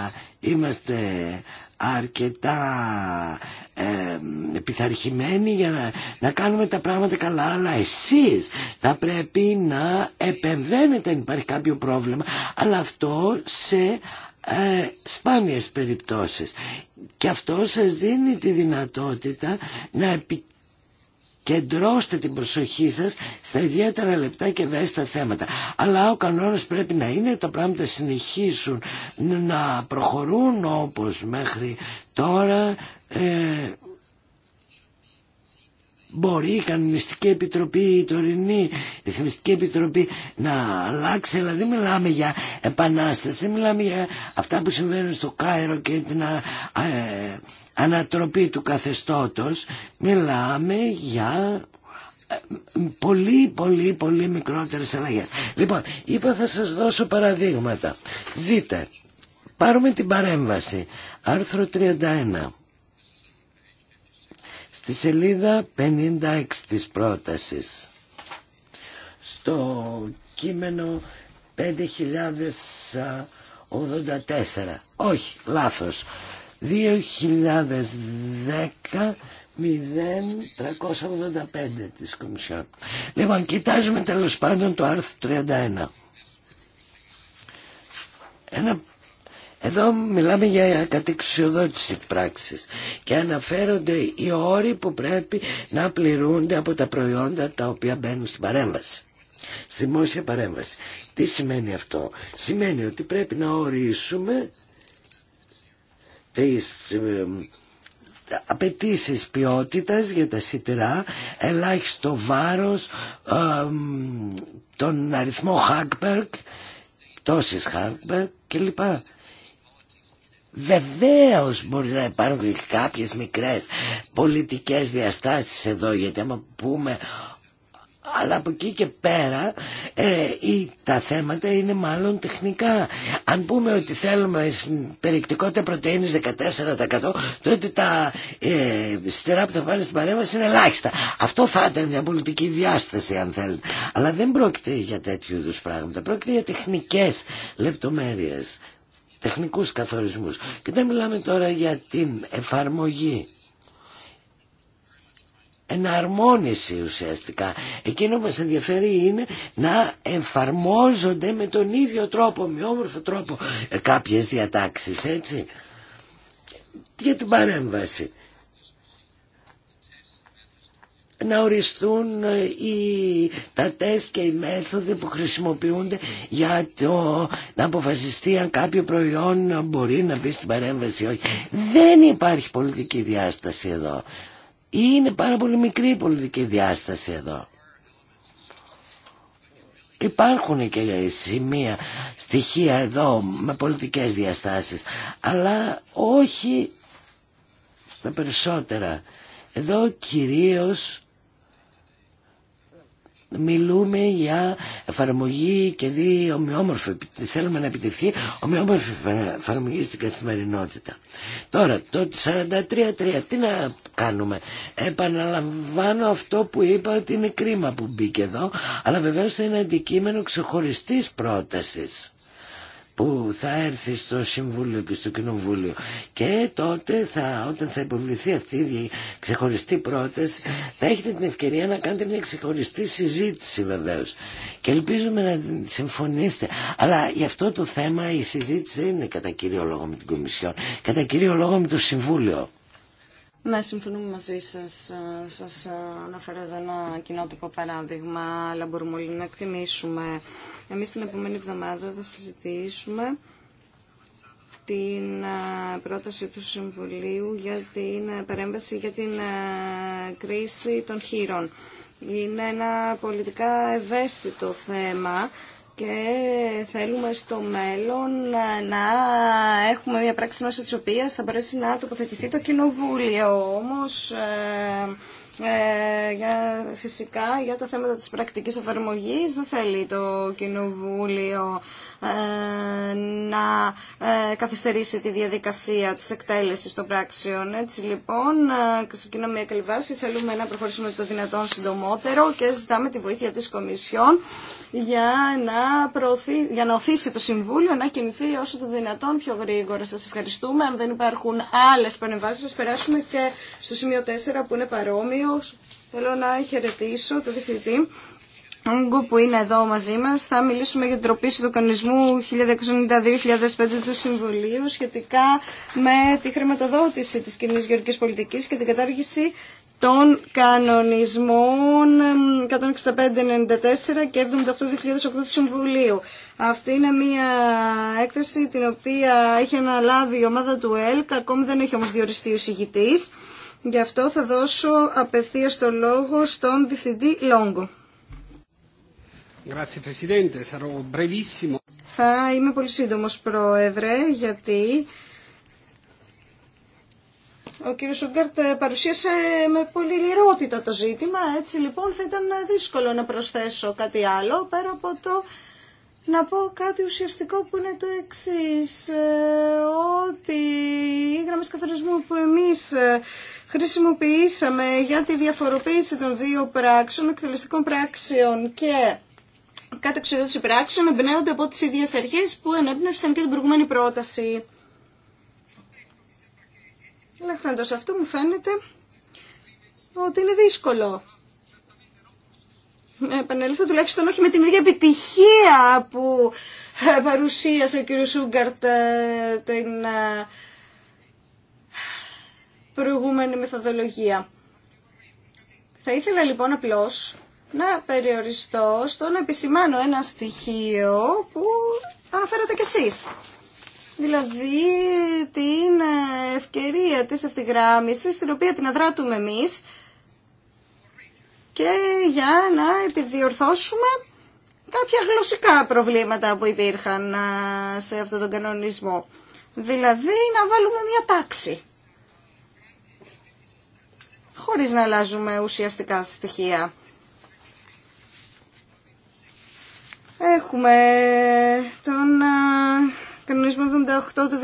είμαστε αρκετά ε, για να, να κάνουμε τα πράγματα καλά αλλά εσείς θα πρέπει να επεμβαίνετε αν υπάρχει κάποιο πρόβλημα αλλά αυτό σε ε, σπάνιες περιπτώσεις και αυτό σας δίνει τη δυνατότητα να επικεντρώσετε την προσοχή σας στα ιδιαίτερα λεπτά και ευαίσθητα θέματα αλλά ο κανόνας πρέπει να είναι τα πράγματα συνεχίσουν να προχωρούν όπως μέχρι τώρα ε, μπορεί η Κανονιστική Επιτροπή, η τωρινή Ρυθμιστική Επιτροπή να αλλάξει. Δηλαδή δεν μιλάμε για επανάσταση, δεν μιλάμε για αυτά που συμβαίνουν στο Κάιρο και την ε, ανατροπή του καθεστώτος. Μιλάμε για ε, πολύ πολύ πολύ μικρότερες αλλαγές. Λοιπόν, είπα θα σας δώσω παραδείγματα. Δείτε, πάρουμε την παρέμβαση, άρθρο 31. Στη σελίδα 56 της πρότασης, στο κείμενο 5084, όχι, λάθος, 2010 0385 της Κομισιόν. Λοιπόν, κοιτάζουμε τέλος πάντων το άρθρο 31. Ένα εδώ μιλάμε για κατεξουσιοδότηση πράξης και αναφέρονται οι όροι που πρέπει να πληρούνται από τα προϊόντα τα οποία μπαίνουν στην παρέμβαση. Στη δημόσια παρέμβαση. Τι σημαίνει αυτό. Σημαίνει ότι πρέπει να ορίσουμε τις απαιτήσει ποιότητας για τα σιτηρά, ελάχιστο βάρος, τον αριθμό Χάγκμπεργκ, πτώσεις Χάγκμπεργκ κλπ. Βεβαίως μπορεί να υπάρχουν κάποιες μικρές πολιτικές διαστάσεις εδώ γιατί άμα πούμε αλλά από εκεί και πέρα ε, τα θέματα είναι μάλλον τεχνικά. Αν πούμε ότι θέλουμε περιεκτικότητα πρωτεΐνης 14% τότε τα ε, στερά που θα βάλει στην παρέμβαση είναι ελάχιστα. Αυτό θα ήταν μια πολιτική διάσταση αν θέλετε. Αλλά δεν πρόκειται για τέτοιου είδους πράγματα. Πρόκειται για τεχνικές λεπτομέρειες τεχνικούς καθορισμούς. Και δεν μιλάμε τώρα για την εφαρμογή. Εναρμόνιση ουσιαστικά. Εκείνο που μας ενδιαφέρει είναι να εφαρμόζονται με τον ίδιο τρόπο, με όμορφο τρόπο ε, κάποιες διατάξεις, έτσι. Για την παρέμβαση να οριστούν ε, οι, τα τεστ και οι μέθοδοι που χρησιμοποιούνται για το, να αποφασιστεί αν κάποιο προϊόν μπορεί να μπει στην παρέμβαση ή όχι. Δεν υπάρχει πολιτική διάσταση εδώ. Είναι πάρα πολύ μικρή η πολιτική διάσταση εδώ. Υπάρχουν και σημεία, στοιχεία εδώ με πολιτικές διαστάσεις, αλλά όχι τα περισσότερα. Εδώ κυρίως μιλούμε για εφαρμογή και δι ομοιόμορφη, θέλουμε να επιτευχθεί ομοιόμορφη εφαρμογή στην καθημερινότητα. Τώρα, το 43-3, τι να κάνουμε. Επαναλαμβάνω αυτό που είπα ότι είναι κρίμα που μπήκε εδώ, αλλά βεβαίως θα είναι αντικείμενο ξεχωριστής πρότασης που θα έρθει στο Συμβούλιο και στο Κοινοβούλιο και τότε θα, όταν θα υποβληθεί αυτή η ξεχωριστή πρόταση θα έχετε την ευκαιρία να κάνετε μια ξεχωριστή συζήτηση βεβαίως και ελπίζουμε να συμφωνήσετε αλλά γι' αυτό το θέμα η συζήτηση δεν είναι κατά κύριο λόγο με την Κομισιόν κατά κύριο λόγο με το Συμβούλιο ναι, συμφωνούμε μαζί σας. Σας αναφέρω εδώ ένα κοινότυπο παράδειγμα, αλλά μπορούμε όλοι να εκτιμήσουμε εμείς την επόμενη εβδομάδα θα συζητήσουμε την πρόταση του Συμβουλίου για την παρέμβαση για την κρίση των χείρων. Είναι ένα πολιτικά ευαίσθητο θέμα και θέλουμε στο μέλλον να έχουμε μια πράξη μέσα της οποίας θα μπορέσει να τοποθετηθεί το Κοινοβούλιο. Όμως ε, για, φυσικά για τα θέματα της πρακτικής εφαρμογής δεν θέλει το Κοινοβούλιο ε, να ε, καθυστερήσει τη διαδικασία της εκτέλεσης των πράξεων. Έτσι λοιπόν, ε, ξεκινάμε μια καλή βάση, θέλουμε να προχωρήσουμε το δυνατόν συντομότερο και ζητάμε τη βοήθεια της Κομισιόν για να, προωθεί, για να οθήσει το Συμβούλιο να κινηθεί όσο το δυνατόν πιο γρήγορα. Σας ευχαριστούμε. Αν δεν υπάρχουν άλλες παρεμβάσεις, σας περάσουμε και στο σημείο 4 που είναι παρόμοιο. Θέλω να χαιρετήσω το διευθυντή που είναι εδώ μαζί μα. Θα μιλήσουμε για την τροπήση του κανονισμου 1992. 1092-2005 του Συμβουλίου σχετικά με τη χρηματοδότηση τη κοινή γεωργική πολιτική και την κατάργηση των κανονισμών 165-94 και 78-2008 του Συμβουλίου. Αυτή είναι μια έκθεση την οποία έχει αναλάβει η ομάδα του ΕΛΚ, ακόμη δεν έχει όμως διοριστεί ο συγητής. Γι' αυτό θα δώσω απευθείας το λόγο στον Διευθυντή Λόγκο. Θα είμαι πολύ σύντομος, Πρόεδρε, γιατί ο κύριος Σούγκαρτ ε, παρουσίασε με πολύ λιρότητα το ζήτημα, έτσι λοιπόν θα ήταν δύσκολο να προσθέσω κάτι άλλο, πέρα από το να πω κάτι ουσιαστικό που είναι το εξής, ε, ότι οι γραμμές καθορισμού που εμείς ε, χρησιμοποιήσαμε για τη διαφοροποίηση των δύο πράξεων, εκτελεστικών πράξεων και κατεξοδότηση πράξεων, εμπνέονται από τις ίδιες αρχές που ενέπνευσαν και την προηγούμενη πρόταση. Λεχθέντος αυτό μου φαίνεται ότι είναι δύσκολο. Να επανελθώ τουλάχιστον όχι με την ίδια επιτυχία που ε, παρουσίασε ο κ. Σούγκαρτ ε, την ε, προηγούμενη μεθοδολογία. Θα ήθελα λοιπόν απλώς να περιοριστώ στο να επισημάνω ένα στοιχείο που αναφέρατε κι εσείς δηλαδή την ε, ευκαιρία της ευθυγράμμισης, την οποία την αδράτουμε εμείς, και για να επιδιορθώσουμε κάποια γλωσσικά προβλήματα που υπήρχαν ε, σε αυτόν τον κανονισμό. Δηλαδή να βάλουμε μια τάξη, χωρίς να αλλάζουμε ουσιαστικά στοιχεία. Έχουμε τον ε, κανονισμό 78 του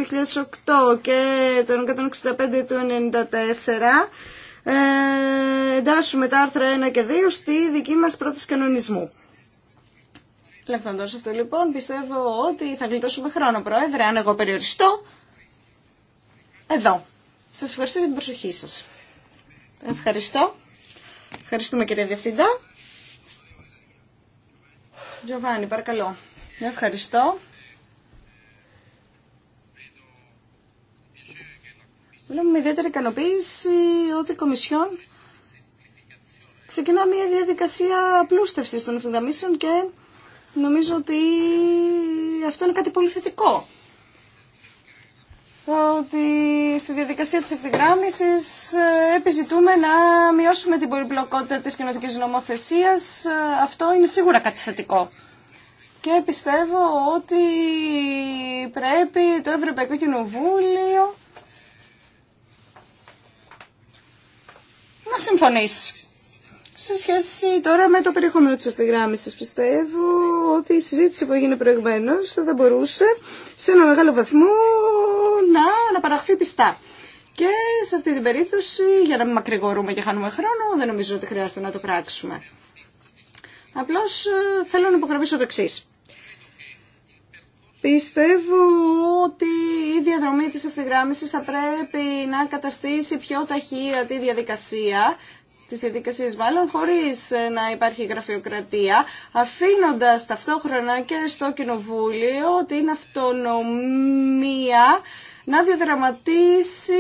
2008 και τον 165 του 1994 ε, εντάσσουμε τα άρθρα 1 και 2 στη δική μας πρόταση κανονισμού. Λεφθαντός αυτό λοιπόν, πιστεύω ότι θα γλιτώσουμε χρόνο, Πρόεδρε, αν εγώ περιοριστώ. Εδώ. Σας ευχαριστώ για την προσοχή σας. Ευχαριστώ. Ευχαριστούμε κύριε Διευθύντα. Τζοβάνι, παρακαλώ. Ευχαριστώ. Βλέπουμε με ιδιαίτερη ικανοποίηση ότι η Κομισιόν ξεκινά μια διαδικασία πλούστευσης των ευθυγραμμίσεων και νομίζω ότι αυτό είναι κάτι πολύ θετικό. Ότι στη διαδικασία της ευθυγράμμισης ε, επιζητούμε να μειώσουμε την πολυπλοκότητα της κοινωτικής νομοθεσίας. Ε, αυτό είναι σίγουρα κάτι θετικό. Και πιστεύω ότι πρέπει το Ευρωπαϊκό Κοινοβούλιο να συμφωνήσει. Σε σχέση τώρα με το περιεχόμενο της ευθυγράμμισης, πιστεύω ότι η συζήτηση που έγινε προηγουμένω θα μπορούσε σε ένα μεγάλο βαθμό να αναπαραχθεί πιστά. Και σε αυτή την περίπτωση, για να μην μακρηγορούμε και χάνουμε χρόνο, δεν νομίζω ότι χρειάζεται να το πράξουμε. Απλώς ε, θέλω να υπογραμμίσω το εξή. Πιστεύω ότι η διαδρομή της ευθυγράμμισης θα πρέπει να καταστήσει πιο ταχύα τη διαδικασία της διαδικασίες μάλλον χωρίς ε, να υπάρχει γραφειοκρατία αφήνοντας ταυτόχρονα και στο Κοινοβούλιο την αυτονομία να διαδραματίσει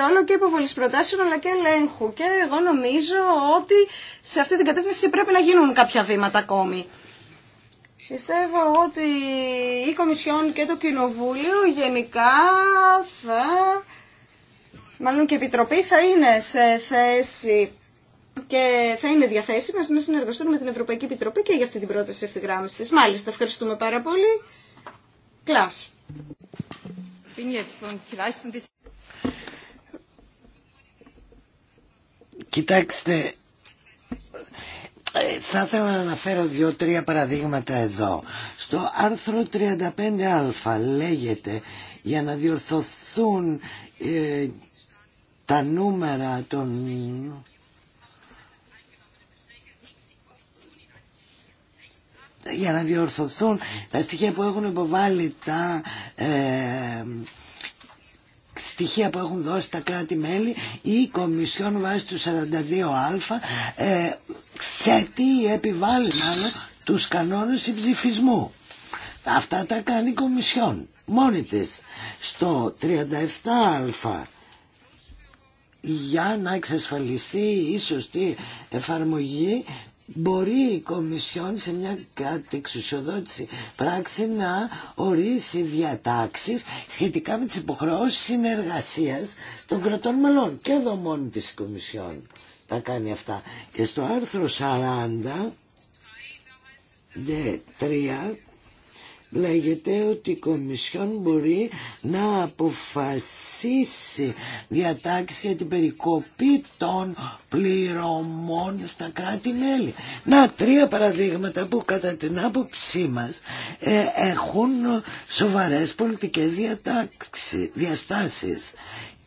ρόλο και υποβολής προτάσεων αλλά και ελέγχου και εγώ νομίζω ότι σε αυτή την κατεύθυνση πρέπει να γίνουν κάποια βήματα ακόμη. Πιστεύω ότι η Κομισιόν και το Κοινοβούλιο γενικά θα, μάλλον και η Επιτροπή θα είναι σε θέση και θα είναι διαθέσιμε να συνεργαστούν με την Ευρωπαϊκή Επιτροπή και για αυτή την πρόταση ευθυγράμμισης. Μάλιστα, ευχαριστούμε πάρα πολύ. Κλα. Κοιτάξτε, ε, θα ήθελα να αναφέρω δύο-τρία παραδείγματα εδώ. Στο άρθρο 35α λέγεται για να διορθωθούν ε, τα νούμερα των... για να διορθωθούν τα στοιχεία που έχουν υποβάλει τα, ε, στοιχεία που έχουν δώσει τα κράτη-μέλη η Κομισιόν βάσει του 42α ε, θέτει ή επιβάλλει μάλλον τους κανόνες συμψηφισμού. Αυτά τα κάνει η Κομισιόν μόνη της στο 37α για να εξασφαλιστεί η σωστή εφαρμογή μπορεί η Κομισιόν σε μια κατεξουσιοδότηση πράξη να ορίσει διατάξεις σχετικά με τις υποχρεώσεις συνεργασίας των κρατών μελών και μόνη της Κομισιόν τα κάνει αυτά και στο άρθρο 40 3 λέγεται ότι η Κομισιόν μπορεί να αποφασίσει διατάξει για την περικοπή των πληρωμών στα κράτη-μέλη. Να, τρία παραδείγματα που κατά την άποψή μας ε, έχουν σοβαρές πολιτικές διατάξεις,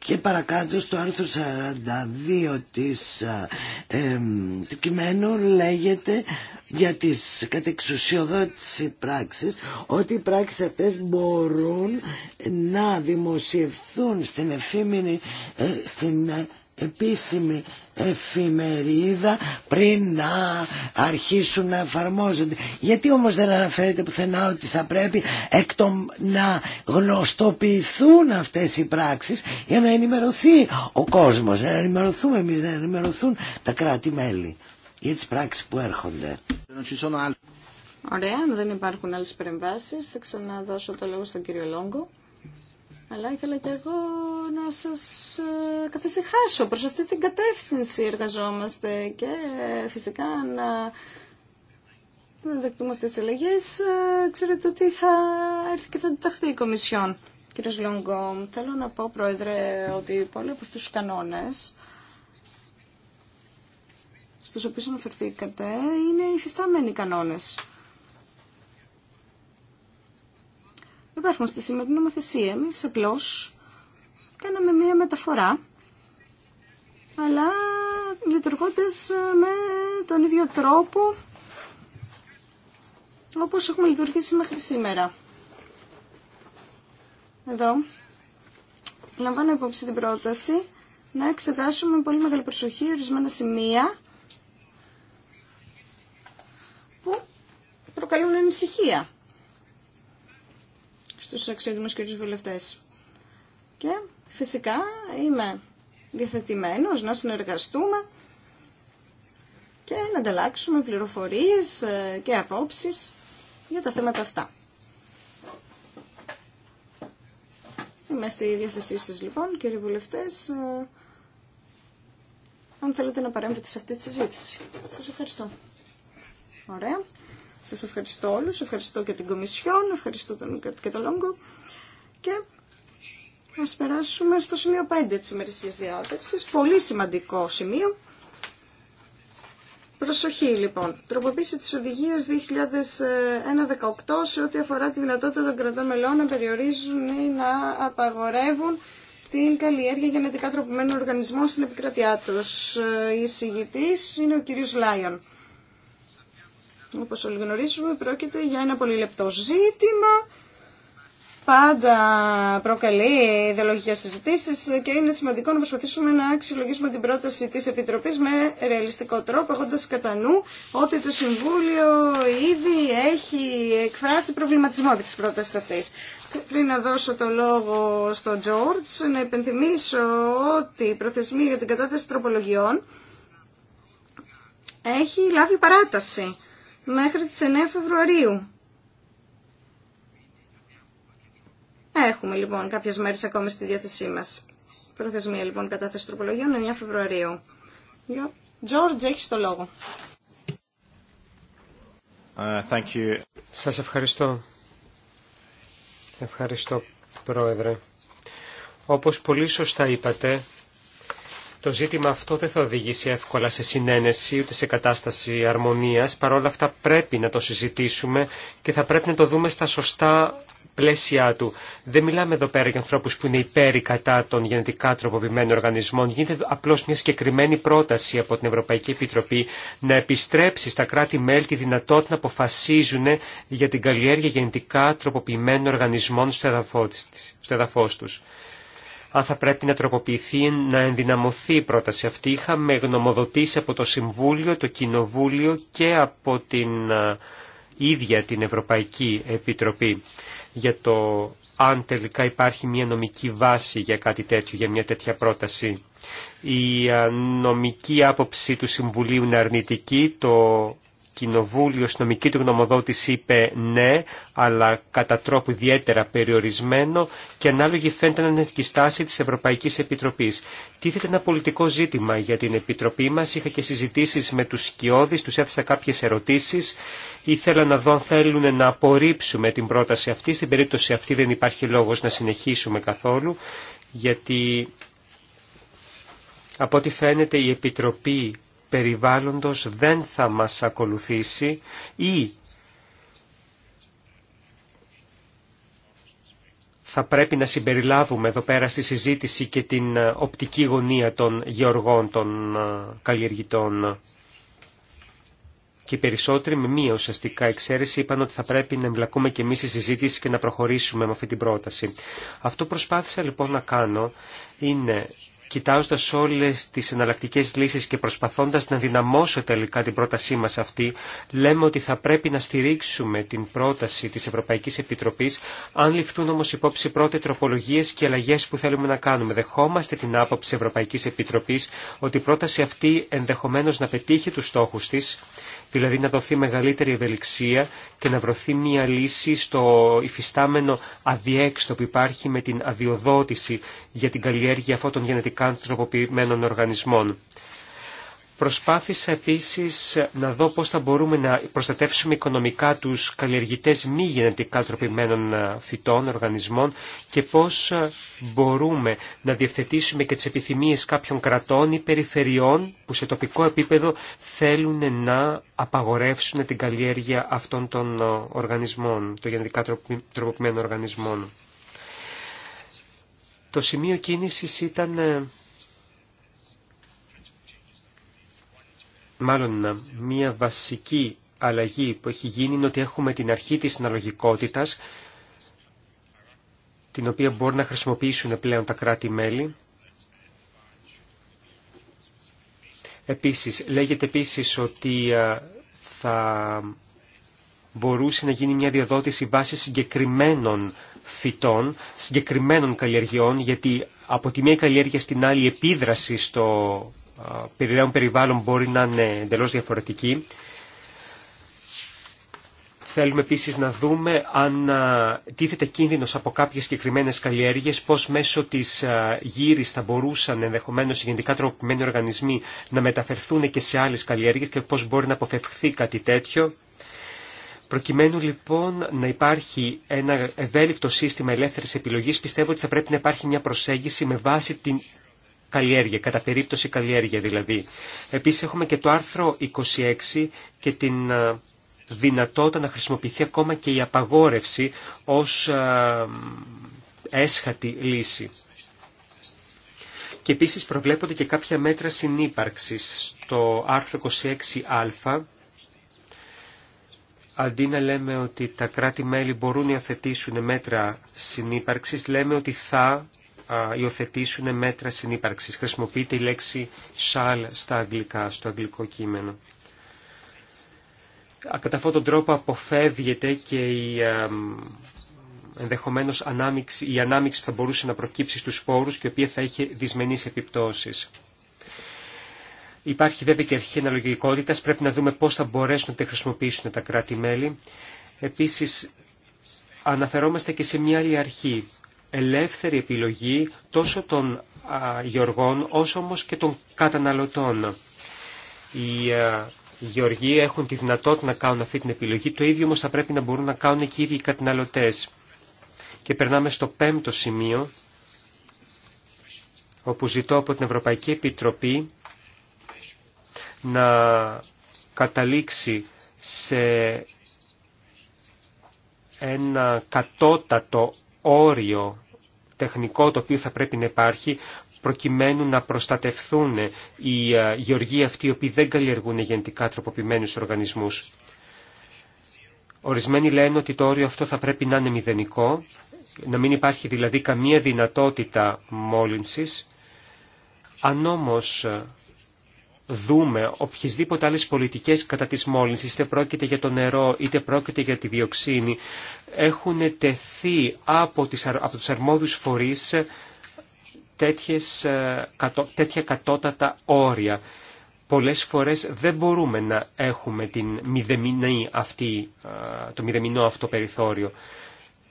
Και παρακάτω στο άρθρο 42 της, ε, ε, του κειμένου λέγεται για τις κατεξουσιοδότηση πράξεις ότι οι πράξεις αυτές μπορούν να δημοσιευθούν στην ε, στην ε, επίσημη εφημερίδα πριν να αρχίσουν να εφαρμόζονται. Γιατί όμως δεν αναφέρεται πουθενά ότι θα πρέπει εκ να γνωστοποιηθούν αυτές οι πράξεις για να ενημερωθεί ο κόσμος, να ενημερωθούμε εμείς, να ενημερωθούν τα κράτη-μέλη τις που έρχονται. Ωραία, αν δεν υπάρχουν άλλες παρεμβάσεις θα ξαναδώσω το λόγο στον κύριο Λόγκο. Αλλά ήθελα και εγώ να σας ε, καθησυχάσω. Προς αυτή την κατεύθυνση εργαζόμαστε και ε, φυσικά να δεκτούμε αυτές τις αλλαγές. Ε, ξέρετε ότι θα έρθει και θα αντιταχθεί η Κομισιόν. Κύριος Λόγκο, θέλω να πω, Πρόεδρε, ότι πολλοί από αυτού του κανόνε, στους οποίους αναφερθήκατε είναι οι φυστάμενοι κανόνες. Υπάρχουν στη σημερινή νομοθεσία. Εμείς απλώς κάναμε μία μεταφορά, αλλά λειτουργώντας με τον ίδιο τρόπο όπως έχουμε λειτουργήσει μέχρι σήμερα. Εδώ λαμβάνω υπόψη την πρόταση να εξετάσουμε με πολύ μεγάλη προσοχή ορισμένα σημεία ανησυχία στους αξιότιμους και τους βουλευτές. Και φυσικά είμαι διαθετημένος να συνεργαστούμε και να ανταλλάξουμε πληροφορίες ε, και απόψεις για τα θέματα αυτά. Είμαι στη διάθεσή σας λοιπόν, κύριοι βουλευτές, ε, αν θέλετε να παρέμβετε σε αυτή τη συζήτηση. Σας ευχαριστώ. Ωραία. Σας ευχαριστώ όλους, ευχαριστώ και την Κομισιόν, ευχαριστώ τον Κρατ και τον Λόγκο. Και ας περάσουμε στο σημείο 5 της ημερησίας διάταξης, πολύ σημαντικό σημείο. Προσοχή λοιπόν. Τροποποίηση τη οδηγια 2018 σε ό,τι αφορά τη δυνατότητα των κρατών μελών να περιορίζουν ή να απαγορεύουν την καλλιέργεια γενετικά τροπομένων οργανισμών στην επικρατειά του. Ε, η συγητή είναι ο κ. Λάιον. Όπως όλοι γνωρίζουμε, πρόκειται για ένα πολύ λεπτό ζήτημα. Πάντα προκαλεί ιδεολογικές συζητήσει και είναι σημαντικό να προσπαθήσουμε να αξιολογήσουμε την πρόταση της Επιτροπής με ρεαλιστικό τρόπο, έχοντα κατά νου ότι το Συμβούλιο ήδη έχει εκφράσει προβληματισμό επί της πρότασης αυτής. Πριν να δώσω το λόγο στον Τζόρτς, να υπενθυμίσω ότι η προθεσμία για την κατάθεση τροπολογιών έχει λάβει παράταση μέχρι τις 9 Φεβρουαρίου. Έχουμε λοιπόν κάποιες μέρες ακόμη στη διάθεσή μας. Προθεσμία λοιπόν κατάθεση τροπολογίων 9 Φεβρουαρίου. George, έχεις το λόγο. Uh, Σας ευχαριστώ. Ευχαριστώ, Πρόεδρε. Όπως πολύ σωστά είπατε, το ζήτημα αυτό δεν θα οδηγήσει εύκολα σε συνένεση ούτε σε κατάσταση αρμονίας. Παρ' όλα αυτά πρέπει να το συζητήσουμε και θα πρέπει να το δούμε στα σωστά πλαίσια του. Δεν μιλάμε εδώ πέρα για ανθρώπους που είναι υπέρ ή κατά των γενετικά τροποποιημένων οργανισμών. Γίνεται απλώς μια συγκεκριμένη πρόταση από την Ευρωπαϊκή Επιτροπή να επιστρέψει στα κράτη-μέλη τη δυνατότητα να αποφασίζουν για την καλλιέργεια γενετικά τροποποιημένων οργανισμών στο έδαφος τους αν θα πρέπει να τροποποιηθεί, να ενδυναμωθεί η πρόταση αυτή. Είχαμε γνωμοδοτήσει από το Συμβούλιο, το Κοινοβούλιο και από την ίδια την Ευρωπαϊκή Επιτροπή για το αν τελικά υπάρχει μια νομική βάση για κάτι τέτοιο, για μια τέτοια πρόταση. Η νομική άποψη του Συμβουλίου είναι αρνητική, το Κοινοβούλιο στην νομική του γνωμοδότηση είπε ναι, αλλά κατά τρόπο ιδιαίτερα περιορισμένο και ανάλογη φαίνεται να είναι η στάση της Ευρωπαϊκής Επιτροπής. Τίθεται ένα πολιτικό ζήτημα για την Επιτροπή μας. Είχα και συζητήσεις με τους σκιώδεις, τους έθεσα κάποιες ερωτήσεις. Ήθελα να δω αν θέλουν να απορρίψουμε την πρόταση αυτή. Στην περίπτωση αυτή δεν υπάρχει λόγος να συνεχίσουμε καθόλου, γιατί από ό,τι φαίνεται η Επιτροπή περιβάλλοντος δεν θα μας ακολουθήσει ή θα πρέπει να συμπεριλάβουμε εδώ πέρα στη συζήτηση και την ε, οπτική γωνία των γεωργών των ε, καλλιεργητών. Και οι περισσότεροι με μία ουσιαστικά εξαίρεση είπαν ότι θα πρέπει να εμπλακούμε και εμείς στη συζήτηση και να προχωρήσουμε με αυτή την πρόταση. Αυτό προσπάθησα λοιπόν να κάνω είναι κοιτάζοντας όλες τις εναλλακτικές λύσεις και προσπαθώντας να δυναμώσω τελικά την πρότασή μας αυτή, λέμε ότι θα πρέπει να στηρίξουμε την πρόταση της Ευρωπαϊκής Επιτροπής, αν ληφθούν όμως υπόψη πρώτε τροπολογίες και αλλαγές που θέλουμε να κάνουμε. Δεχόμαστε την άποψη Ευρωπαϊκής Επιτροπής ότι η πρόταση αυτή ενδεχομένως να πετύχει τους στόχους της, δηλαδή να δοθεί μεγαλύτερη ευελιξία και να βρωθεί μια λύση στο υφιστάμενο αδιέξτο που υπάρχει με την αδειοδότηση για την καλλιέργεια αυτών των γενετικά τροποποιημένων οργανισμών. Προσπάθησα επίσης να δω πώς θα μπορούμε να προστατεύσουμε οικονομικά τους καλλιεργητές μη γενετικά τροπημένων ε, φυτών, οργανισμών και πώς ε, μπορούμε να διευθετήσουμε και τις επιθυμίες κάποιων κρατών ή περιφερειών που σε τοπικό επίπεδο θέλουν να απαγορεύσουν την καλλιέργεια αυτών των ε, οργανισμών, των γενετικά τροποποιημένων οργανισμών. Το σημείο κίνησης ήταν μάλλον μια βασική αλλαγή που έχει γίνει είναι ότι έχουμε την αρχή της αναλογικότητας, την οποία μπορούν να χρησιμοποιήσουν πλέον τα κράτη-μέλη. Επίσης, λέγεται επίσης ότι θα μπορούσε να γίνει μια διαδότηση βάσει συγκεκριμένων φυτών, συγκεκριμένων καλλιεργειών, γιατί από τη μία καλλιέργεια στην άλλη επίδραση στο περιβάλλον περιβάλλον μπορεί να είναι εντελώ διαφορετική. Θέλουμε επίσης να δούμε αν τίθεται κίνδυνος από κάποιες συγκεκριμένε καλλιέργειες, πώς μέσω της γύρης θα μπορούσαν ενδεχομένως οι γενικά τροποποιημένοι οργανισμοί να μεταφερθούν και σε άλλες καλλιέργειες και πώς μπορεί να αποφευχθεί κάτι τέτοιο. Προκειμένου λοιπόν να υπάρχει ένα ευέλικτο σύστημα ελεύθερης επιλογής, πιστεύω ότι θα πρέπει να υπάρχει μια προσέγγιση με βάση την καλλιέργεια, κατά περίπτωση καλλιέργεια δηλαδή. Επίσης έχουμε και το άρθρο 26 και την ε, δυνατότητα να χρησιμοποιηθεί ακόμα και η απαγόρευση ως ε, έσχατη λύση. Και επίσης προβλέπονται και κάποια μέτρα συνύπαρξης στο άρθρο 26α αντί να λέμε ότι τα κράτη-μέλη μπορούν να θετήσουν μέτρα συνύπαρξης, λέμε ότι θα υιοθετήσουν μέτρα συνύπαρξης. Χρησιμοποιείται η λέξη shall στα αγγλικά, στο αγγλικό κείμενο. Κατά αυτόν τον τρόπο αποφεύγεται και η ενδεχομένως ανάμιξη, η ανάμιξη που θα μπορούσε να προκύψει στους σπόρους και η οποία θα είχε δυσμενείς επιπτώσεις. Υπάρχει βέβαια και αρχή αναλογικότητας, πρέπει να δούμε πώς θα μπορέσουν να τα χρησιμοποιήσουν τα κράτη-μέλη. Επίσης, αναφερόμαστε και σε μια άλλη αρχή, ελεύθερη επιλογή τόσο των γεωργών όσο όμως και των καταναλωτών. Οι γεωργοί έχουν τη δυνατότητα να κάνουν αυτή την επιλογή, το ίδιο όμως θα πρέπει να μπορούν να κάνουν και οι ίδιοι οι καταναλωτές. Και περνάμε στο πέμπτο σημείο, όπου ζητώ από την Ευρωπαϊκή Επιτροπή να καταλήξει σε ένα κατώτατο όριο τεχνικό το οποίο θα πρέπει να υπάρχει προκειμένου να προστατευθούν οι γεωργοί αυτοί οι οποίοι δεν καλλιεργούν γενετικά τροποποιημένους οργανισμούς. Ορισμένοι λένε ότι το όριο αυτό θα πρέπει να είναι μηδενικό, να μην υπάρχει δηλαδή καμία δυνατότητα μόλυνσης. Αν όμως δούμε οποιασδήποτε άλλες πολιτικές κατά της μόλυνσης, είτε πρόκειται για το νερό, είτε πρόκειται για τη διοξίνη, έχουν τεθεί από, τις, από τους αρμόδιους φορείς τέτοιες, ε, τέτοια κατώτατα όρια. Πολλές φορές δεν μπορούμε να έχουμε την αυτή, ε, το μηδεμινό αυτό περιθώριο.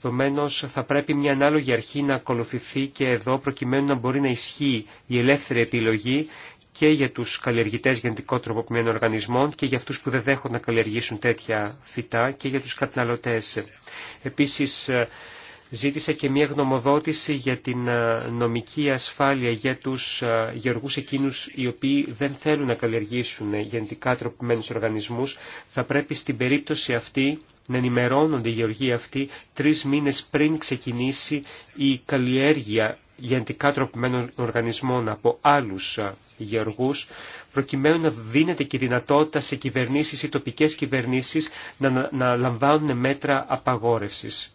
Επομένω, θα πρέπει μια ανάλογη αρχή να ακολουθηθεί και εδώ προκειμένου να μπορεί να ισχύει η ελεύθερη επιλογή και για τους καλλιεργητές από τροποποιημένων οργανισμών και για αυτούς που δεν δέχονται να καλλιεργήσουν τέτοια φυτά και για τους καταναλωτές. Επίσης, ε, ζήτησε και μια γνωμοδότηση για την ε, νομική ασφάλεια για τους ε, γεωργούς εκείνους οι οποίοι δεν θέλουν να καλλιεργήσουν γενικά τροποποιημένους οργανισμούς. Θα πρέπει στην περίπτωση αυτή να ενημερώνονται οι γεωργοί αυτοί τρεις μήνες πριν ξεκινήσει η καλλιέργεια γενετικά τροπημένων οργανισμών από άλλους γεωργούς, προκειμένου να δίνεται και δυνατότητα σε κυβερνήσεις ή τοπικές κυβερνήσεις να, λαμβάνουν μέτρα απαγόρευσης.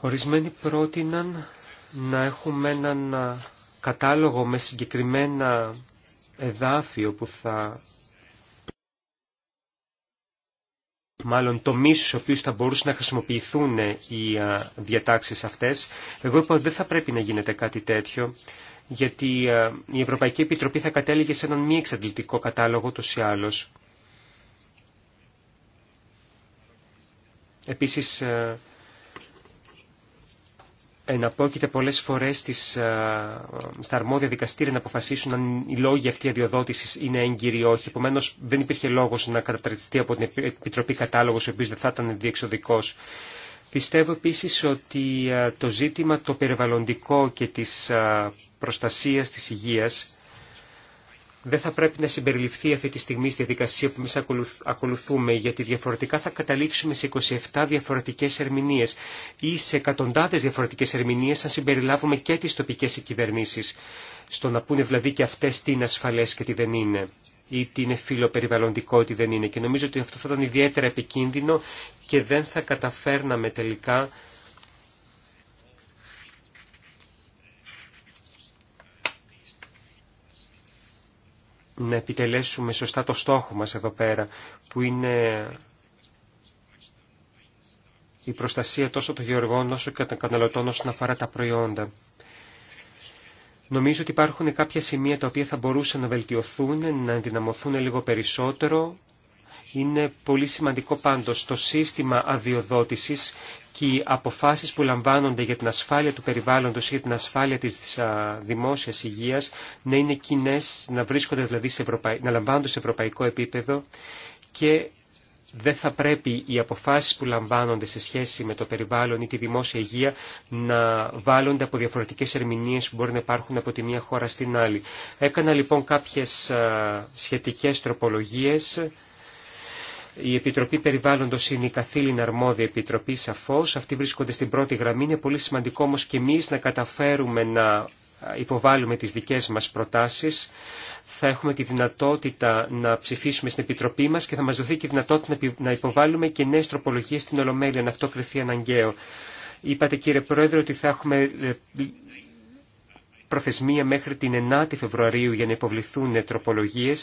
Ορισμένοι πρότειναν να έχουμε έναν κατάλογο με συγκεκριμένα εδάφιο που θα μάλλον τομείς στους οποίους θα μπορούσαν να χρησιμοποιηθούν ε, οι διατάξεις αυτές. Εγώ είπα ότι δεν θα πρέπει να γίνεται κάτι τέτοιο, γιατί η Ευρωπαϊκή Επιτροπή θα κατέληγε σε έναν μη εξαντλητικό κατάλογο τους ή άλλως. Επίσης, ε, εναπόκειται πολλές φορές στα αρμόδια δικαστήρια να αποφασίσουν αν οι λόγοι αυτή αδειοδότηση είναι έγκυροι ή όχι. Επομένω, δεν υπήρχε λόγος να καταρτιστεί από την Επιτροπή Κατάλογος, ο οποίος δεν θα ήταν διεξοδικός. Πιστεύω επίσης ότι το ζήτημα το περιβαλλοντικό και της προστασία προστασίας της υγείας δεν θα πρέπει να συμπεριληφθεί αυτή τη στιγμή στη διαδικασία που εμεί ακολουθούμε, γιατί διαφορετικά θα καταλήξουμε σε 27 διαφορετικέ ερμηνείε ή σε εκατοντάδε διαφορετικέ ερμηνείε, αν συμπεριλάβουμε και τι τοπικέ κυβερνήσει. Στο να πούνε δηλαδή και αυτέ τι είναι ασφαλέ και τι δεν είναι, ή τι είναι φιλοπεριβαλλοντικό, τι δεν είναι. Και νομίζω ότι αυτό θα ήταν ιδιαίτερα επικίνδυνο και δεν θα καταφέρναμε τελικά να επιτελέσουμε σωστά το στόχο μας εδώ πέρα, που είναι η προστασία τόσο των γεωργών όσο και των καταναλωτών όσον αφορά τα προϊόντα. Νομίζω ότι υπάρχουν κάποια σημεία τα οποία θα μπορούσαν να βελτιωθούν, να ενδυναμωθούν λίγο περισσότερο. Είναι πολύ σημαντικό πάντως το σύστημα αδειοδότησης και οι αποφάσεις που λαμβάνονται για την ασφάλεια του περιβάλλοντος ή για την ασφάλεια της δημόσιας υγείας να είναι κοινέ, να βρίσκονται δηλαδή να λαμβάνονται σε ευρωπαϊκό επίπεδο και δεν θα πρέπει οι αποφάσεις που λαμβάνονται σε σχέση με το περιβάλλον ή τη δημόσια υγεία να βάλλονται από διαφορετικές ερμηνείες που μπορεί να υπάρχουν από τη μία χώρα στην άλλη. Έκανα λοιπόν κάποιες σχετικές τροπολογίες η Επιτροπή περιβάλλοντο είναι η καθήλυνα αρμόδια επιτροπή σαφώ. Αυτοί βρίσκονται στην πρώτη γραμμή. Είναι πολύ σημαντικό όμω και εμεί να καταφέρουμε να υποβάλουμε τις δικές μας προτάσεις. Θα έχουμε τη δυνατότητα να ψηφίσουμε στην Επιτροπή μας και θα μας δοθεί και η δυνατότητα να υποβάλουμε και νέες τροπολογίες στην Ολομέλεια, να αυτό κρυθεί αναγκαίο. Είπατε κύριε Πρόεδρε ότι θα έχουμε ε, προθεσμία μέχρι την 9η Φεβρουαρίου για να υποβληθούν τροπολογίε.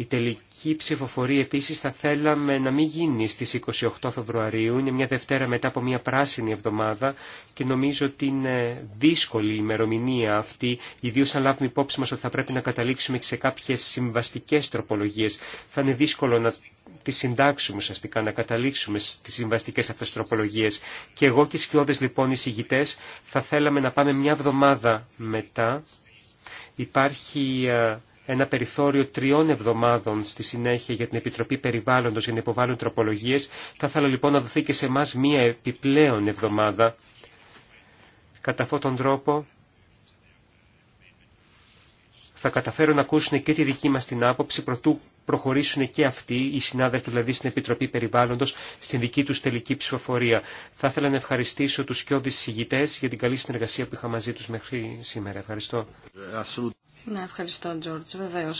Η τελική ψηφοφορία επίσης θα θέλαμε να μην γίνει στις 28 Φεβρουαρίου, είναι μια Δευτέρα μετά από μια πράσινη εβδομάδα και νομίζω ότι είναι δύσκολη η ημερομηνία αυτή, ιδίω αν λάβουμε υπόψη μας ότι θα πρέπει να καταλήξουμε σε κάποιες συμβαστικές τροπολογίες. Θα είναι δύσκολο να τις συντάξουμε ουσιαστικά, να καταλήξουμε στις συμβαστικές αυτές τροπολογίες. Και εγώ και οι σκιώδες λοιπόν οι εισηγητέ θα θέλαμε να πάμε μια εβδομάδα μετά. Υπάρχει ε, ένα περιθώριο τριών εβδομάδων στη συνέχεια για την Επιτροπή Περιβάλλοντος για να υποβάλουν τροπολογίες. Θα ήθελα λοιπόν να δοθεί και σε εμά μία επιπλέον εβδομάδα. Κατά αυτόν τον τρόπο θα καταφέρω να ακούσουν και τη δική μας την άποψη, προτού προχωρήσουν και αυτοί, οι συνάδελφοι δηλαδή στην Επιτροπή Περιβάλλοντος, στην δική τους τελική ψηφοφορία. Θα ήθελα να ευχαριστήσω τους και συγητές για την καλή συνεργασία που είχα μαζί τους μέχρι σήμερα. Ευχαριστώ. Ναι, ευχαριστώ, Τζόρτζ. Βεβαίω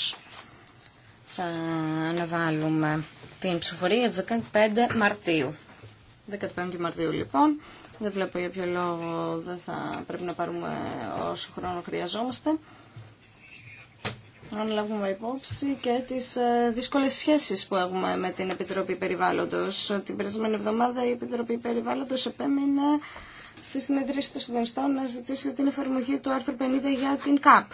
θα αναβάλουμε την ψηφορία για 15 Μαρτίου. 15 Μαρτίου, λοιπόν. Δεν βλέπω για ποιο λόγο δεν θα πρέπει να πάρουμε όσο χρόνο χρειαζόμαστε. Αν λάβουμε υπόψη και τις ε, δύσκολες σχέσεις που έχουμε με την Επιτροπή Περιβάλλοντος. Την περασμένη εβδομάδα η Επιτροπή Περιβάλλοντος επέμεινε στη συνεδρίαση των συντονιστών να ζητήσει την εφαρμογή του άρθρου 50 για την ΚΑΠ.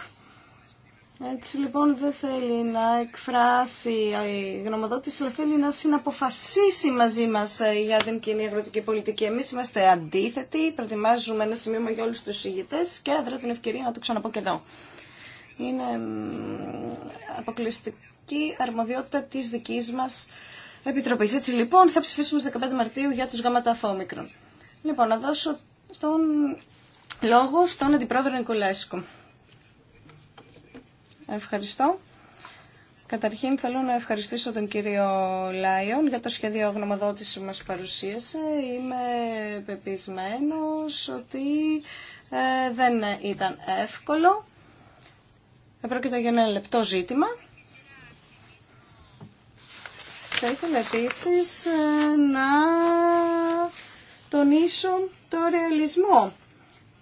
Έτσι λοιπόν δεν θέλει να εκφράσει η γνωμοδότηση, αλλά θέλει να συναποφασίσει μαζί μα ε, για την κοινή αγροτική πολιτική. Εμεί είμαστε αντίθετοι, προετοιμάζουμε ένα σημείο για όλου του ηγητέ και έδρα την ευκαιρία να το ξαναπώ και εδώ. Είναι αποκλειστική αρμοδιότητα τη δική μα επιτροπή. Έτσι λοιπόν θα ψηφίσουμε στις 15 Μαρτίου για του γάμματα αφόμικρων. Λοιπόν, να δώσω τον λόγο στον Αντιπρόεδρο Νικολάσικο. Ευχαριστώ. Καταρχήν θέλω να ευχαριστήσω τον κύριο Λάιον για το σχέδιο γνωμοδότηση που μας παρουσίασε. Είμαι πεπισμένος ότι ε, δεν ήταν εύκολο. Επρόκειτο για ένα λεπτό ζήτημα. Θα ήθελα επίση ε, να τονίσω το ρεαλισμό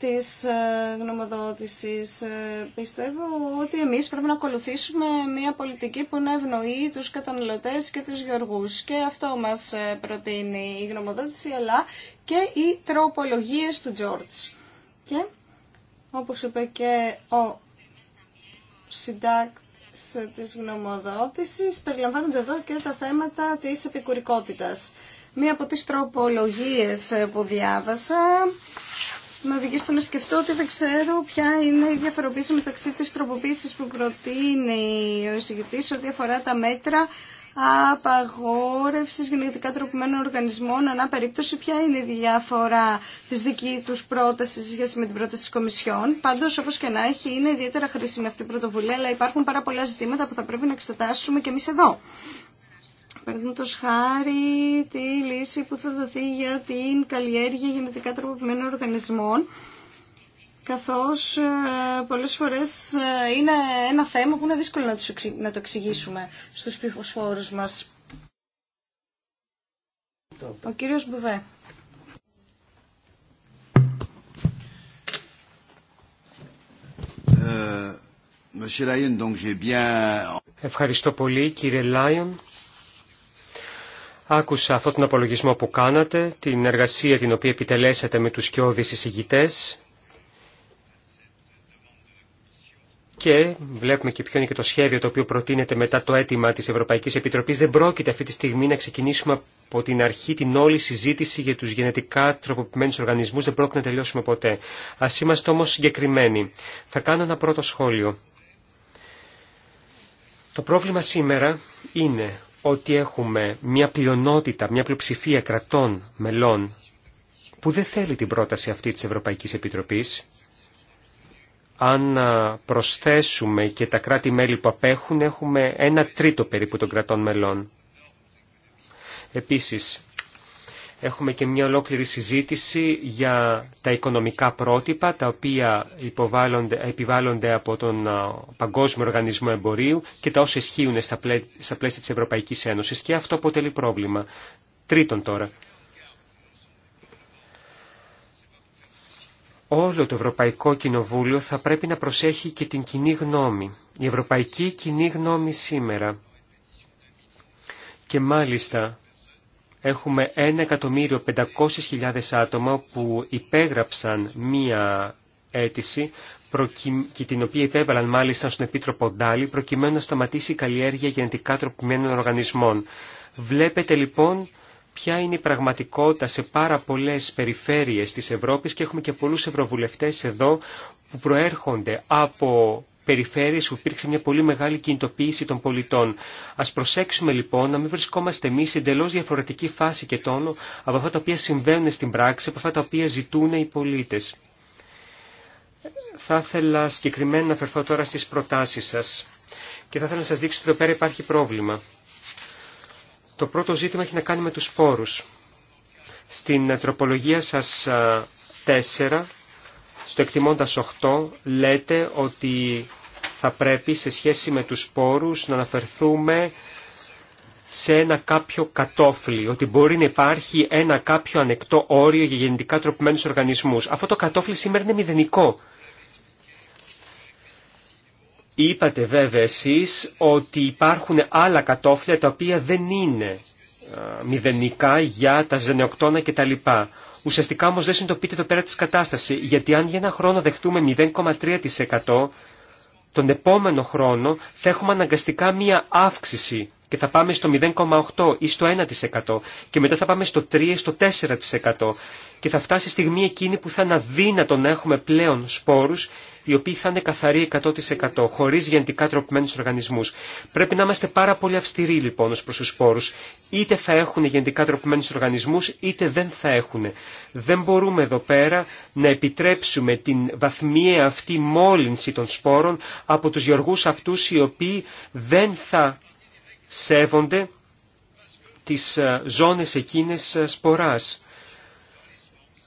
της ε, γνωμοδότησης. Ε, πιστεύω ότι εμείς πρέπει να ακολουθήσουμε μια πολιτική που να ευνοεί τους καταναλωτές και τους γεωργούς. Και αυτό μας ε, προτείνει η γνωμοδότηση, αλλά και οι τροπολογίες του Τζόρτς. Και, όπως είπε και ο συντάκ, της γνωμοδότησης περιλαμβάνονται εδώ και τα θέματα της επικουρικότητας. Μία από τις τροπολογίες που διάβασα με οδηγεί στο να σκεφτώ ότι δεν ξέρω ποια είναι η διαφοροποίηση μεταξύ της τροποποίησης που προτείνει ο εισηγητής ό,τι αφορά τα μέτρα απαγόρευσης γενετικά τροπημένων οργανισμών ανά περίπτωση ποια είναι η διαφορά της δική τους πρότασης σε σχέση με την πρόταση της Κομισιόν. Πάντως όπως και να έχει είναι ιδιαίτερα χρήσιμη αυτή η πρωτοβουλία αλλά υπάρχουν πάρα πολλά ζητήματα που θα πρέπει να εξετάσουμε και εμείς εδώ παραδείγματο χάρη τη λύση που θα δοθεί για την καλλιέργεια γενετικά τροποποιημένων οργανισμών καθώς ε, πολλές φορές ε, είναι ένα θέμα που είναι δύσκολο να, το εξηγήσουμε στους ψηφοφόρους μας. Ο κύριος Μπουβέ. Ε, Ευχαριστώ πολύ κύριε Λάιον. Άκουσα αυτόν τον απολογισμό που κάνατε, την εργασία την οποία επιτελέσατε με τους κοιόδης εισηγητές και βλέπουμε και ποιο είναι και το σχέδιο το οποίο προτείνεται μετά το αίτημα της Ευρωπαϊκής Επιτροπής. Δεν πρόκειται αυτή τη στιγμή να ξεκινήσουμε από την αρχή την όλη συζήτηση για τους γενετικά τροποποιημένους οργανισμούς. Δεν πρόκειται να τελειώσουμε ποτέ. Ας είμαστε όμως συγκεκριμένοι. Θα κάνω ένα πρώτο σχόλιο. Το πρόβλημα σήμερα είναι ότι έχουμε μια πλειονότητα, μια πλειοψηφία κρατών μελών που δεν θέλει την πρόταση αυτή της Ευρωπαϊκής Επιτροπής, αν προσθέσουμε και τα κράτη-μέλη που απέχουν, έχουμε ένα τρίτο περίπου των κρατών μελών. Επίσης, Έχουμε και μια ολόκληρη συζήτηση για τα οικονομικά πρότυπα, τα οποία επιβάλλονται από τον Παγκόσμιο Οργανισμό Εμπορίου και τα όσα ισχύουν στα πλαίσια της Ευρωπαϊκής Ένωσης και αυτό αποτελεί πρόβλημα. Τρίτον τώρα. Όλο το Ευρωπαϊκό Κοινοβούλιο θα πρέπει να προσέχει και την κοινή γνώμη. Η Ευρωπαϊκή Κοινή Γνώμη σήμερα. Και μάλιστα έχουμε 1.500.000 άτομα που υπέγραψαν μία αίτηση και την οποία υπέβαλαν μάλιστα στον Επίτροπο Ντάλι προκειμένου να σταματήσει η καλλιέργεια γενετικά τροπημένων οργανισμών. Βλέπετε λοιπόν ποια είναι η πραγματικότητα σε πάρα πολλές περιφέρειες της Ευρώπης και έχουμε και πολλούς ευρωβουλευτές εδώ που προέρχονται από περιφέρειες που υπήρξε μια πολύ μεγάλη κινητοποίηση των πολιτών. Ας προσέξουμε λοιπόν να μην βρισκόμαστε εμείς σε εντελώς διαφορετική φάση και τόνο από αυτά τα οποία συμβαίνουν στην πράξη, από αυτά τα οποία ζητούν οι πολίτες. Θα ήθελα συγκεκριμένα να αφαιρθώ τώρα στις προτάσεις σας και θα ήθελα να σας δείξω ότι εδώ πέρα υπάρχει πρόβλημα. Το πρώτο ζήτημα έχει να κάνει με τους σπόρους. Στην τροπολογία σας 4 στο εκτιμώντας 8 λέτε ότι θα πρέπει σε σχέση με τους σπόρους να αναφερθούμε σε ένα κάποιο κατόφλι, ότι μπορεί να υπάρχει ένα κάποιο ανεκτό όριο για γεννητικά τροπημένους οργανισμούς. Αυτό το κατόφλι σήμερα είναι μηδενικό. Είπατε βέβαια εσείς ότι υπάρχουν άλλα κατόφλια τα οποία δεν είναι μηδενικά για τα ζενεοκτώνα κτλ. Ουσιαστικά όμω δεν συνειδητοποιείται το πέρα τη κατάσταση, γιατί αν για ένα χρόνο δεχτούμε 0,3%, τον επόμενο χρόνο θα έχουμε αναγκαστικά μία αύξηση και θα πάμε στο 0,8 ή στο 1% και μετά θα πάμε στο 3 ή στο 4% και θα φτάσει η στιγμή εκείνη που θα είναι αδύνατο να έχουμε πλέον σπόρους οι οποίοι θα είναι καθαροί 100% χωρί γενετικά τροπημένου οργανισμού. Πρέπει να είμαστε πάρα πολύ αυστηροί λοιπόν ω προς τους σπόρους. Είτε θα έχουν γενετικά τροπημένου οργανισμού, είτε δεν θα έχουν. Δεν μπορούμε εδώ πέρα να επιτρέψουμε την βαθμία αυτή μόλυνση των σπόρων από του γεωργού αυτού οι οποίοι δεν θα σέβονται τις ε, ζώνες εκείνες ε, σποράς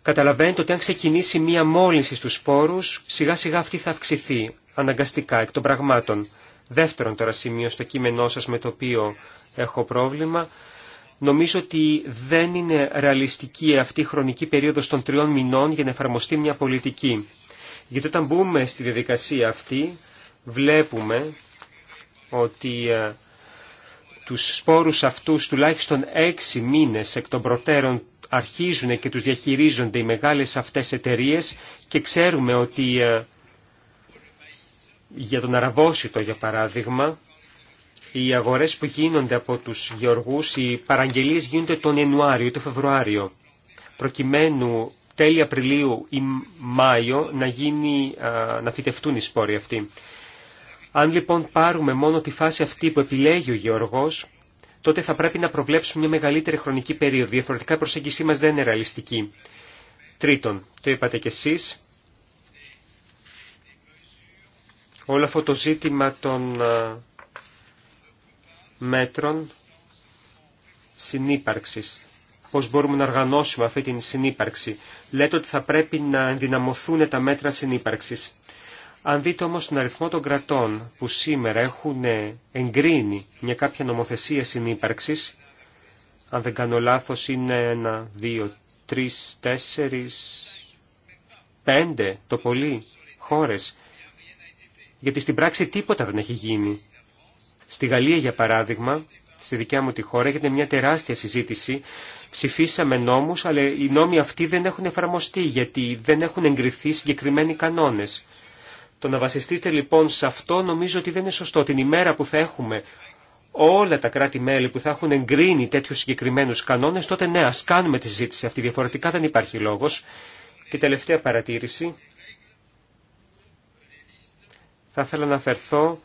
καταλαβαίνετε ότι αν ξεκινήσει μία μόλυνση στους σπόρους, σιγά σιγά αυτή θα αυξηθεί, αναγκαστικά, εκ των πραγμάτων. Δεύτερον τώρα σημείο στο κείμενό σας με το οποίο έχω πρόβλημα, Νομίζω ότι δεν είναι ρεαλιστική αυτή η χρονική περίοδος των τριών μηνών για να εφαρμοστεί μια πολιτική. Γιατί όταν μπούμε στη διαδικασία αυτή βλέπουμε ότι ε, τους σπόρους αυτούς τουλάχιστον έξι μήνες εκ των προτέρων αρχίζουν και τους διαχειρίζονται οι μεγάλες αυτές εταιρείες και ξέρουμε ότι ε, για τον Αραβόσιτο για παράδειγμα οι αγορές που γίνονται από τους γεωργούς, οι παραγγελίες γίνονται τον Ιανουάριο ή τον Φεβρουάριο προκειμένου τέλη Απριλίου ή Μάιο να, γίνει, να φυτευτούν οι σπόροι αυτοί. Αν λοιπόν πάρουμε μόνο τη φάση αυτή που επιλέγει ο Γεωργός, τότε θα πρέπει να προβλέψουμε μια μεγαλύτερη χρονική περίοδο. Διαφορετικά η προσέγγιση μας δεν είναι ρεαλιστική. Τρίτον, το είπατε κι εσείς, όλο αυτό το ζήτημα των μέτρων συνύπαρξης. Πώς μπορούμε να οργανώσουμε αυτή την συνύπαρξη. Λέτε ότι θα πρέπει να ενδυναμωθούν τα μέτρα συνύπαρξης. Αν δείτε όμως τον αριθμό των κρατών που σήμερα έχουν εγκρίνει μια κάποια νομοθεσία συνύπαρξης, αν δεν κάνω λάθος είναι ένα, δύο, τρεις, τέσσερις, πέντε το πολύ χώρες. Γιατί στην πράξη τίποτα δεν έχει γίνει. Στη Γαλλία για παράδειγμα, στη δικιά μου τη χώρα, έγινε μια τεράστια συζήτηση. Ψηφίσαμε νόμους, αλλά οι νόμοι αυτοί δεν έχουν εφαρμοστεί γιατί δεν έχουν εγκριθεί συγκεκριμένοι κανόνες. Το να βασιστείτε λοιπόν σε αυτό νομίζω ότι δεν είναι σωστό. Την ημέρα που θα έχουμε όλα τα κράτη-μέλη που θα έχουν εγκρίνει τέτοιου συγκεκριμένου κανόνε, τότε ναι, α κάνουμε τη συζήτηση αυτή. Διαφορετικά δεν υπάρχει λόγο. Και τελευταία παρατήρηση. Θα ήθελα να αφαιρθώ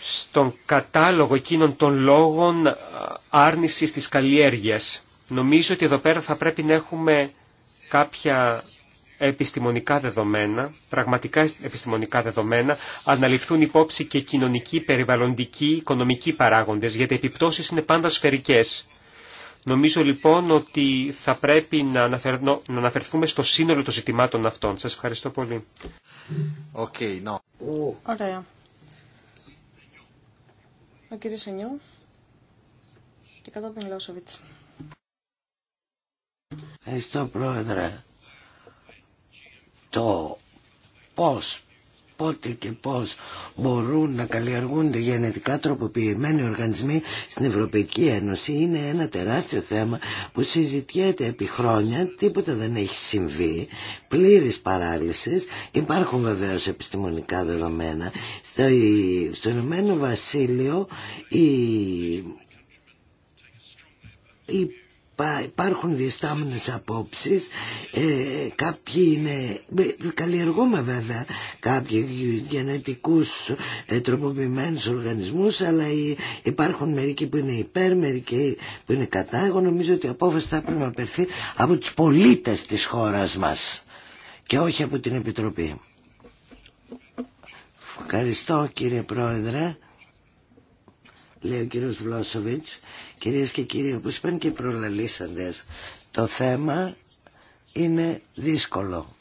στον κατάλογο εκείνων των λόγων άρνησης της καλλιέργειας. Νομίζω ότι εδώ πέρα θα πρέπει να έχουμε κάποια επιστημονικά δεδομένα, πραγματικά επιστημονικά δεδομένα, αναλυφθούν υπόψη και κοινωνικοί, περιβαλλοντικοί, οικονομικοί παράγοντες, γιατί οι επιπτώσεις είναι πάντα σφαιρικές. Νομίζω λοιπόν ότι θα πρέπει να, να αναφερθούμε στο σύνολο των ζητημάτων αυτών. Σας ευχαριστώ πολύ. Okay, no. Ωραία. Ο κύριος Σενιού και κατόπιν Λόσοβιτς. Ευχαριστώ πρόεδρε το πώς, πότε και πώς μπορούν να καλλιεργούνται γενετικά τροποποιημένοι οργανισμοί στην Ευρωπαϊκή Ένωση είναι ένα τεράστιο θέμα που συζητιέται επί χρόνια, τίποτα δεν έχει συμβεί, πλήρης παράλυσης, υπάρχουν βεβαίως επιστημονικά δεδομένα. Στο, στο Ηνωμένο Βασίλειο η υπάρχουν διστάμενες απόψεις ε, κάποιοι είναι καλλιεργούμε βέβαια κάποιοι γενετικούς ε, τροποποιημένους οργανισμούς αλλά υπάρχουν μερικοί που είναι υπέρ μερικοί που είναι κατά εγώ νομίζω ότι η απόφαση θα πρέπει να περθεί από τους πολίτες της χώρας μας και όχι από την Επιτροπή Ευχαριστώ κύριε Πρόεδρε λέει ο κύριος Βλόσοβιτς Κυρίες και κύριοι, όπως είπαν και οι προλαλήσαντες, το θέμα είναι δύσκολο.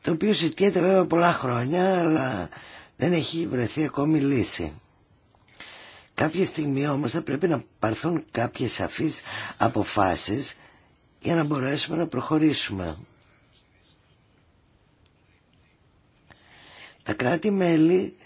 Το οποίο συζητιέται βέβαια πολλά χρόνια, αλλά δεν έχει βρεθεί ακόμη λύση. Κάποια στιγμή όμως θα πρέπει να παρθούν κάποιες σαφείς αποφάσεις για να μπορέσουμε να προχωρήσουμε. Τα κράτη-μέλη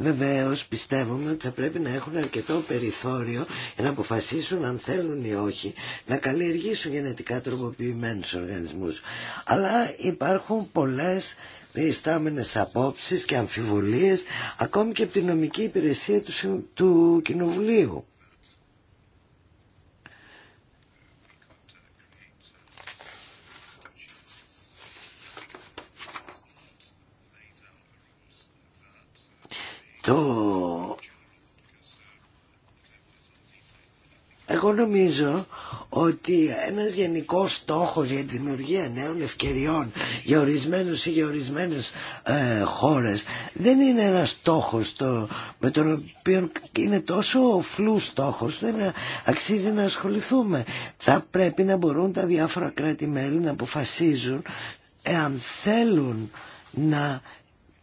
Βεβαίως πιστεύουμε ότι θα πρέπει να έχουν αρκετό περιθώριο για να αποφασίσουν αν θέλουν ή όχι να καλλιεργήσουν γενετικά τροποποιημένους οργανισμούς. Αλλά υπάρχουν πολλές διστάμενες απόψεις και αμφιβολίες ακόμη και από την νομική υπηρεσία του, του Κοινοβουλίου. Το... Εγώ νομίζω ότι ένας γενικός στόχος για τη δημιουργία νέων ευκαιριών για ορισμένους ή για ορισμένες ε, χώρες δεν είναι ένας στόχος το, με τον οποίο είναι τόσο φλού στόχος δεν αξίζει να ασχοληθούμε. Θα πρέπει να μπορούν τα διάφορα κράτη-μέλη να αποφασίζουν εάν θέλουν να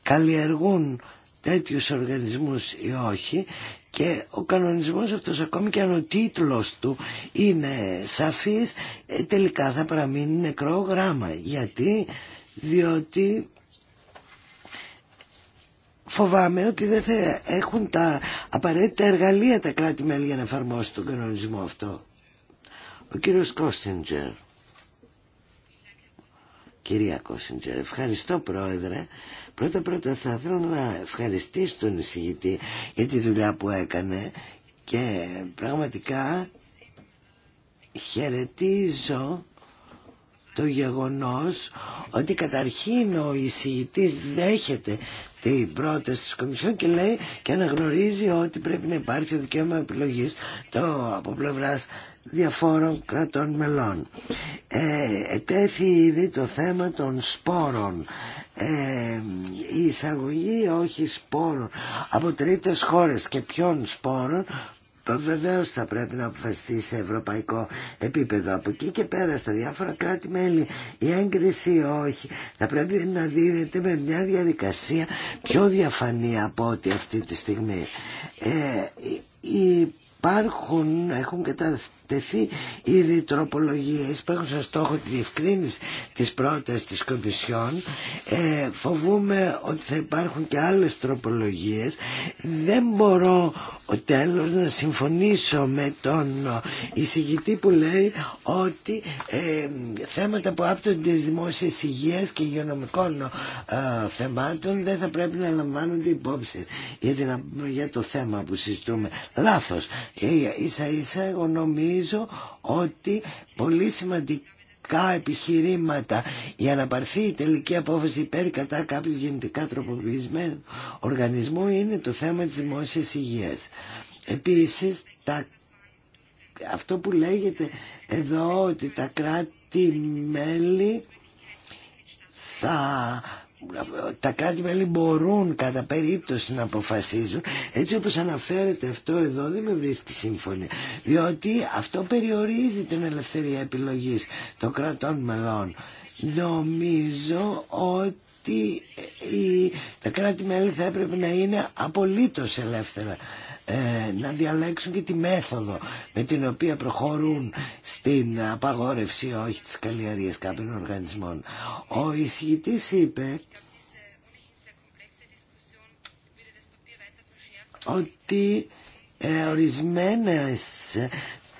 καλλιεργούν τέτοιους οργανισμούς ή όχι και ο κανονισμός αυτός ακόμη και αν ο τίτλος του είναι σαφής ε, τελικά θα παραμείνει νεκρό γράμμα γιατί διότι φοβάμαι ότι δεν θα έχουν τα απαραίτητα εργαλεία τα κράτη-μέλη για να εφαρμόσουν τον κανονισμό αυτό ο κύριος Κόστιντζερ κυρία Κόστιντζερ ευχαριστώ πρόεδρε Πρώτα πρώτα θα ήθελα να ευχαριστήσω τον εισηγητή για τη δουλειά που έκανε και πραγματικά χαιρετίζω το γεγονός ότι καταρχήν ο εισηγητής δέχεται την πρόταση της Κομισιόν και λέει και αναγνωρίζει ότι πρέπει να υπάρχει ο δικαίωμα επιλογής το από πλευράς διαφόρων κρατών μελών. Ε, ετέθη ήδη το θέμα των σπόρων ε, η εισαγωγή όχι σπόρων από τρίτες χώρες και ποιών σπόρων Βεβαίω θα πρέπει να αποφασιστεί σε ευρωπαϊκό επίπεδο. Από εκεί και πέρα στα διάφορα κράτη-μέλη η έγκριση όχι. Θα πρέπει να δίνεται με μια διαδικασία πιο διαφανή από ό,τι αυτή τη στιγμή. Ε, υπάρχουν, έχουν τα τεθεί η τροπολογίες που έχουν σαν στόχο τη διευκρίνηση της πρότασης της Κομισιόν ε, φοβούμε ότι θα υπάρχουν και άλλες τροπολογίες δεν μπορώ ο τέλος να συμφωνήσω με τον εισηγητή που λέει ότι ε, θέματα που άπτονται της δημόσιες υγείας και υγειονομικών ε, θεμάτων δεν θα πρέπει να λαμβάνονται υπόψη για, την, για το θέμα που συζητούμε. Λάθος. Ε, ίσα ίσα εγώ νομίζω ότι πολύ σημαντικό επιχειρήματα για να πάρθει η τελική απόφαση υπέρ κατά κάποιου γενετικά τροποποιημένου οργανισμού είναι το θέμα της δημόσιας υγείας. Επίσης, τα, αυτό που λέγεται εδώ ότι τα κράτη-μέλη θα τα κράτη-μέλη μπορούν κατά περίπτωση να αποφασίζουν έτσι όπως αναφέρεται αυτό εδώ δεν με βρίσκει σύμφωνη διότι αυτό περιορίζει την ελευθερία επιλογής των κρατών μελών νομίζω ότι τα κράτη-μέλη θα έπρεπε να είναι απολύτως ελεύθερα ε, να διαλέξουν και τη μέθοδο με την οποία προχωρούν στην απαγόρευση όχι της καλλιεργίας κάποιων οργανισμών. Ο εισηγητής είπε ότι ε, ορισμένες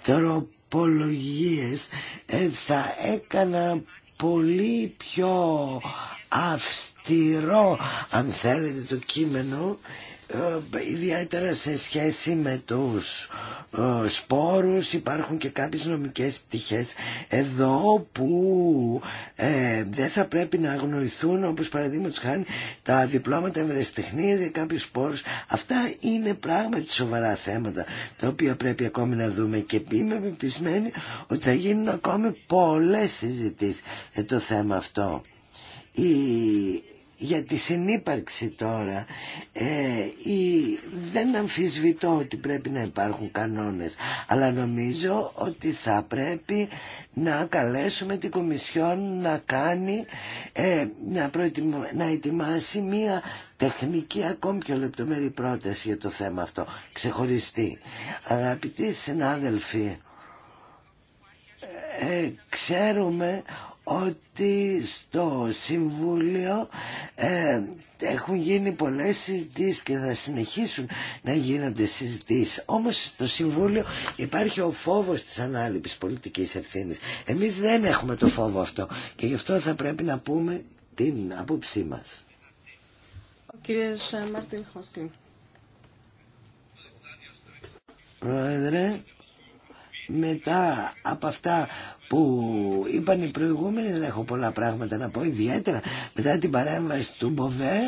τροπολογίες ε, θα έκαναν πολύ πιο αυστηρό αν θέλετε το κείμενο ε, ιδιαίτερα σε σχέση με τους ε, σπόρους υπάρχουν και κάποιες νομικές πτυχές εδώ που ε, δεν θα πρέπει να αγνοηθούν όπως παραδείγματος χάνει τα διπλώματα ευρεσιτεχνίας για κάποιους σπόρους αυτά είναι πράγματι σοβαρά θέματα τα οποία πρέπει ακόμη να δούμε και είμαι πεπισμένη ότι θα γίνουν ακόμη πολλές συζητήσεις για το θέμα αυτό η για τη συνύπαρξη τώρα ε, η, δεν αμφισβητώ ότι πρέπει να υπάρχουν κανόνες αλλά νομίζω ότι θα πρέπει να καλέσουμε την Κομισιόν να κάνει ε, να, να ετοιμάσει μία τεχνική ακόμη πιο λεπτομερή πρόταση για το θέμα αυτό ξεχωριστή αγαπητοί συνάδελφοι ε, ξέρουμε ότι στο Συμβούλιο ε, έχουν γίνει πολλές συζητήσεις και θα συνεχίσουν να γίνονται συζητήσεις. Όμως στο Συμβούλιο υπάρχει ο φόβος της ανάληψης πολιτικής ευθύνης. Εμείς δεν έχουμε το φόβο αυτό και γι' αυτό θα πρέπει να πούμε την απόψή μας. Ο κύριος ε, Μάρτιν Πρόεδρε, μετά από αυτά που είπαν οι προηγούμενοι δεν έχω πολλά πράγματα να πω ιδιαίτερα μετά την παρέμβαση του Μποβέ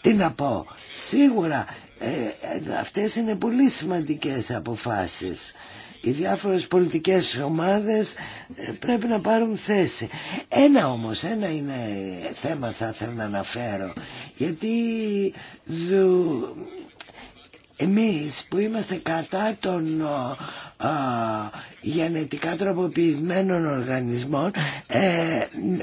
τι να πω σίγουρα ε, ε αυτές είναι πολύ σημαντικές αποφάσεις οι διάφορες πολιτικές ομάδες ε, πρέπει να πάρουν θέση ένα όμως ένα είναι θέμα θα θέλω να αναφέρω γιατί δου, εμείς που είμαστε κατά των α, γενετικά τροποποιημένων οργανισμών ε,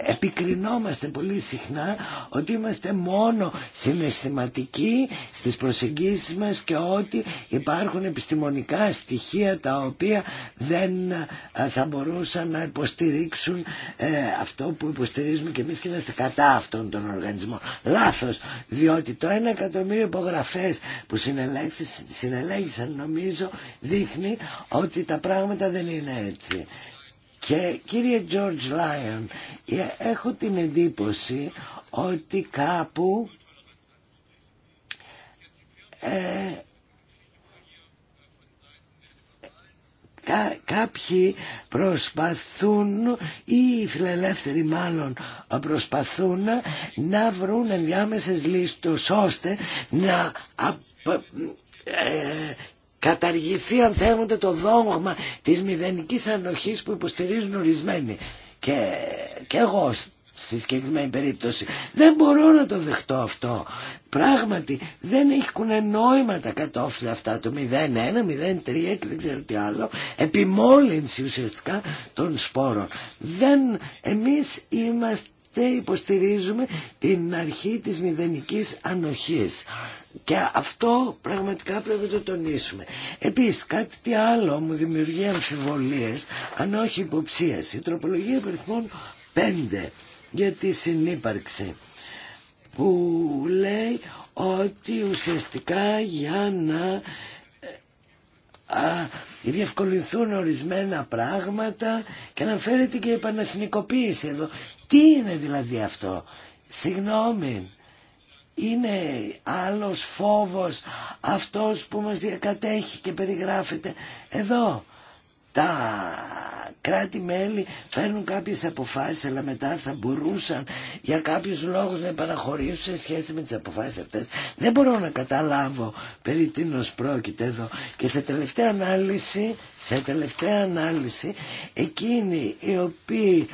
επικρινόμαστε πολύ συχνά ότι είμαστε μόνο συναισθηματικοί στις προσεγγίσεις μας και ότι υπάρχουν επιστημονικά στοιχεία τα οποία δεν ε, θα μπορούσαν να υποστηρίξουν ε, αυτό που υποστηρίζουμε και εμείς και είμαστε κατά αυτών των οργανισμών. Λάθος, διότι το ένα εκατομμύριο υπογραφές που συνελέγησαν νομίζω δείχνει ότι ότι τα πράγματα δεν είναι έτσι. Και κύριε George Lyon, ε, έχω την εντύπωση ότι κάπου ε, κάποιοι προσπαθούν ή οι φιλελεύθεροι μάλλον προσπαθούν να βρουν ενδιάμεσες λύσεις ώστε να ε, καταργηθεί αν θέλετε το δόγμα της μηδενικής ανοχής που υποστηρίζουν ορισμένοι και, και εγώ στη συγκεκριμένη περίπτωση δεν μπορώ να το δεχτώ αυτό πράγματι δεν έχουν νόημα τα κατόφλια αυτά το 01, 03 και δεν ξέρω τι άλλο επιμόλυνση ουσιαστικά των σπόρων δεν εμείς είμαστε υποστηρίζουμε την αρχή της μηδενικής ανοχής και αυτό πραγματικά πρέπει να το τονίσουμε. Επίσης κάτι άλλο μου δημιουργεί αμφιβολίες, αν όχι υποψίες. Η τροπολογία περιθμών 5 για τη συνύπαρξη που λέει ότι ουσιαστικά για να ε, α, διευκολυνθούν ορισμένα πράγματα και αναφέρεται και η επαναθηνικοποίηση εδώ. Τι είναι δηλαδή αυτό. Συγγνώμη είναι άλλος φόβος αυτός που μας διακατέχει και περιγράφεται εδώ. Τα κράτη-μέλη παίρνουν κάποιες αποφάσεις αλλά μετά θα μπορούσαν για κάποιους λόγους να επαναχωρήσουν σε σχέση με τις αποφάσεις αυτές. Δεν μπορώ να καταλάβω περί τίνος πρόκειται εδώ. Και σε τελευταία ανάλυση, σε τελευταία ανάλυση εκείνοι οι οποίοι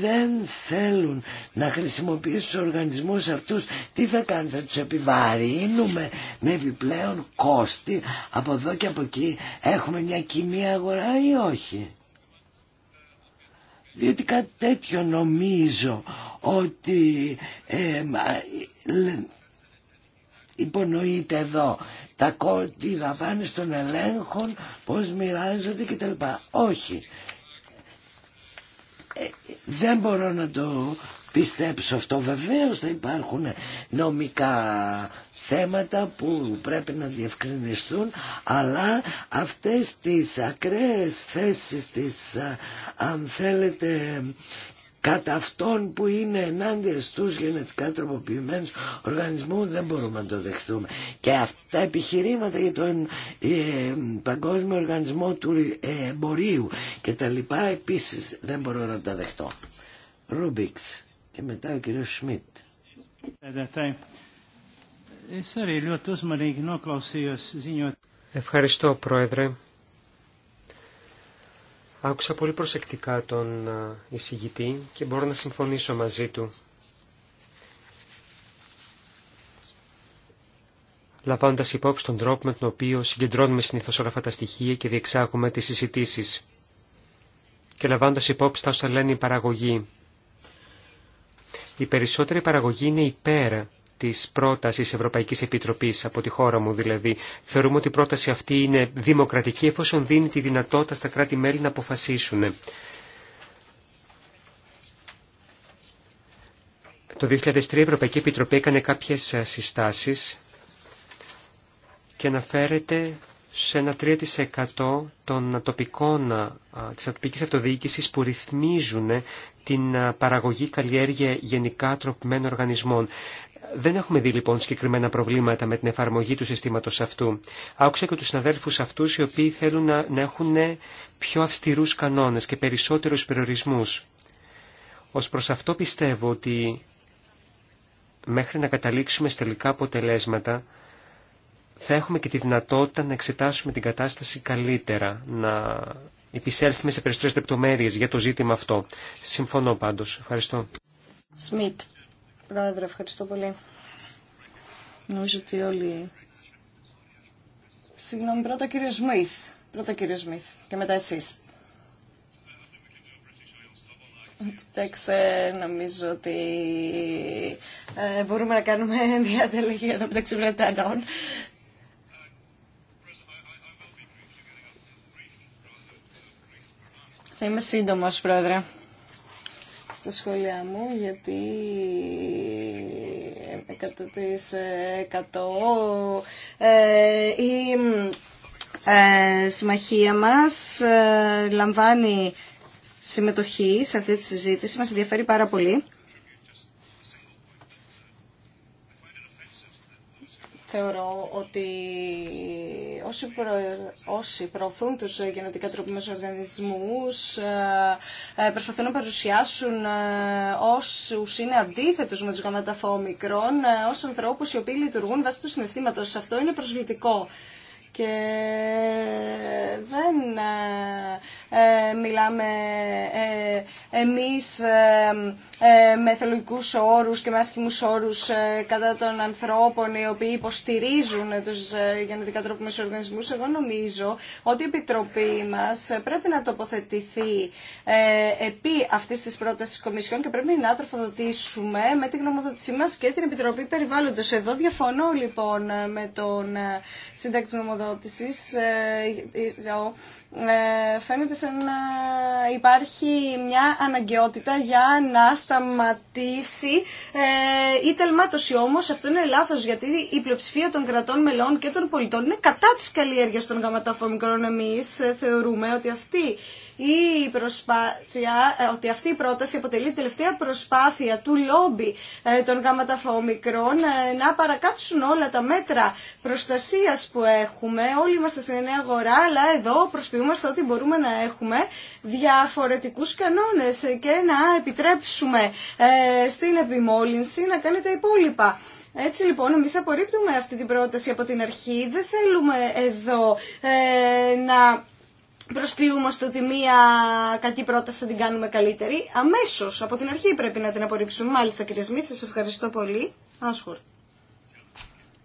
δεν θέλουν να χρησιμοποιήσουν τους οργανισμούς αυτούς τι θα κάνουν θα τους επιβαρύνουμε με επιπλέον κόστη από εδώ και από εκεί έχουμε μια κοινή αγορά ή όχι διότι κάτι τέτοιο νομίζω ότι ε, υπονοείται εδώ τα κόντι δαπάνε των ελέγχων, πώς μοιράζονται κτλ. Όχι. Ε, δεν μπορώ να το πιστέψω αυτό. Βεβαίως θα υπάρχουν νομικά θέματα που πρέπει να διευκρινιστούν αλλά αυτές τις ακραίες θέσεις της αν θέλετε κατά αυτόν που είναι ενάντια στους γενετικά τροποποιημένους οργανισμούς δεν μπορούμε να το δεχθούμε και αυτά επιχειρήματα για τον ε, Παγκόσμιο Οργανισμό του ε, Εμπορίου και τα λοιπά επίσης δεν μπορώ να τα δεχτώ Ρούμπιξ και μετά ο κύριος Σμιτ Ευχαριστώ πρόεδρε Άκουσα πολύ προσεκτικά τον εισηγητή και μπορώ να συμφωνήσω μαζί του. Λαμβάνοντα υπόψη τον τρόπο με τον οποίο συγκεντρώνουμε συνήθω όλα αυτά τα στοιχεία και διεξάγουμε τι συζητήσει. Και λαμβάνοντα υπόψη τα όσα λένε οι παραγωγοί. Η περισσότερη παραγωγή είναι υπέρ της πρότασης Ευρωπαϊκής Επιτροπής από τη χώρα μου δηλαδή. Θεωρούμε ότι η πρόταση αυτή είναι δημοκρατική εφόσον δίνει τη δυνατότητα στα κράτη-μέλη να αποφασίσουν. Το 2003 η Ευρωπαϊκή Επιτροπή έκανε κάποιες ε, συστάσεις και αναφέρεται σε ένα 3% των τοπικών, ε, της ατοπικής αυτοδιοίκησης που ρυθμίζουν την ε, παραγωγή καλλιέργεια γενικά τροπημένων οργανισμών. Δεν έχουμε δει λοιπόν συγκεκριμένα προβλήματα με την εφαρμογή του συστήματο αυτού. Άκουσα και του συναδέλφου αυτού, οι οποίοι θέλουν να, έχουν πιο αυστηρού κανόνε και περισσότερου περιορισμού. Ω προ αυτό πιστεύω ότι μέχρι να καταλήξουμε στελικά αποτελέσματα θα έχουμε και τη δυνατότητα να εξετάσουμε την κατάσταση καλύτερα, να επισέλθουμε σε περισσότερες λεπτομέρειες για το ζήτημα αυτό. Συμφωνώ πάντως. Ευχαριστώ. Smith. Πρόεδρε, ευχαριστώ πολύ. Νομίζω ότι όλοι... Συγγνώμη, πρώτα κύριο Σμιθ. Πρώτα κύριο Σμιθ και μετά εσείς. Κοιτάξτε, νομίζω ότι ε, μπορούμε να κάνουμε μια τελεγή εδώ μεταξύ Βρετανών. Θα είμαι σύντομος, Πρόεδρε στα σχόλιά μου γιατί 100% ε, η ε, συμμαχία μας ε, λαμβάνει συμμετοχή σε αυτή τη συζήτηση. Μας ενδιαφέρει πάρα πολύ. Θεωρώ ότι όσοι, προ... όσοι προωθούν τους γενετικά τροπημένους οργανισμούς ε, ε, προσπαθούν να παρουσιάσουν ε, όσους είναι αντίθετους με τους γοναταφόμικρων ως ανθρώπους οι οποίοι λειτουργούν βάσει του συναισθήματος. Αυτό είναι προσβλητικό και δεν ε, ε, μιλάμε ε, εμείς ε, ε, με θεολογικούς όρους και με άσχημους όρους κατά των ανθρώπων οι οποίοι υποστηρίζουν τους γενετικά τρόπιμους οργανισμούς. Εγώ νομίζω ότι η Επιτροπή μας πρέπει να τοποθετηθεί επί αυτής της πρότασης της Κομισιόν και πρέπει να τροφοδοτήσουμε με την γνωμοδότησή μας και την Επιτροπή Περιβάλλοντος. Εδώ διαφωνώ λοιπόν με τον συντάκτη ε, ε, ε, ε, φαίνεται σαν να υπάρχει μια αναγκαιότητα για να σταματήσει η τελμάτωση. Όμως αυτό είναι λάθος γιατί η πλειοψηφία των κρατών μελών και των πολιτών είναι κατά της καλλιέργειας των γαματόφων μικρών. Εμείς θεωρούμε ότι αυτή η προσπάθεια, ε, ότι αυτή η πρόταση αποτελεί τελευταία προσπάθεια του λόμπι ε, των γαματαφόμικρων ε, να παρακάψουν όλα τα μέτρα προστασίας που έχουμε. Όλοι είμαστε στην νέα αγορά, αλλά εδώ προσποιούμαστε ότι μπορούμε να έχουμε διαφορετικούς κανόνες και να επιτρέψουμε στην επιμόλυνση να κάνει τα υπόλοιπα. Έτσι λοιπόν, εμείς απορρίπτουμε αυτή την πρόταση από την αρχή. Δεν θέλουμε εδώ να προσποιούμαστε ότι μία κακή πρόταση θα την κάνουμε καλύτερη. Αμέσως, από την αρχή πρέπει να την απορρίψουμε. Μάλιστα κύριε Σμίτ, Σα ευχαριστώ πολύ. Άσχορτ.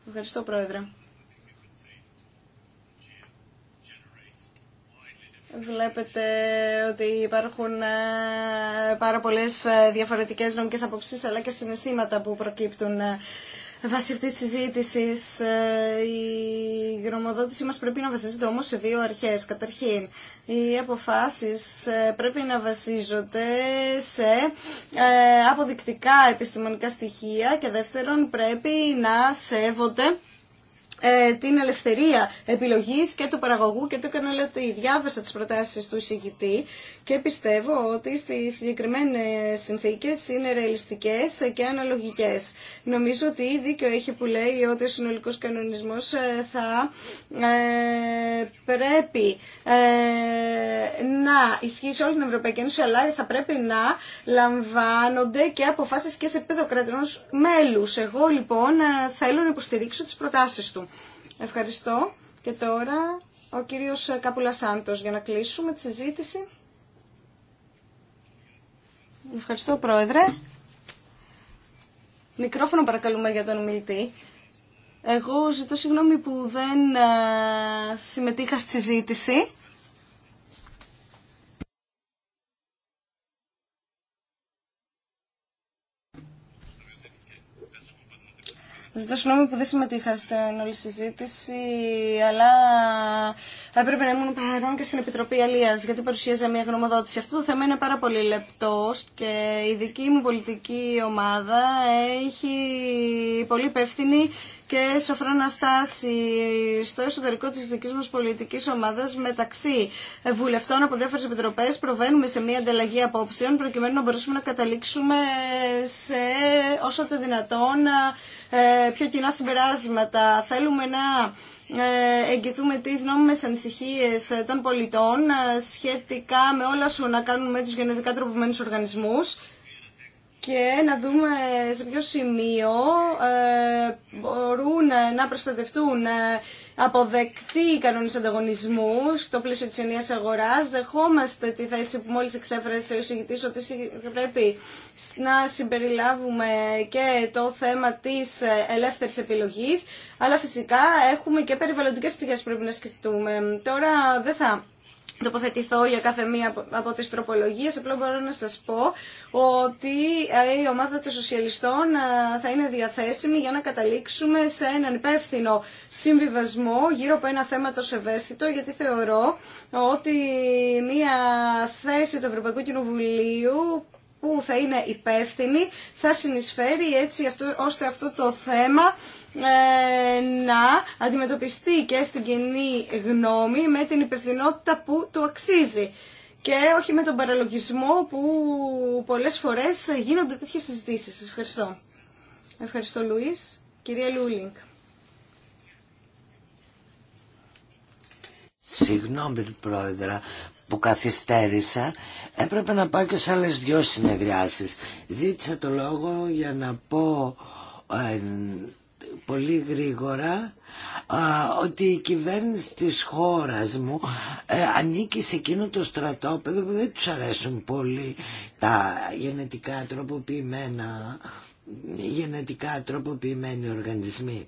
Ευχαριστώ πρόεδρε. Βλέπετε ότι υπάρχουν ε, πάρα πολλές ε, διαφορετικές νομικές απόψεις αλλά και συναισθήματα που προκύπτουν ε, Βάση αυτή τη συζήτηση. Ε, η γνωμοδότησή μα πρέπει να βασίζεται όμω σε δύο αρχές. Καταρχήν, οι αποφάσει ε, πρέπει να βασίζονται σε ε, αποδεικτικά επιστημονικά στοιχεία και δεύτερον πρέπει να σέβονται ε, την ελευθερία επιλογή και του παραγωγού και του καταναλωτή. Διάβασα τι προτάσεις του εισηγητή και πιστεύω ότι στι συγκεκριμένε συνθήκε είναι ρεαλιστικέ και αναλογικέ. Νομίζω ότι ήδη δίκαιο έχει που λέει ότι ο συνολικός κανονισμός ε, θα ε, πρέπει ε, να ισχύει σε όλη την Ευρωπαϊκή Ένωση αλλά θα πρέπει να λαμβάνονται και αποφάσει και σε επίπεδο κρατών μέλου. Εγώ λοιπόν ε, θέλω να υποστηρίξω τι προτάσει του. Ευχαριστώ. Και τώρα ο κύριος Κάπουλα Σάντος για να κλείσουμε τη συζήτηση. Ευχαριστώ Πρόεδρε. Μικρόφωνο παρακαλούμε για τον μιλητή. Εγώ ζητώ συγγνώμη που δεν ε, συμμετείχα στη συζήτηση. Ζητώ συγγνώμη που δεν συμμετείχα στην όλη συζήτηση, αλλά θα έπρεπε να ήμουν παρόν και στην Επιτροπή Αλία γιατί παρουσίαζα μια γνωμοδότηση. Αυτό το θέμα είναι πάρα πολύ λεπτό και η δική μου πολιτική ομάδα έχει πολύ υπεύθυνη και σοφρόνα στάση στο εσωτερικό της δικής μας πολιτικής ομάδας μεταξύ βουλευτών από διάφορε επιτροπές προβαίνουμε σε μια ανταλλαγή απόψεων προκειμένου να μπορέσουμε να καταλήξουμε σε όσο το δυνατόν ε, πιο κοινά συμπεράσματα. Θέλουμε να ε, εγγυθούμε τις νόμιμες ανησυχίες των πολιτών ε, σχετικά με όλα σου να κάνουμε με τους γενετικά τροποποιημένους οργανισμούς και να δούμε σε ποιο σημείο ε, μπορούν να προστατευτούν ε, αποδεκτοί οι κανόνες ανταγωνισμού στο πλαίσιο της ενιαίας αγοράς. Δεχόμαστε τη θέση που μόλις εξέφρασε ο συγητής ότι πρέπει να συμπεριλάβουμε και το θέμα της ελεύθερης επιλογής, αλλά φυσικά έχουμε και περιβαλλοντικές πτυχές που πρέπει να σκεφτούμε. Τώρα δεν θα τοποθετηθώ για κάθε μία από τις τροπολογίες, απλά μπορώ να σας πω ότι ε, η ομάδα των σοσιαλιστών ε, θα είναι διαθέσιμη για να καταλήξουμε σε έναν υπεύθυνο συμβιβασμό γύρω από ένα θέμα το ευαίσθητο, γιατί θεωρώ ότι μία θέση του Ευρωπαϊκού Κοινοβουλίου που θα είναι υπεύθυνη, θα συνεισφέρει έτσι ώστε αυτό το θέμα ε, να αντιμετωπιστεί και στην κοινή γνώμη με την υπευθυνότητα που του αξίζει και όχι με τον παραλογισμό που πολλές φορές γίνονται τέτοιες συζητήσεις. Σας ευχαριστώ. Ευχαριστώ Λουίς. Κυρία Λούλινγκ. Συγγνώμη πρόεδρα που καθυστέρησα έπρεπε να πάω και σε άλλες δυο συνεδριάσεις. Ζήτησα το λόγο για να πω ε, πολύ γρήγορα ότι η κυβέρνηση της χώρας μου ε, ανήκει σε εκείνο το στρατόπεδο που δεν τους αρέσουν πολύ τα γενετικά τροποποιημένα γενετικά τροποποιημένοι οργανισμοί.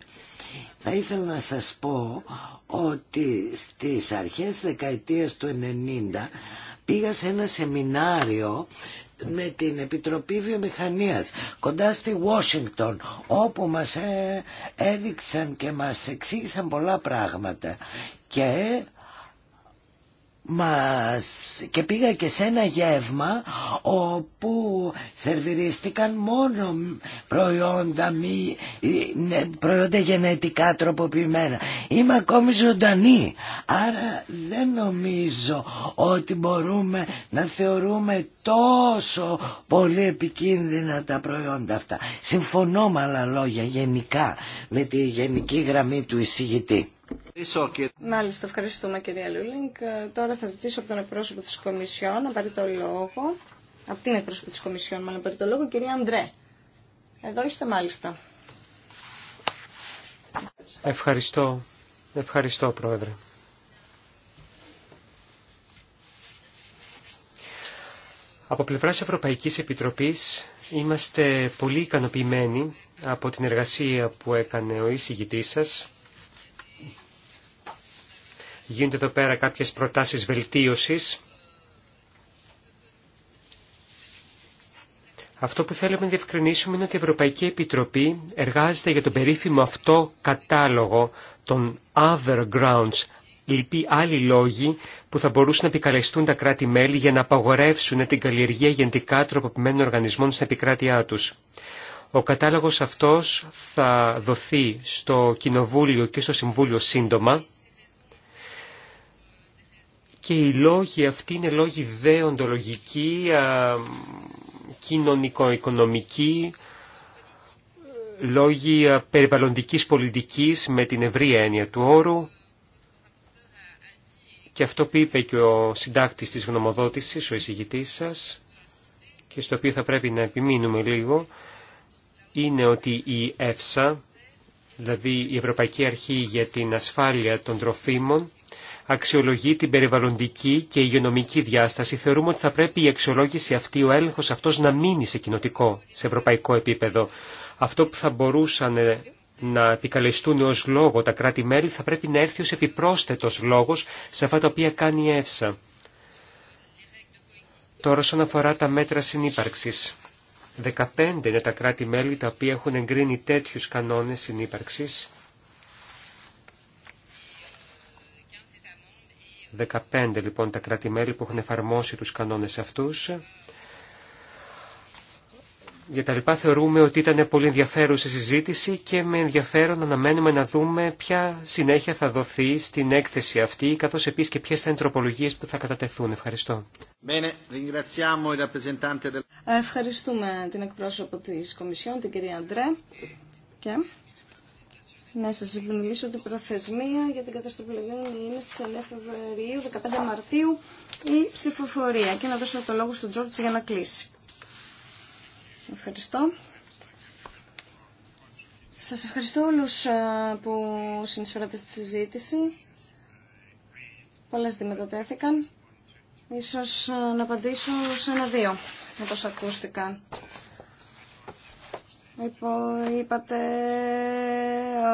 Θα ήθελα να σας πω ότι στις αρχές δεκαετίας του 90 πήγα σε ένα σεμινάριο με την Επιτροπή Βιομηχανίας κοντά στη Washington όπου μας ε, έδειξαν και μας εξήγησαν πολλά πράγματα και μας και πήγα και σε ένα γεύμα όπου σερβιρίστηκαν μόνο προϊόντα, μη, ε, ε, προϊόντα γενετικά τροποποιημένα. Είμαι ακόμη ζωντανή, άρα δεν νομίζω ότι μπορούμε να θεωρούμε τόσο πολύ επικίνδυνα τα προϊόντα αυτά. Συμφωνώ με άλλα λόγια γενικά με τη γενική γραμμή του εισηγητή. Μάλιστα, ευχαριστούμε κυρία Λούλινγκ. Ε, τώρα θα ζητήσω από τον εκπρόσωπο της Κομισιόν να πάρει το λόγο. Από την εκπρόσωπο τη Κομισιόν, μάλλον πάρει το λόγο, κυρία Αντρέ. Εδώ είστε μάλιστα. Ευχαριστώ. Ευχαριστώ, Πρόεδρε. Από πλευράς Ευρωπαϊκής Επιτροπής είμαστε πολύ ικανοποιημένοι από την εργασία που έκανε ο εισηγητή σα. Γίνονται εδώ πέρα κάποιες προτάσεις βελτίωσης. Αυτό που θέλουμε να διευκρινίσουμε είναι ότι η Ευρωπαϊκή Επιτροπή εργάζεται για τον περίφημο αυτό κατάλογο των other grounds, λυπή άλλοι λόγοι που θα μπορούσαν να επικαλεστούν τα κράτη-μέλη για να απαγορεύσουν την καλλιεργία γεντικά τροποποιημένων οργανισμών στην επικράτειά τους. Ο κατάλογος αυτός θα δοθεί στο Κοινοβούλιο και στο Συμβούλιο σύντομα και οι λόγοι αυτοί είναι λόγοι δεοντολογικοί, κοινωνικο-οικονομικοί, λόγοι περιβαλλοντικής πολιτικής με την ευρία έννοια του όρου και αυτό που είπε και ο συντάκτης της γνωμοδότησης, ο εισηγητής σας και στο οποίο θα πρέπει να επιμείνουμε λίγο είναι ότι η ΕΦΣΑ, δηλαδή η Ευρωπαϊκή Αρχή για την Ασφάλεια των Τροφίμων, αξιολογεί την περιβαλλοντική και υγειονομική διάσταση, θεωρούμε ότι θα πρέπει η αξιολόγηση αυτή, ο έλεγχος αυτός να μείνει σε κοινοτικό, σε ευρωπαϊκό επίπεδο. Αυτό που θα μπορούσαν ε, να επικαλεστούν ως λόγο τα κράτη-μέλη θα πρέπει να έρθει ως επιπρόσθετος λόγος σε αυτά τα οποία κάνει η ΕΦΣΑ. Τώρα όσον αφορά τα μέτρα συνύπαρξης. 15 είναι τα κράτη-μέλη τα οποία έχουν εγκρίνει τέτοιους κανόνες συνύπαρξη 15 λοιπόν τα κράτη-μέλη που έχουν εφαρμόσει τους κανόνες αυτούς. Για τα λοιπά θεωρούμε ότι ήταν πολύ ενδιαφέρουσα συζήτηση και με ενδιαφέρον αναμένουμε να δούμε ποια συνέχεια θα δοθεί στην έκθεση αυτή, καθώς επίσης και ποιες θα είναι τροπολογίες που θα κατατεθούν. Ευχαριστώ. Ευχαριστούμε την εκπρόσωπο της Κομισιόν, την κυρία Αντρέ να σας επιμιλήσω ότι η προθεσμία για την καταστροφή των είναι στις 9 Φεβρουαρίου, 15 Μαρτίου η ψηφοφορία. Και να δώσω το λόγο στον Τζόρτζ για να κλείσει. Ευχαριστώ. Σας ευχαριστώ όλους ε, που συνεισφέρατε στη συζήτηση. Πολλές δημιουργήθηκαν. Ίσως ε, να απαντήσω σε ένα-δύο, με τόσο ακούστηκαν. Είπατε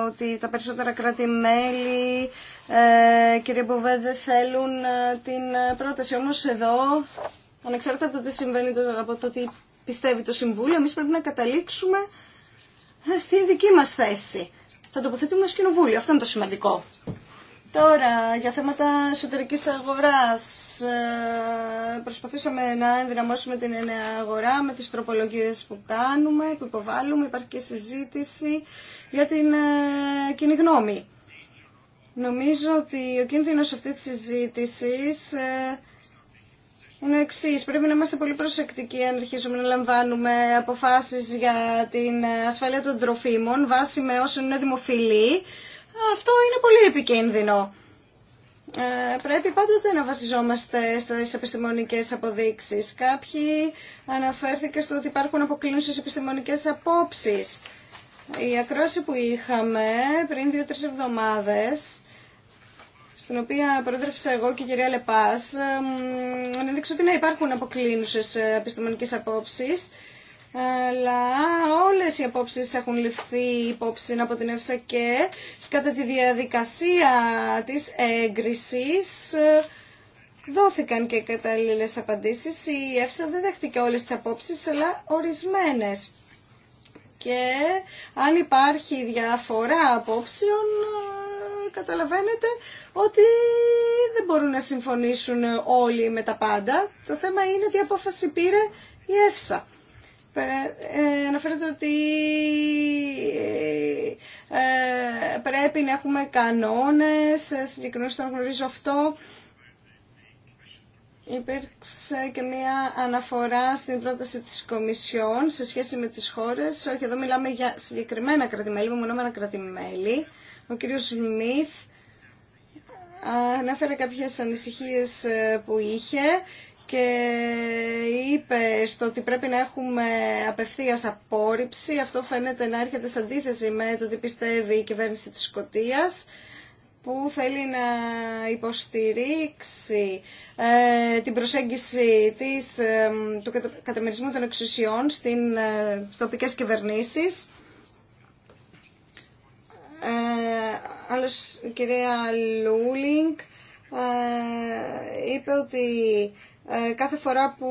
ότι τα περισσότερα κράτη-μέλη, ε, κύριε Μποβέ, δεν θέλουν ε, την ε, πρόταση. Όμως εδώ, ανεξάρτητα από το τι συμβαίνει, από το πιστεύει το Συμβούλιο, εμείς πρέπει να καταλήξουμε στη δική μας θέση. Θα τοποθετούμε ως Κοινοβούλιο. Αυτό είναι το σημαντικό. Τώρα, για θέματα εσωτερική αγορά. Ε, προσπαθήσαμε να ενδυναμώσουμε την νέα αγορά με τις τροπολογίες που κάνουμε, που υποβάλλουμε. Υπάρχει και συζήτηση για την ε, κοινή γνώμη. Νομίζω ότι ο κίνδυνος αυτής της συζήτησης ε, είναι εξή. Πρέπει να είμαστε πολύ προσεκτικοί αν αρχίζουμε να λαμβάνουμε αποφάσει για την ασφαλεία των τροφίμων βάσει με όσων είναι δημοφιλή αυτό είναι πολύ επικίνδυνο. Ε, πρέπει πάντοτε να βασιζόμαστε στις επιστημονικές αποδείξεις. Κάποιοι αναφέρθηκαν στο ότι υπάρχουν αποκλίνουσες επιστημονικές απόψεις. Η ακρόση που είχαμε πριν δύο-τρεις εβδομάδες, στην οποία προέδρευσα εγώ και η κυρία Λεπάς, ανέδειξε ότι να υπάρχουν αποκλίνουσες ε, επιστημονικές απόψεις αλλά όλες οι απόψεις έχουν ληφθεί υπόψη από την ΕΦΣΑ και κατά τη διαδικασία της έγκρισης ε, δόθηκαν και κατάλληλες απαντήσεις. Η ΕΦΣΑ δεν δέχτηκε όλες τις απόψεις, αλλά ορισμένες. Και αν υπάρχει διαφορά απόψεων, ε, καταλαβαίνετε ότι δεν μπορούν να συμφωνήσουν όλοι με τα πάντα. Το θέμα είναι τι απόφαση πήρε η ΕΦΣΑ. Ε, αναφέρεται ότι ε, ε, πρέπει να έχουμε κανόνες, συγκεκριμένως τον γνωρίζω αυτό. Υπήρξε και μία αναφορά στην πρόταση της Κομισιόν σε σχέση με τις χώρες. Όχι, εδώ μιλάμε για συγκεκριμένα κρατημέλη, μονόμενα κρατημέλη. Ο κύριος Σμιθ ανέφερε κάποιες ανησυχίες που είχε και είπε στο ότι πρέπει να έχουμε απευθείας απόρριψη. Αυτό φαίνεται να έρχεται σε αντίθεση με το ότι πιστεύει η κυβέρνηση της Σκοτίας που θέλει να υποστηρίξει ε, την προσέγγιση της, ε, του καταμερισμού των εξουσιών στην, ε, στις τοπικές κυβερνήσεις. Ε, άλλος, η κυρία Λούλινγκ είπε ότι ε, κάθε φορά που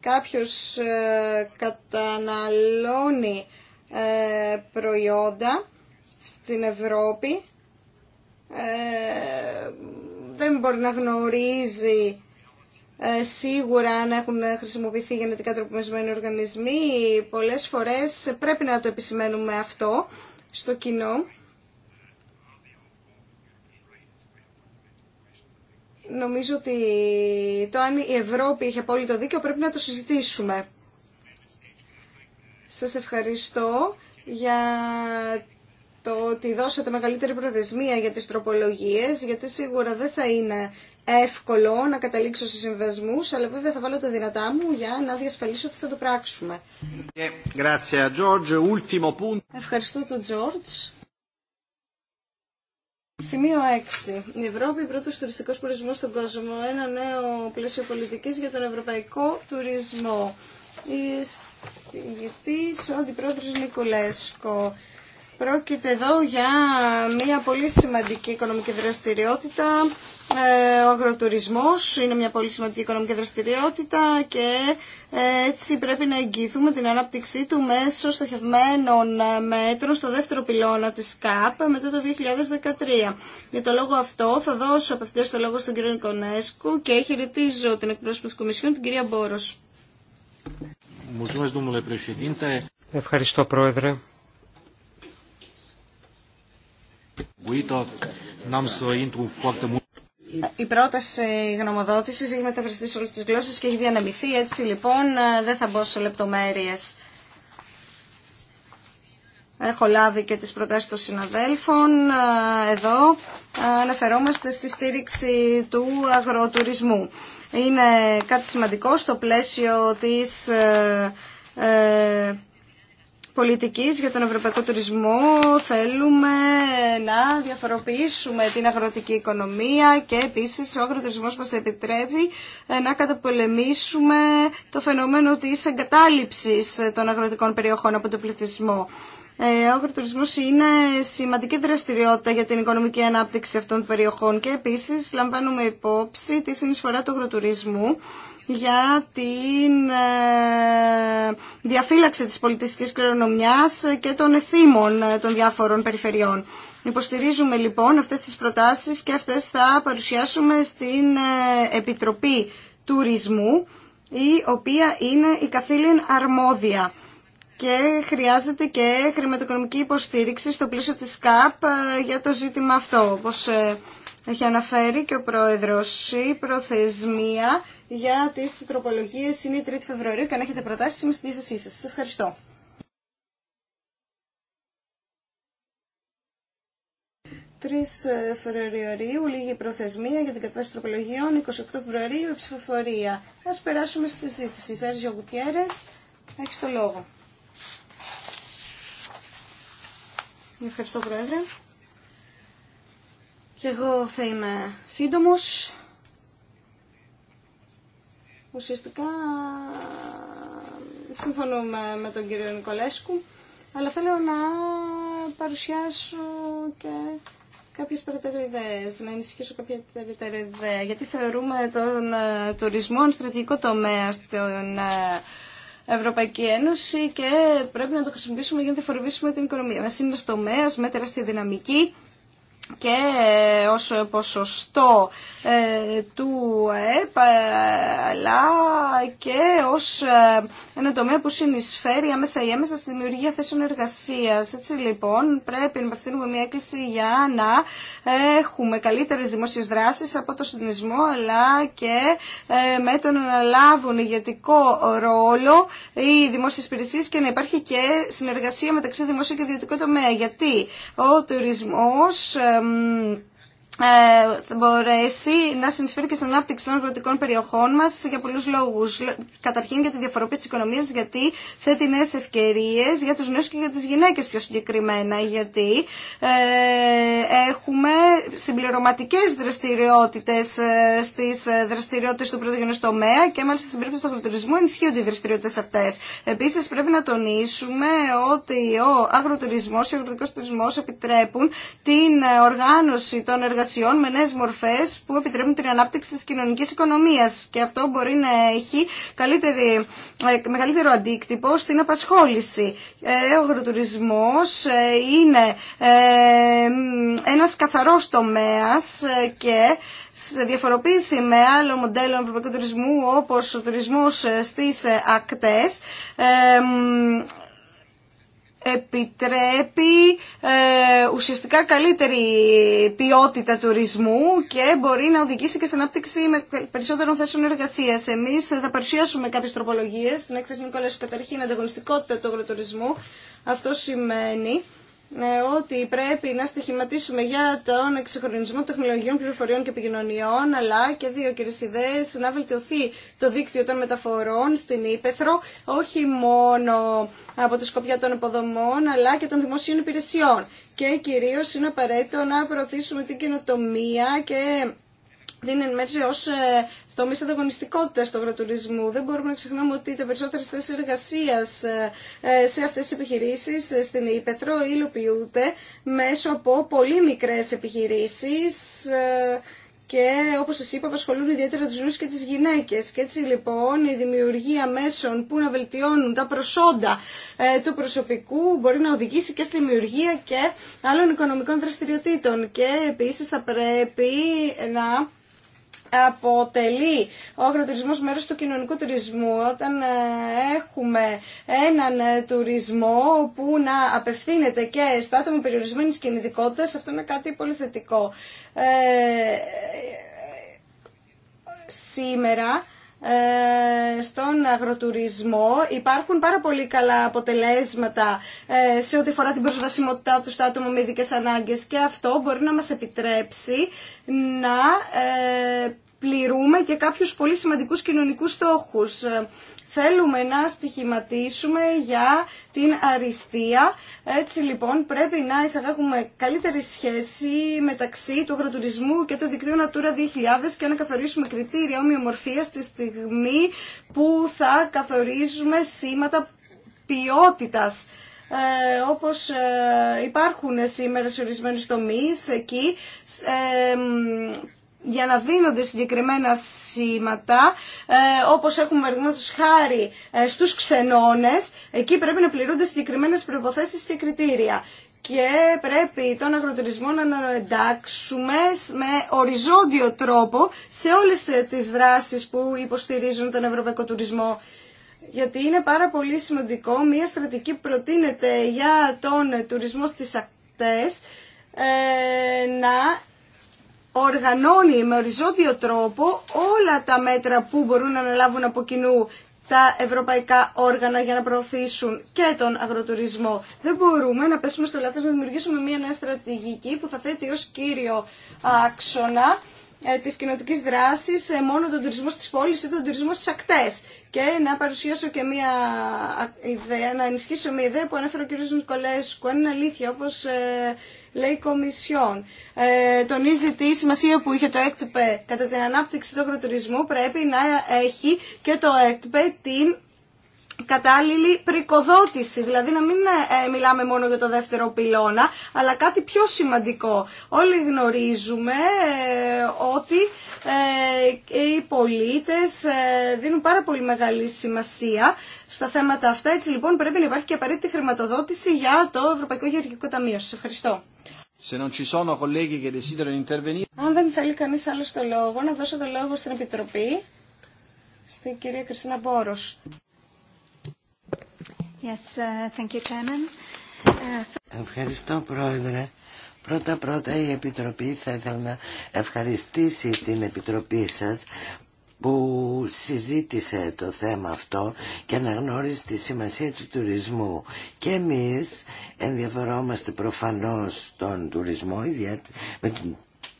κάποιος ε, καταναλώνει ε, προϊόντα στην Ευρώπη δεν μπορεί να γνωρίζει σίγουρα αν έχουν χρησιμοποιηθεί γενετικά τροποποιημένοι οργανισμοί. Πολλές φορές πρέπει να το επισημαίνουμε αυτό στο κοινό Νομίζω ότι το αν η Ευρώπη έχει απόλυτο δίκιο πρέπει να το συζητήσουμε. Σας ευχαριστώ για το ότι δώσατε μεγαλύτερη προθεσμία για τις τροπολογίες, γιατί σίγουρα δεν θα είναι εύκολο να καταλήξω σε συμβασμού, αλλά βέβαια θα βάλω το δυνατά μου για να διασφαλίσω ότι θα το πράξουμε. Ε, ευχαριστώ τον Τζόρτζ. Σημείο 6. Η Ευρώπη, πρώτο τουριστικό πολιτισμό στον κόσμο. Ένα νέο πλαίσιο πολιτική για τον ευρωπαϊκό τουρισμό. Η ο αντιπρόεδρο Νικολέσκο. Πρόκειται εδώ για μια πολύ σημαντική οικονομική δραστηριότητα. Ε, ο αγροτουρισμός είναι μια πολύ σημαντική οικονομική δραστηριότητα και ε, έτσι πρέπει να εγγυηθούμε την ανάπτυξή του μέσω στοχευμένων ε, μέτρων στο δεύτερο πυλώνα της ΚΑΠ μετά το 2013. Για το λόγο αυτό θα δώσω απευθείας το λόγο στον κύριο Νικονέσκου και χαιρετίζω την εκπρόσωπο της Κομισιόν, την κυρία Μπόρος. Ευχαριστώ Πρόεδρε. Η πρόταση γνωμοδότηση έχει μεταφραστεί σε όλε τι γλώσσε και έχει διανεμηθεί. Έτσι λοιπόν ε, δεν θα μπω σε λεπτομέρειες. Έχω λάβει και τις προτάσεις των συναδέλφων. Ε, εδώ ε, αναφερόμαστε στη στήριξη του αγροτουρισμού. Είναι κάτι σημαντικό στο πλαίσιο της πολιτικής για τον ευρωπαϊκό τουρισμό θέλουμε να διαφοροποιήσουμε την αγροτική οικονομία και επίσης ο αγροτουρισμός μας επιτρέπει ε, να καταπολεμήσουμε το φαινόμενο της εγκατάλειψης των αγροτικών περιοχών από τον πληθυσμό. Ε, ο αγροτουρισμός είναι σημαντική δραστηριότητα για την οικονομική ανάπτυξη αυτών των περιοχών και επίσης λαμβάνουμε υπόψη τη συνεισφορά του αγροτουρισμού για την ε, διαφύλαξη της πολιτιστικής κληρονομιάς και των εθήμων ε, των διάφορων περιφερειών. Υποστηρίζουμε λοιπόν αυτές τις προτάσεις και αυτές θα παρουσιάσουμε στην ε, Επιτροπή Τουρισμού η οποία είναι η καθήλυν αρμόδια και χρειάζεται και χρηματοοικονομική υποστήριξη στο πλαίσιο της ΚΑΠ για το ζήτημα αυτό, όπως έχει αναφέρει και ο Πρόεδρος. Η προθεσμία για τι τροπολογίε είναι η 3η Φεβρουαρίου και αν έχετε προτάσει είμαι στη διάθεσή σας. Σας ευχαριστώ. Τρει ε, Φεβρουαρίου, λίγη προθεσμία για την κατάσταση τροπολογιών, 28 Φεβρουαρίου, η ψηφοφορία. Α περάσουμε στη συζήτηση. Σέρζιο Γκουτιέρε, Έχει το λόγο. Ευχαριστώ Πρόεδρε. Και εγώ θα είμαι σύντομος. Ουσιαστικά συμφωνούμε με τον κύριο Νικολέσκου, αλλά θέλω να παρουσιάσω και κάποιες περαιτέρω ιδέες, να ενισχύσω κάποια περαιτέρω ιδέα, γιατί θεωρούμε τον ε, τουρισμό στρατηγικό τομέα στην ε, Ευρωπαϊκή Ένωση και πρέπει να το χρησιμοποιήσουμε για να διαφοροποιήσουμε την οικονομία. Ένα είναι τομέα με τεράστια δυναμική και ε, ως ποσοστό ε, του ΕΠ ε, αλλά και ως ένα τομέα που συνεισφέρει άμεσα ή έμεσα στη δημιουργία θέσεων εργασίας. Έτσι λοιπόν πρέπει να απευθύνουμε μια έκκληση για να έχουμε καλύτερες δημόσιες δράσεις από το συντονισμό αλλά και με τον να αναλάβουν ηγετικό ρόλο οι δημόσιες υπηρεσίες και να υπάρχει και συνεργασία μεταξύ δημόσιο και ιδιωτικό τομέα. Γιατί ο τουρισμός Εμ... Ε, θα μπορέσει να συνεισφέρει και στην ανάπτυξη των αγροτικών περιοχών μα για πολλού λόγου. Καταρχήν για τη διαφοροποίηση τη οικονομία, γιατί θέτει νέε ευκαιρίε για του νέου και για τι γυναίκε πιο συγκεκριμένα. Γιατί ε, έχουμε συμπληρωματικέ δραστηριότητε ε, στι δραστηριότητε του πρωτογενού τομέα και μάλιστα στην περίπτωση του αγροτουρισμού ενισχύονται οι δραστηριότητε αυτέ. Επίση πρέπει να τονίσουμε ότι ο αγροτουρισμό και ο αγροτικό τουρισμό επιτρέπουν την οργάνωση των εργασιών εργασιών με νέε μορφέ που επιτρέπουν την ανάπτυξη τη κοινωνική οικονομία. Και αυτό μπορεί να έχει καλύτερη, ε, μεγαλύτερο αντίκτυπο στην απασχόληση. Ε, ο αγροτουρισμό ε, είναι ένα καθαρό τομέα και σε διαφοροποίηση με άλλων μοντέλων ευρωπαϊκού τουρισμού όπως ο τουρισμός στις ακτές επιτρέπει ε, ουσιαστικά καλύτερη ποιότητα τουρισμού και μπορεί να οδηγήσει και στην ανάπτυξη με περισσότερων θέσεων εργασία. Εμεί θα παρουσιάσουμε κάποιε τροπολογίε στην έκθεση Νικόλα Καταρχήν, ανταγωνιστικότητα του αγροτουρισμού. Αυτό σημαίνει ότι πρέπει να στοιχηματίσουμε για τον εξυγχρονισμό τεχνολογιών, πληροφοριών και επικοινωνιών, αλλά και δύο κύριε ιδέε να βελτιωθεί το δίκτυο των μεταφορών στην Ήπεθρο, όχι μόνο από τη σκοπιά των υποδομών, αλλά και των δημοσίων υπηρεσιών. Και κυρίως είναι απαραίτητο να προωθήσουμε την καινοτομία και δίνει εν ω ως ε, τομείς ανταγωνιστικότητας του αγροτουρισμού. Δεν μπορούμε να ξεχνάμε ότι τα περισσότερε θέσει εργασία ε, ε, σε αυτές τις επιχειρήσεις στην Ήπεθρο υλοποιούνται μέσω από πολύ μικρές επιχειρήσεις και όπω σα είπα απασχολούν ιδιαίτερα του νους και τι γυναίκε. και έτσι λοιπόν η δημιουργία μέσων που να βελτιώνουν τα προσόντα του προσωπικού μπορεί να οδηγήσει και στη δημιουργία και άλλων οικονομικών δραστηριοτήτων και επίση θα πρέπει να αποτελεί ο αγροτουρισμός μέρος του κοινωνικού τουρισμού. Όταν ε, έχουμε έναν ε, τουρισμό που να απευθύνεται και στα άτομα περιορισμένης κινητικότητα, αυτό είναι κάτι πολύ θετικό. Ε, σήμερα ε, στον αγροτουρισμό. Υπάρχουν πάρα πολύ καλά αποτελέσματα σε ό,τι φορά την προσβασιμότητά του στα άτομα με ειδικές ανάγκες και αυτό μπορεί να μας επιτρέψει να πληρούμε και κάποιους πολύ σημαντικούς κοινωνικούς στόχους. Ε, θέλουμε να στοιχηματίσουμε για την αριστεία. Έτσι λοιπόν πρέπει να εισαγάγουμε καλύτερη σχέση μεταξύ του αγροτουρισμού και του δικτύου Natura 2000 και να καθορίσουμε κριτήρια ομοιομορφίας στη στιγμή που θα καθορίζουμε σήματα ποιότητας ε, όπως ε, υπάρχουν σήμερα σε ορισμένους τομείς εκεί ε, για να δίνονται συγκεκριμένα σήματα, ε, όπως έχουμε παραδείγματος χάρη ε, στους ξενώνες, εκεί πρέπει να πληρούνται συγκεκριμένες προϋποθέσεις και κριτήρια και πρέπει τον αγροτουρισμό να εντάξουμε με οριζόντιο τρόπο σε όλες ε, τις δράσεις που υποστηρίζουν τον ευρωπαϊκό τουρισμό. Γιατί είναι πάρα πολύ σημαντικό, μια στρατηγική προτείνεται για τον τουρισμό στις ακτές να οργανώνει με οριζόντιο τρόπο όλα τα μέτρα που μπορούν να αναλάβουν από κοινού τα ευρωπαϊκά όργανα για να προωθήσουν και τον αγροτουρισμό. Δεν μπορούμε να πέσουμε στο λάθος να δημιουργήσουμε μια νέα στρατηγική που θα θέτει ως κύριο άξονα ε, τη κοινοτικής δράση, ε, μόνο τον τουρισμό στις πόλεις ή τον τουρισμό στις ακτές. Και να παρουσιάσω και μια ιδέα, να ενισχύσω μια ιδέα που ανέφερε ο κ. Νικολέσκου. Είναι αλήθεια, όπως ε, λέει η Κομισιόν. Ε, τονίζει τη σημασία που είχε το έκτυπε κατά την ανάπτυξη του αγροτουρισμού πρέπει να έχει και το έκτυπε την κατάλληλη πρικοδότηση, δηλαδή να μην ε, ε, μιλάμε μόνο για το δεύτερο πυλώνα, αλλά κάτι πιο σημαντικό. Όλοι γνωρίζουμε ε, ότι οι πολίτες δίνουν πάρα πολύ μεγάλη σημασία στα θέματα αυτά. Έτσι λοιπόν πρέπει να υπάρχει και απαραίτητη χρηματοδότηση για το Ευρωπαϊκό Γεωργικό Ταμείο. Σας ευχαριστώ. Αν δεν θέλει κανείς άλλο το λόγο, να δώσω το λόγο στην Επιτροπή, στην κυρία Κριστίνα Μπόρος. Uh, uh, Ευχαριστώ Πρόεδρε. Πρώτα-πρώτα η Επιτροπή θα ήθελα να ευχαριστήσει την Επιτροπή σας που συζήτησε το θέμα αυτό και αναγνώρισε τη σημασία του τουρισμού. Και εμείς ενδιαφερόμαστε προφανώς τον τουρισμό, με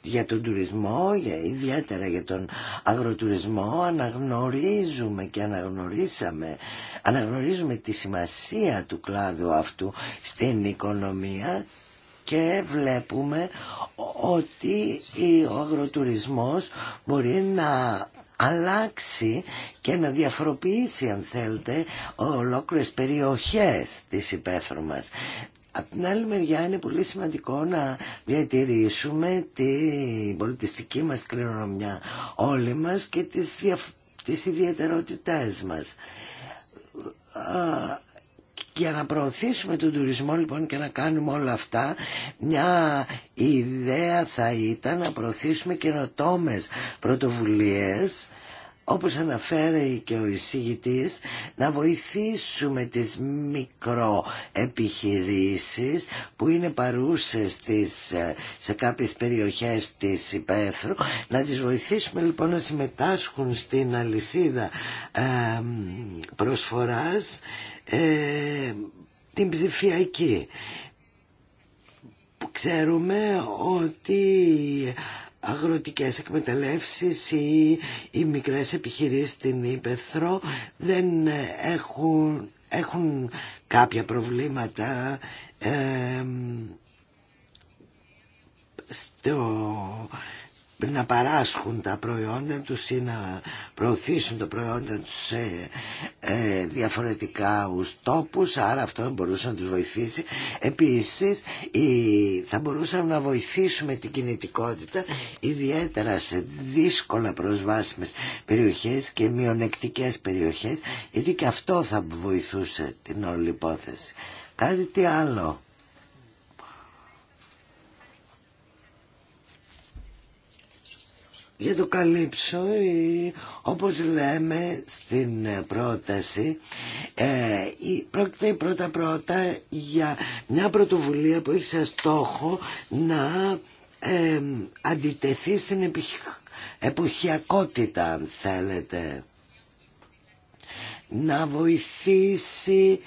για τον τουρισμό, για, ιδιαίτερα για τον αγροτουρισμό, αναγνωρίζουμε και αναγνωρίσαμε, αναγνωρίζουμε τη σημασία του κλάδου αυτού στην οικονομία και βλέπουμε ότι ο αγροτουρισμός μπορεί να αλλάξει και να διαφοροποιήσει αν θέλετε ολόκληρες περιοχές της υπαίθρου μας. Από την άλλη μεριά είναι πολύ σημαντικό να διατηρήσουμε την πολιτιστική μας κληρονομιά όλοι μας και τις, δια... τις ιδιαιτερότητές μας. Για να προωθήσουμε τον τουρισμό λοιπόν και να κάνουμε όλα αυτά, μια ιδέα θα ήταν να προωθήσουμε καινοτόμε πρωτοβουλίες όπως αναφέρει και ο εισηγητής, να βοηθήσουμε τις μικροεπιχειρήσεις που είναι παρούσες στις, ε, σε κάποιες περιοχές της υπαίθρου, να τις βοηθήσουμε λοιπόν να συμμετάσχουν στην αλυσίδα ε, προσφοράς ε, την ψηφιακή. Ξέρουμε ότι αγροτικές εκμεταλλεύσεις ή οι μικρές επιχειρήσεις στην Ήπεθρο δεν έχουν, έχουν κάποια προβλήματα ε, στο να παράσχουν τα προϊόντα του ή να προωθήσουν τα προϊόντα τους σε ε, διαφορετικά τόπους άρα αυτό θα μπορούσε να τους βοηθήσει επίσης θα μπορούσαμε να βοηθήσουμε την κινητικότητα ιδιαίτερα σε δύσκολα προσβάσιμες περιοχές και μειονεκτικές περιοχές γιατί και αυτό θα βοηθούσε την όλη υπόθεση κάτι τι άλλο Για το καλύψω, όπως λέμε στην ε, πρόταση, ε, πρόκειται πρώτα-πρώτα για μια πρωτοβουλία που έχει σε στόχο να αντιτεθεί στην εποχιακότητα, αν θέλετε. Να βοηθήσει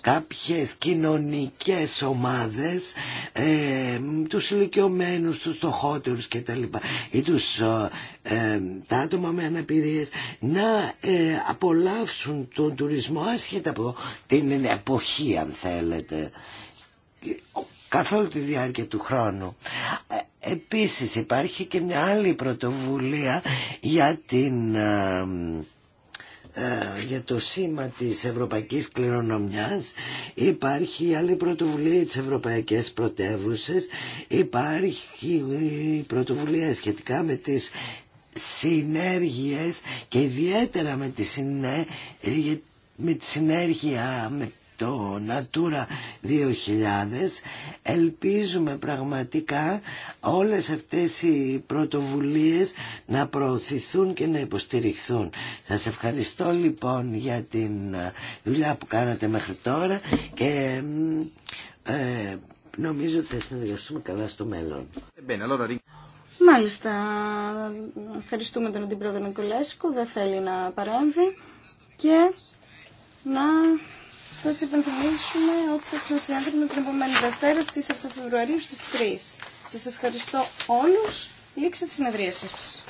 κάποιες κοινωνικές ομάδες ε, τους ηλικιωμένους, τους στοχότερους και τα λοιπά ή τους, ε, ε, τα άτομα με αναπηρίες να ε, απολαύσουν τον τουρισμό άσχετα από την εποχή αν θέλετε καθόλου τη διάρκεια του χρόνου. Επίσης υπάρχει και μια άλλη πρωτοβουλία για την ε, για το σήμα της Ευρωπαϊκής Κληρονομιάς υπάρχει άλλη πρωτοβουλία της Ευρωπαϊκής Πρωτεύουσας, υπάρχει πρωτοβουλία σχετικά με τις συνέργειες και ιδιαίτερα με τη, συνέ, ε, με τη συνέργεια με το Natura 2000 ελπίζουμε πραγματικά όλες αυτές οι πρωτοβουλίες να προωθηθούν και να υποστηριχθούν. Σας ευχαριστώ λοιπόν για την ε, δουλειά που κάνατε μέχρι τώρα και ε, νομίζω ότι θα συνεργαστούμε καλά στο μέλλον. Μάλιστα, ευχαριστούμε τον Αντιπρόεδρο Νικολέσκου, δεν θέλει να παρέμβει και να Σα υπενθυμίσουμε ότι θα ξανασυναντήσουμε την επόμενη Δευτέρα στι 7 Φεβρουαρίου στι 3. Σα ευχαριστώ όλου Λήξη τη συνεδρία σας.